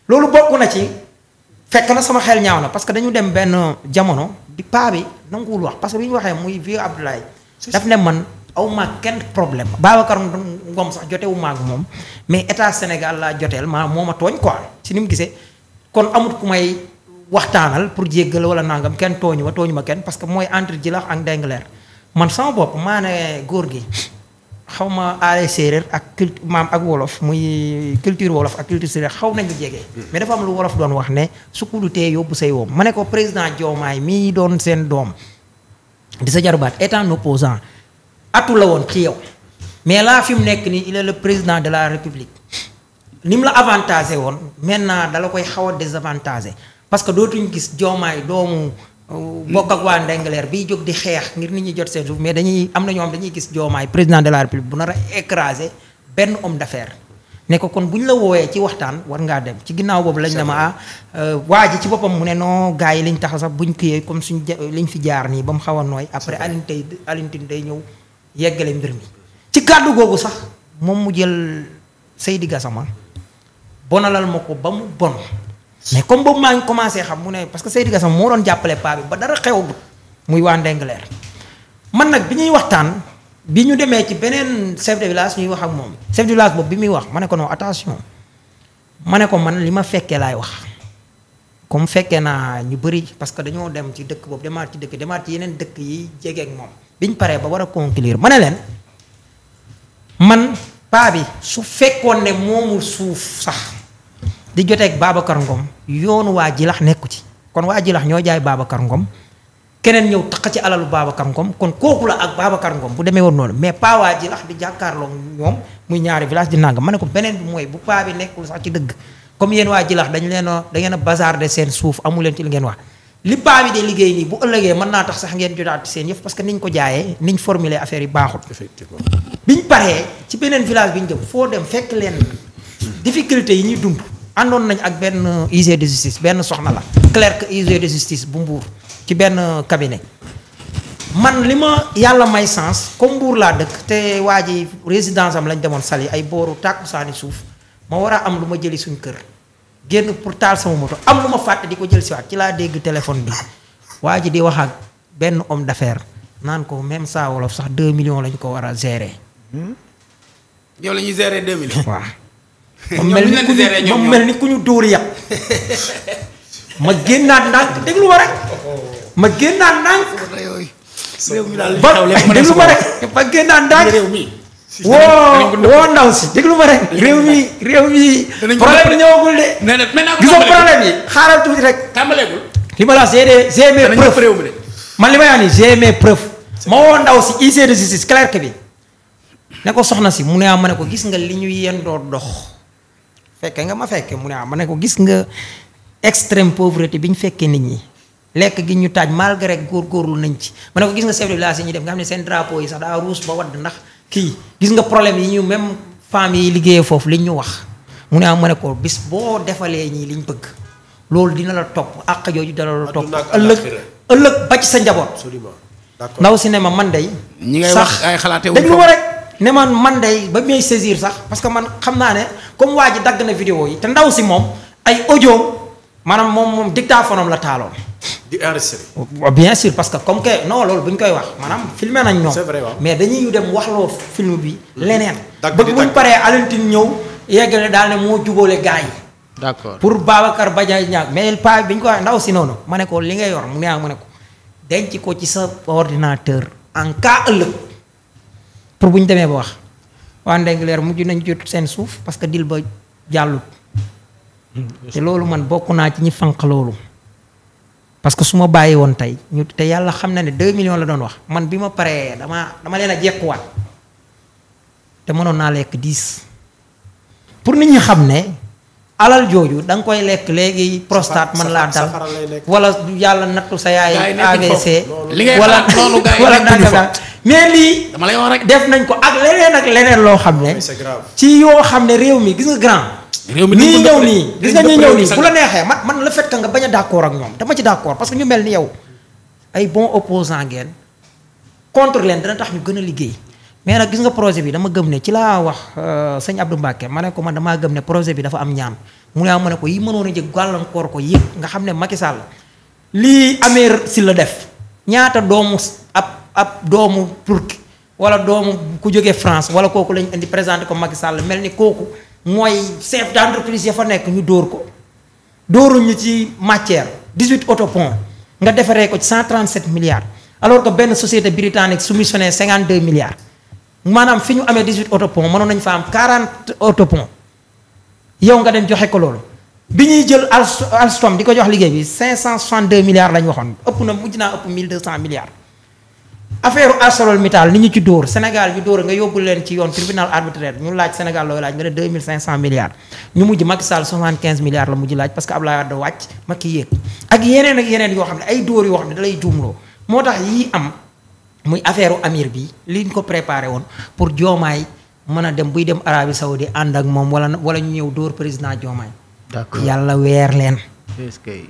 loolu bokk na ci fekk na sama xel ñaaw na parce que dañu dem benn jamono bi paa bi nanguwul wax parce que bi ñu waxee muy vieux Abdoulaye daf ne aw maag kenn problème Babacar Ngom sax jotewu maag moom mais état Sénégal laa joteel maa moo ma tooñ quoi si ni mu gisee kon amut ku may waxtaanal pour jéggal wala nangam kenn tooñu ma tooñu ma kenn parce que mooy entre Djilakh ak Ndingler man sama bopp maa ne góor gi xaw ma aale séeréer ak culture maam ak wolof muy culture wolof ak culture séeréer xaw nañu jege. mais dafa am lu wolof doon wax ne sukulu tee yóbbu say woom ma ne ko président joomaay mii doon seen doom atu la woon ci yow mais là fi mu nekk nii il est président de la république ni mu la avantagé woon maintenant dala koy xaw a désavantagé parce que dootuñ gis joomaay doomu. Euh, bokk ak waa Ndengler biy jóg di xeex ngir nit ñi jot seen suuf mais dañuy am na ñoom dañuy gis joomaay président de la république bu nar a écrasé benn homme d'affaires ne ko kon bu ñu la wooyee ci waxtaan war ngaa dem ci ginnaaw boobu lañ ne ah euh, waa ji ci boppam mu ne non gars yi liñ tax sax buñ kiyee comme suñ liñ fi jaar nii ba mu xaw a après Alioune tey day ñëw yeggale mbir mi ci kàddu googu sax moom mu jël Seydi Gassama bonalal ma ko ba mu bon mais comme boobu maa ngi commencé xam mu ne parce que Seydi Gassama moo doon jàppale paa ba dara xewul muy waa Ndengleer man nag bi ñuy waxtaan bi ñu demee ci beneen chef de village ñuy wax ak moom chef de bi muy wax ma ne ko non attention ma ne ko man li ma fekkee laay wax comme fekkee naa ñu bëri parce que dañoo dem ci dëkk boobu demaat ci dëkk demaat ci yeneen dëkk yi jege ak moom biñ paree ba war a conclure ma ne leen man paa bi su fekkoon ne moomul suuf sax di jotee joteeg Babacar Ngom yoonu waa Jilax nekku ci kon waa Jilax ñoo jaay Babacar Ngom keneen ñëw taq ci alalu Babacar Ngom kon kooku la ak Babacar Ngom bu demee woon noonu mais paa waa Jilax bi jàkkaarloo moom muy ñaari village di nangam ma ne ko beneen bi mooy bu paa bi nekkul sax ci dëgg comme yéen waa Jilax dañ leen a da ngeen a bazarder seen suuf amu leen ci li ngeen wax li bi de liggéey nii bu ëllëgee mën naa tax sax ngeen jotaat seen yëf parce que niñ ko jaayee niñ formuler affaire yi baaxul. effectivement biñ paree ci beneen village bi ñu jëm foo dem fekk leen difficulté yi ñuy dund. àndoon nañ ak benn huissier de justice benn soxna la. clerc huissier de justice bu mbuur ci benn cabinet. man li ma yàlla may sens comme Mbour laa dëkk te waa ji résidence am lañ demoon Saly ay booru tàkku tàkkusaani suuf ma war a am lu ma jëli suñ kër. génn pour taal sama moto am lu ma fàtte di ko jël siwaat ci laa dégg téléphone bi waa ji di wax ak benn homme d'affaires naan ko même saa wolof sax 2 millions lañ ko war a gérer. Hmm? yow la mel ni ku ñu ma mel ni ku ñu dóor ndànk déglu ma rek. ma génnaat ndànk. réew ma rek ma génnaat ndànk. woo woo ndaw si déglu ma rek réew mi réew mi. problème bi ñëwagul de. nee na gisoo problème yi xaaral tuuti rek. tàmbaleegul. li ma la wax j'ai mes preuves man li ma yaa ni j'ai ma woo ndaw si huissier de justice clerc bi. ne ko soxna si mu ne ah ma ne ko gis nga li ñu yendoo dox. fekke nga ma fekke mu ne ah ma ne ko gis nga extrême pauvreté bi ñu fekkee nit ñi. lekk gi ñu taaj malgré góorgóorlu nañ ci ma na ko gis nga chef de village yi ñuy def nga xam ne seen drapeau yi sax daa ruus ba wadd ndax kii gis nga problème yi ñu même femmes yi liggéeyee foofu liñ ñu wax mu ne am ah, ma ne bis boo defalee ñii liñ bëgg loolu dina la topp àq jooju dina la topp ëllëg ëllëg ba sa njaboot ndaw si ne ma man day ñi ngay wax ay xalaate dañ ma rek ne man man day ba may saisir sax parce que man xam naa ne comme waa ji dagg na vidéo yi te ndaw si moom ay audio maanaam moom moom dictaphone am la taaloon di enregistré. bien sûr parce que comme que non loolu bu ñu koy wax manaam filmé nañ ñoom. c'est vrai waaw mais dañuy dem waxloo film bi. Mhm. leneen. dag bi buñ paree Alentine ñëw yeggale daal ne moo jubóole gars yi. d'accord pour Babacar Badiaye ñaag mais paa bi ñu ko ndaw si noonu ma ne ko li nga yor mu ne ah ma ne ko denc ko ci sa ordinateur en cas ëllëg pour bu demee ba wax waa Ndengler mujj nañ jot seen suuf parce que dil ba jàllut. Mhm. te loolu man bokk naa ci ñi fànq loolu. parce que su ma bàyyi woon tey ñu te yàlla xam na ne 2 millions la doon wax man bi ma paree dama dama leen a jekkuwaat te mënoon naa lekk diis pour nit ñi xam ne alal jooju danga koy lekk léegi prostate man laa dal wala yàlla nattu sa yaay AVC wala wala nangam mais lii def nañ ko ak leneen ak leneen loo xam ne ci yoo xam ne réew mi gis nga grand nii ñëw nii gis nga ñii ñëw nii bu la neexee man man le fait que nga bañ a d'accord ak ñoom dama ci d'accord parce que ñu mel ni yow ay bon opposant ngeen contre leen dana tax ñu gën a liggéey mais nag gis nga projet bi dama gëm ne ci laa wax sañ euh, sëñ du Mbacke ma ne ko man damaa gëm ne projet bi dafa am ñaan mu ne ah, ma ne ko yi mënoon a jëg gàllankoor ko yëpp nga xam ne Macky Sall lii amee si la def ñaata doomu ab doomu Turki wala doomu ku jógee France wala kooku lañu indi présenté ko Macky Sall mel ni kooku mooy chef d'entreprise ya fa nekk ñu dóor ko dóoruñu ci matière 18 autopont nga defaree ko ci 137 milliards alors que benn société britannique soumissionné 52 milliards maanaam fi ñu amee 18 autopont mënoon nañ fa am 40 autopont yow nga dem joxe ko loolu bi ñuy jël Alstom di ko jox liggéey bi 562 milliards lañ waxoon ëpp na mujj naa ëpp 1200 milliards. affaire ArcelorMittal ni ñu ci dóor Sénégal ñu dóor nga yóbbu leen ci yoon tribunal arbitraire ñu laaj Sénégal looy laaj nga ne 2500 milliards ñu mujj Macky Sall 75 la mujj laaj parce que Abdoulaye Wade wàcc Macky yéeg ak yeneen ak yeneen yoo xam ne ay dóor yoo da lay juumloo moo tax am. muy affaire amir bi liñ ko préparé woon pour joomaay mën a dem buy dem Arabie Saoudi ànd ak moom wala wala ñu ñëw dóor président Diomaye. yàlla weer leen. est-ce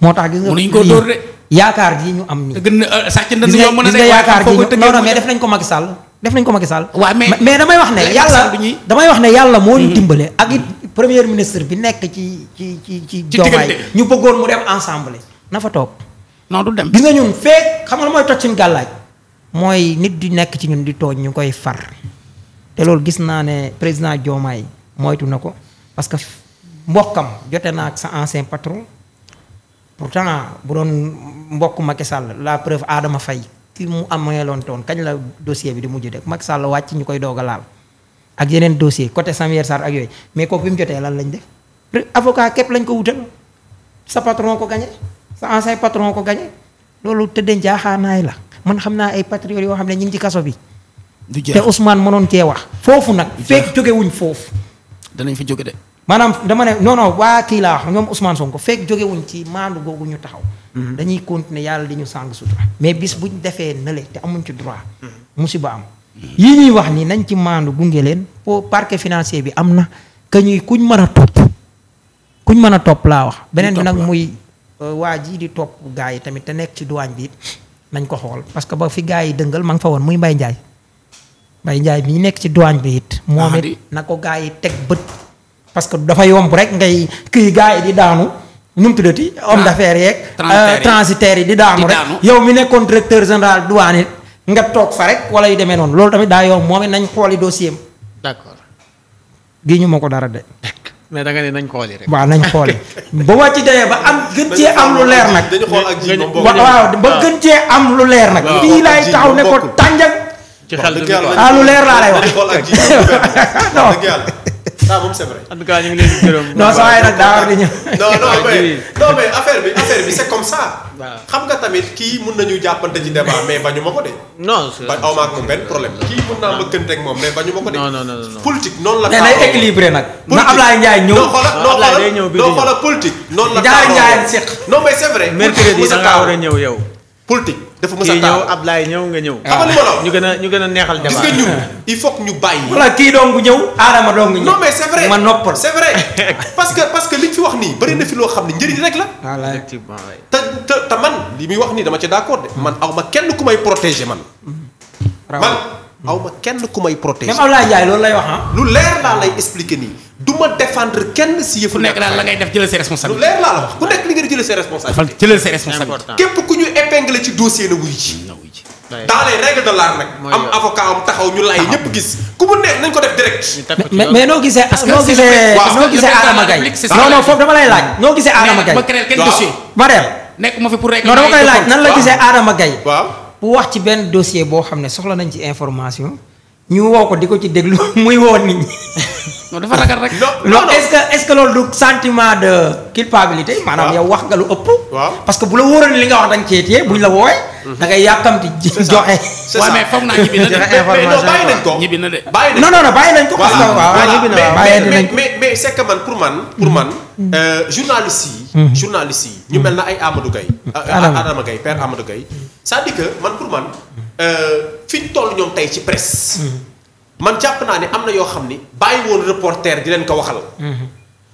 moo tax gis nga. mënuñ ko dóor yaakaar ji ñu am nii. gën a euh, sàcc ndënd yoo mën a. gis nga yaakaar ji ñu non non mais def nañ ko Macky Sall. def nañ ko Macky Sall. waaw mais mais damay wax ne. yàlla damay wax ne yàlla moo ñu mm-hmm. dimbale. ak it premier ministre bi nekk ci ci ci ci. Diomaye ñu bëggoon mu dem ensemble. na fa toog. non du dem gis nga ñun feek xam nga mooy toj suñu gàllaaj mooy nit di nekk ci ñun di tooñ ñu koy far te loolu gis naa ne président joomaay moytu na ko parce que mbokkam jote naa ak sa ancien patron pourtant bu doon mbokk Macky Sall la preuve Adama fay ki mu amee loon toon kañ la dossier bi di mujj de Macky Sall wàcc ñu koy doog a laal ak yeneen dossier côté Samuel Sarr ak yooyu mais kooku bi mu jotee lan lañ def avocat képp lañ ko wutal sa patron ko gañe sa ancien patron ko gañe loolu tëddee njaaxaanaay la man xam naa ay patriotes yoo xam ne ñu ngi ci kaso bi. du te Ousmane mënoon cee wax. foofu nag fekk jóge wuñ foofu. danañ fi jóge de. maanaam dama ne non waa kii laa wax usmaan Ousmane Sonko fekk jóge wuñ ci maandu googu ñu taxaw. Mhm. dañuy continuer yàlla di ñu sàng sutura. mais bis ñu defee nële te amuñ ci droit. Mhm. musiba am. Mhm. yii ñuy wax nii nañ ci maandu gunge leen pour parquet financier bi am na que ñuy kuñ mën a topp kuñ mën a topp laa wax. beneen bi nag muy euh, waa jii di topp gars yi tamit nekk ci douane bi nañ ko xool parce que ba fi gars yi dëngal ma nga fa woon muy Mbaye Ndiaye Mbaye Ndiaye mi nekk ci douane bi it. Ah, moom it na ko gars yi teg bët. parce que dafa yomb rek ngay kii gars yi di daanu nu mu tuddati. homme ah, d'affaires yeeg. Euh, transitaire yi di daanu rek yow mi nekkoon directeur général douane nga toog fa rek wala yu demee noonu loolu tamit daa yomb moom it nañ xooli dossier am. d'accord. gi ñu ma ko dara de. mais da nga ne nañ xooli rek. waaw nañ xooli ba wàcc dee ba am gën cee am lu leer nag. dañu xool waaw ba ah. gën am lu leer nag. fii laay taxaw ne ko tànjag. Ah, lu leer laa lay ça moom c'est vrai. en tout ñu ngi leen di gërëm. non saa yi nag daa war ñëw. non non mais affaire bi affaire bi c'est comme ça. xam nga tamit kii mun nañu jàppante ci débat mais ba bañu ma e ko de. non c'est aw ma ak moom benn problème. mais bañu ma ko de. non non non politique noonu la. taaroo mais day équilibré nag. politique na Ablaye Ndiaye ñëw. waaw Ablaye bi doo xoola politique. noonu la taaroo Ndiaye Ndiaye seq. non mais c'est vrai. ñëw yow politique dafa mës a taal kii Ablaye ñëw nga ñëw. waaw ah. xamal ñu gën a ñu gën a neexal débat. gis nga ñun il faut ñu bàyyi. voilà kii dong ñëw aadama dong ñëw. non mais c' est vrai ma noppal c' est parce que parce que liñ fi wax nii bëri na fi loo xam ne njëriñ rek la. voilà effectivement te te te man li muy wax nii dama ci d' accord de. man aw ma kenn ku may protéger man. man. aw ma kenn ku may protéger. même Abdoulaye Ndiaye loolu lay wax ah. lu leer laa lay expliquer nii du ma kenn si yëfu. nekk daal la ngay def jëlal ses responsabilités. lu leer laa la wax ku nekk li nga jëlal ses responsabilités. képp ku ñu épinglé ci dossier na wuy ji. dans les règles de l'art nag. am avocat am taxaw ñu lay ñëpp gis. ku mu neex nañ ko def direct. mais mais noo gisee. noo gisee noo gisee Adama Gaye. foofu dama lay laaj. noo gisee Adama Gaye. ma dem. nekk dama koy laaj nan la gisee Adama bu wax ci benn dossier boo xam ne soxla nañ ci information ñu woo ko di ko ci déglu muy woo nit ñi non dafa ragal rek. non est-ce que est-ce que loolu du sentiment de culpabilité. maanaam yow wax nga lu ëpp. parce que bu la wóoroon li nga wax da nga cee téye buñ la wooye. Hmm. da ngay yàkkamti joxe. c'est ça mais foog naa ñibbi na de. mais non bàyyi ñibbi na de. bàyyi nañ ko ko. parce waaw ñibbi na waaw bàyyi nañ ko mais mais c'est que man pour man pour man. Hmm. Euh, journaliste yi. Hmm. journaliste yi ñu mel na ay Amadou Gaye. Euh, Adama Gaye père Amadou Gaye. que man pour man euh, fi ñu toll ñoom tey ci presse. man jàpp naa ne am na yoo xam ni bàyyi woon reporter di leen ko waxal. Mhm.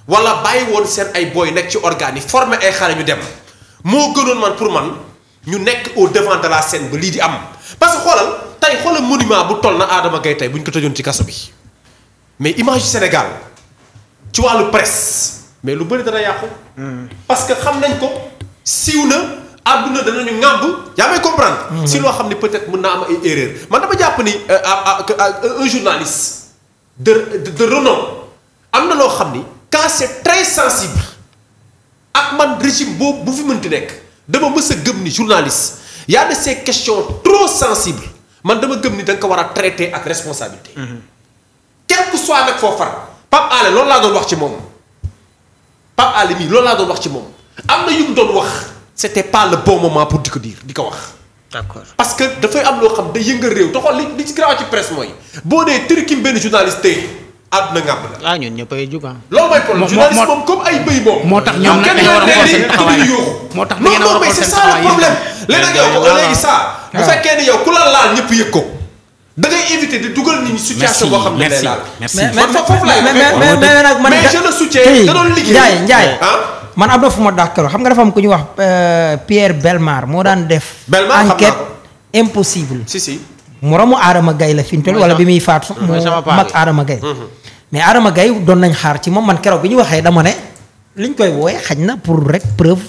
wala bàyyi woon seen ay booy nekk ci organes yi formé ay xare ñu dem moo gënoon man pour man ñu nekk au devant de la scène ba lii di am parce xoolal tey xoolal monument bu toll na aadama Gaye tey bu ñu ko tëjoon ci kaso bi mais image Sénégal ci wàllu presse mais lu bëri dana yàqu. Mhm. parce que xam nañ ko siiw na. àdduna danañu ŋàbb yaa may comprendre. Mm-hmm. si loo xam ne peut-être mën naa am ay erreur man dama jàpp ni euh, un journaliste de de, de am na loo xam ni quand c'est très sensible ak man régime boobu bu fi mënti nekk dama mës gëm ni journaliste y a question ces questions trop sensibles man dama gëm ni da ko war a traiter ak responsabilité. Mm-hmm. quel pour soit nag foo far Pape Alé loolu laa doon wax ci moom Pape àll mii loolu laa doon wax ci moom am na yu mu doon wax. c'était pas le bon moment pour di ko dire di ko wax. parce que dafay am loo xam day yëngal réew te xool li li ci garaaw ci presse mooy boo dee tërkim benn journaliste tey àdduna ngàmb la. ah ñun ñëppay jug ah. loolu mooy problème journaliste moom comme ay bëy boobu. moo tax ñoom nag dañoo a a problème. léegi nag yow ba léegi saa. bu ah. fekkee ni yow ku la laal ñëpp yëg ko. da ngay di dugal nit ñi situation boo xam ne laal. merci merci mais foofu laay mais mais mais nag man. mais je man am na fu ma dàkkaloo xam nga dafa ku ñu wax euh, Pierre Belmar moo daan def. Belmar enquête impossible. si si moromu Adama gay la fi ñu toll wala bi muy faatu sax. moo mag Adama Gaye. Mhm. mais Adama Gaye doon nañ xaar ci moom man keroog bi ñu waxee dama ne liñ koy wooye xaj na pour rek preuve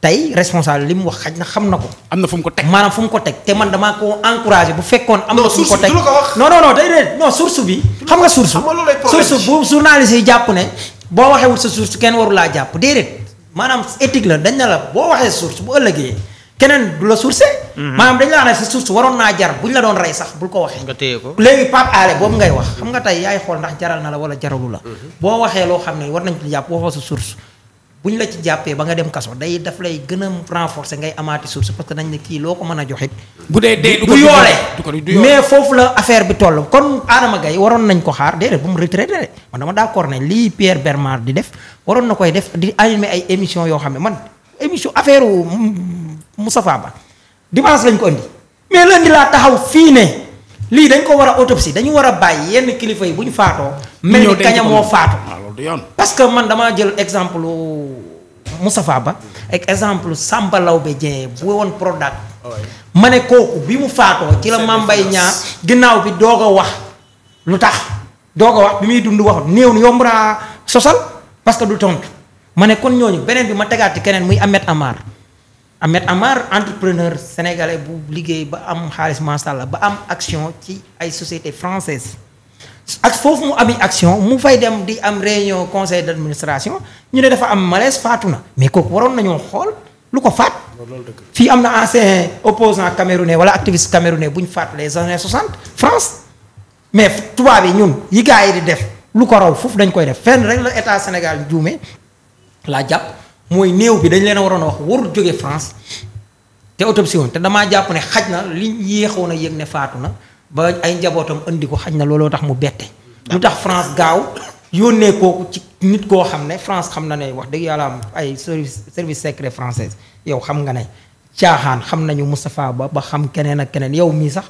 tey responsable li mu wax xaj na xam na ko. am na fu mu ko teg maanaam fu mu ko teg te man damaa ko encouragé bu fekkoon. am na fu ko teg non source non non day non bi. xam nga source. xam nga loolu bu journaliste jàpp ne boo waxewul sa source kenn waru laa jàpp déedéet maanaam éthique la dañ na la boo waxee source bu ëllëgee keneen du la source mhm. maanaam dañ la wax ne sa source waroon naa jar bu buñ la doon rey sax bul ko waxee nga téye ko léegi Pape Alé boobu ngay wax xam nga tey yaay xool ndax jaral na la wala jaralu la mhm. boo waxee loo xam ne war nañ yàpp jàpp waxoo sa source bu ñu la ci jàppee ba nga dem kaso day daf lay gën a renforcer ngay amaati source parce que dañ ne kii loo ko mën a joxit bu dee dee du yoolee mais foofu la affaire bi toll kon Adama Gaye waroon nañ ko xaar déedéet bu mu retraité de man dama d'accord ne lii Pierre Bernard di def waroon na koy def di animer ay émission yoo xam ne man émission affaire u Moustapha Ba dimanche lañ ko indi mais lundi laa taxaw fii ne lii dañ ko war a autopsie dañu war a bàyyi yenn kilifa yi bu ñu faatoo mel ni kaña moo faatu. parce que man damaa jël exemple Moustapha Ba ak exemple Samba Lawbe Dieng bu woon Prodac. ma ne kooku bi mu faatoo ci la mambay ñaa ginnaaw bi doog a wax lu tax doog a wax bi muy dund waxut néew ni yomb sosal parce que du tontu ma ne kon ñooñu beneen bi ma tegaat ci keneen muy Ahmed Amar Ahmed Amar entrepreneur sénégalais bu liggéey ba am xaalis macha allah ba am action ci ay société française ak foofu mu ami action mu fay dem di am réunion conseil d' administration ñu ne dafa am malaise faatu na mais kooku waroon nañoo xool lu ko faat. fii am na ancien opposant camerounais wala activiste camerounais bu ñu faat les années 60 France. mais tubaab yi ñun yi gars yi di def lu ko raw foofu dañ koy def fenn rek la état Sénégal juume laa jàpp mooy néew bi dañ leen a waroon a wax warul jóge France te autopsie woon te damaa jàpp ne xaj na liñ yéexoon a yëg ne faatu na. ba ay njabootam indi ko xaj na looloo tax mu bette. lu tax France gaaw yónnee kooku ci nit koo xam ne France xam na ne wax dëgg yàlla am ay service service secret français yow xam nga ne caaxaan xam nañu Moustapha Ba ba xam keneen ak keneen yow mii sax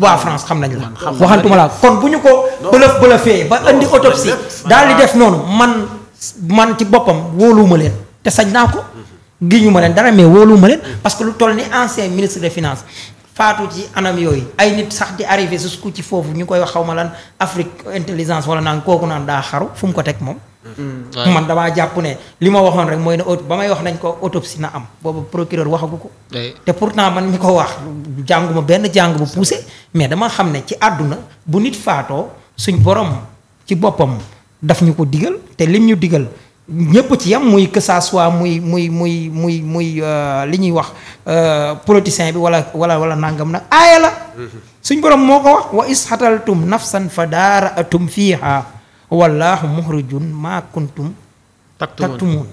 waa France xam nañ la. waxantuma laa kon bu ñu ko. bëlëf bëlëfee ba indi autopsie. daal di def noonu man man ci boppam wóoluwuma leen te sañ naa ko. Mm-hmm. gii ñu ma leen dara mais wóoluwuma leen parce que lu toll ni ancien ministre des finances faatu ci anam yooyu ay nit sax di arrivé jusqu'au ci foofu ñu koy wax xaw ma lan Afrique intelligence wala naan kooku naan daa xaru fu mu ko teg moom. Mm. man damaa jàpp ne li ma waxoon rek mooy ne ba may wax nañ ko autopsie na am boobu procureur waxagu ko. te pour pourtant man mi ko wax jànguma benn jàng bu poussé mais dama xam ne ci àdduna bu nit faatoo suñ borom ci boppam daf ñu ko digal te lim ñu digal. ñëpp ci yam muy que ça soit muy muy muy muy muy euh, li ñuy wax euh, politicien bi wala wala wala nangam nag aaya suñ borom moo ko wax wa isxataltum nafsan fa daara atum fiiha wallahu muxrijun maa kuntum taktumun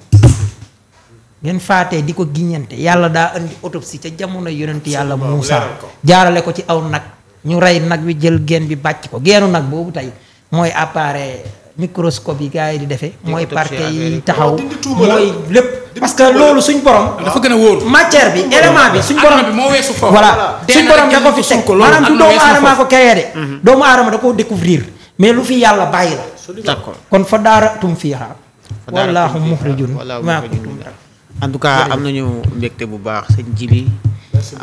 ngeen faatee di ko giññante yàlla daa indi autopsie ca jamono yonent yàlla Muusa jaarale ko ci aw nag ñu rey nag wi jël geen bi bàcc ko geenu nag boobu tey mooy appareil microscope yi gars yi di defee. mooy parquet yi taxaw mooy lépp. parce que loolu suñ borom. dafa gën a wóor matière bi élément bi suñ borom. moo weesu voilà suñ borom da ko fi teg mm-hmm. doomu aadama ko créé de. doomu da ko découvrir mais lu fi yàlla bàyyi la. d'accord kon fa daara daaratum fiihaa. wallaahu muxrijun maa kuntum en tout cas am nañu mbégte bu baax sëñ Jili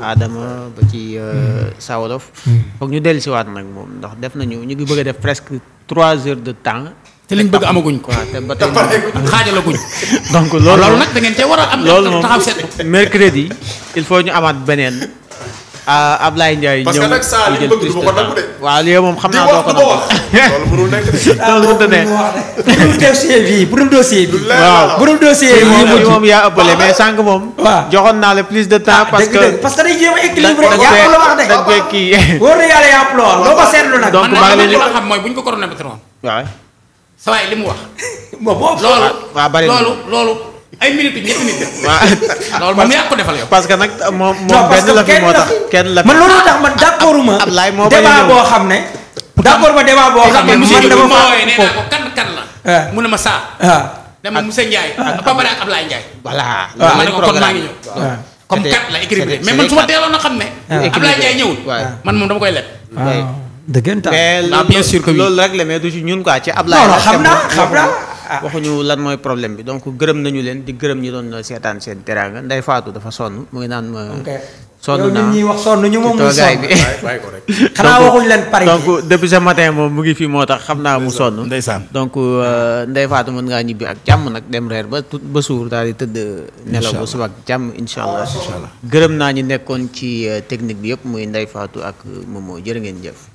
aadama ba ci euh, mm-hmm. Sawolof. Mm-hmm. foog ñu dellusiwaat nag moom ndax def nañu ñu ngi bëgg def presque trois heures de temps. te liñ bëgg amaguñ ko. te ba tey xaajalaguñ. donc loolu nag da ngeen cee war a am. loolu moom taxaw seet mercredi il faut ñu amaat beneen. Ablaye Ndiaye ñëw parce que nag saa li bëgg du ko nangu de. waaw lii moom xam naa doo ko nangu loolu mënul nekk de. bu dul dossier bi. waaw bu dul dossier bi moom yaa ëppale mais sànq moom. waaw joxoon naa la plus de temps. parce que parce que day jéem a équilibré. yaa ko la wax de da nga koy kii. wóor na yàlla yaa ko la wax loo ko seetlu nag. donc maa ngi leen di xam mooy bu ñu ko coronavirus. waaw. sawaay li mu wax. moom boobu loolu. waaw bari na loolu loolu ay minutes ñetti nit moom defal parce que nag euh, moom moom loolu man ma. Ablaye moo xam ne. d' accord ma débat boo ma wooyee nee naa ko kan kan la. Ah. mu ne ma a xam ne. Ah. Ablaye man moom dama koy leb. dëggantaan loolu rek la mais ci ñun quoi ci Ablaye. non lan mooy problème bi donc gërëm nañu leen di gërëm ñi doon seetaan seen teraanga Ndeye Fatou dafa sonn mu ngi naan ma. Euh, sonn naa ñuy wax matin moom mu ngi moo tax xam naa mu sonn. ndeysaan donc euh, Ndeye Fatou mën ngaa ñibbi ak jàmm nag dem reer ba ba suur daal di tëdd. nelaw ba suba ak jàmm incha gërëm naa ñu nekkoon ci euh, technique bi yëpp muy Ndeye Fatou ak moom moo jër ngeen jëf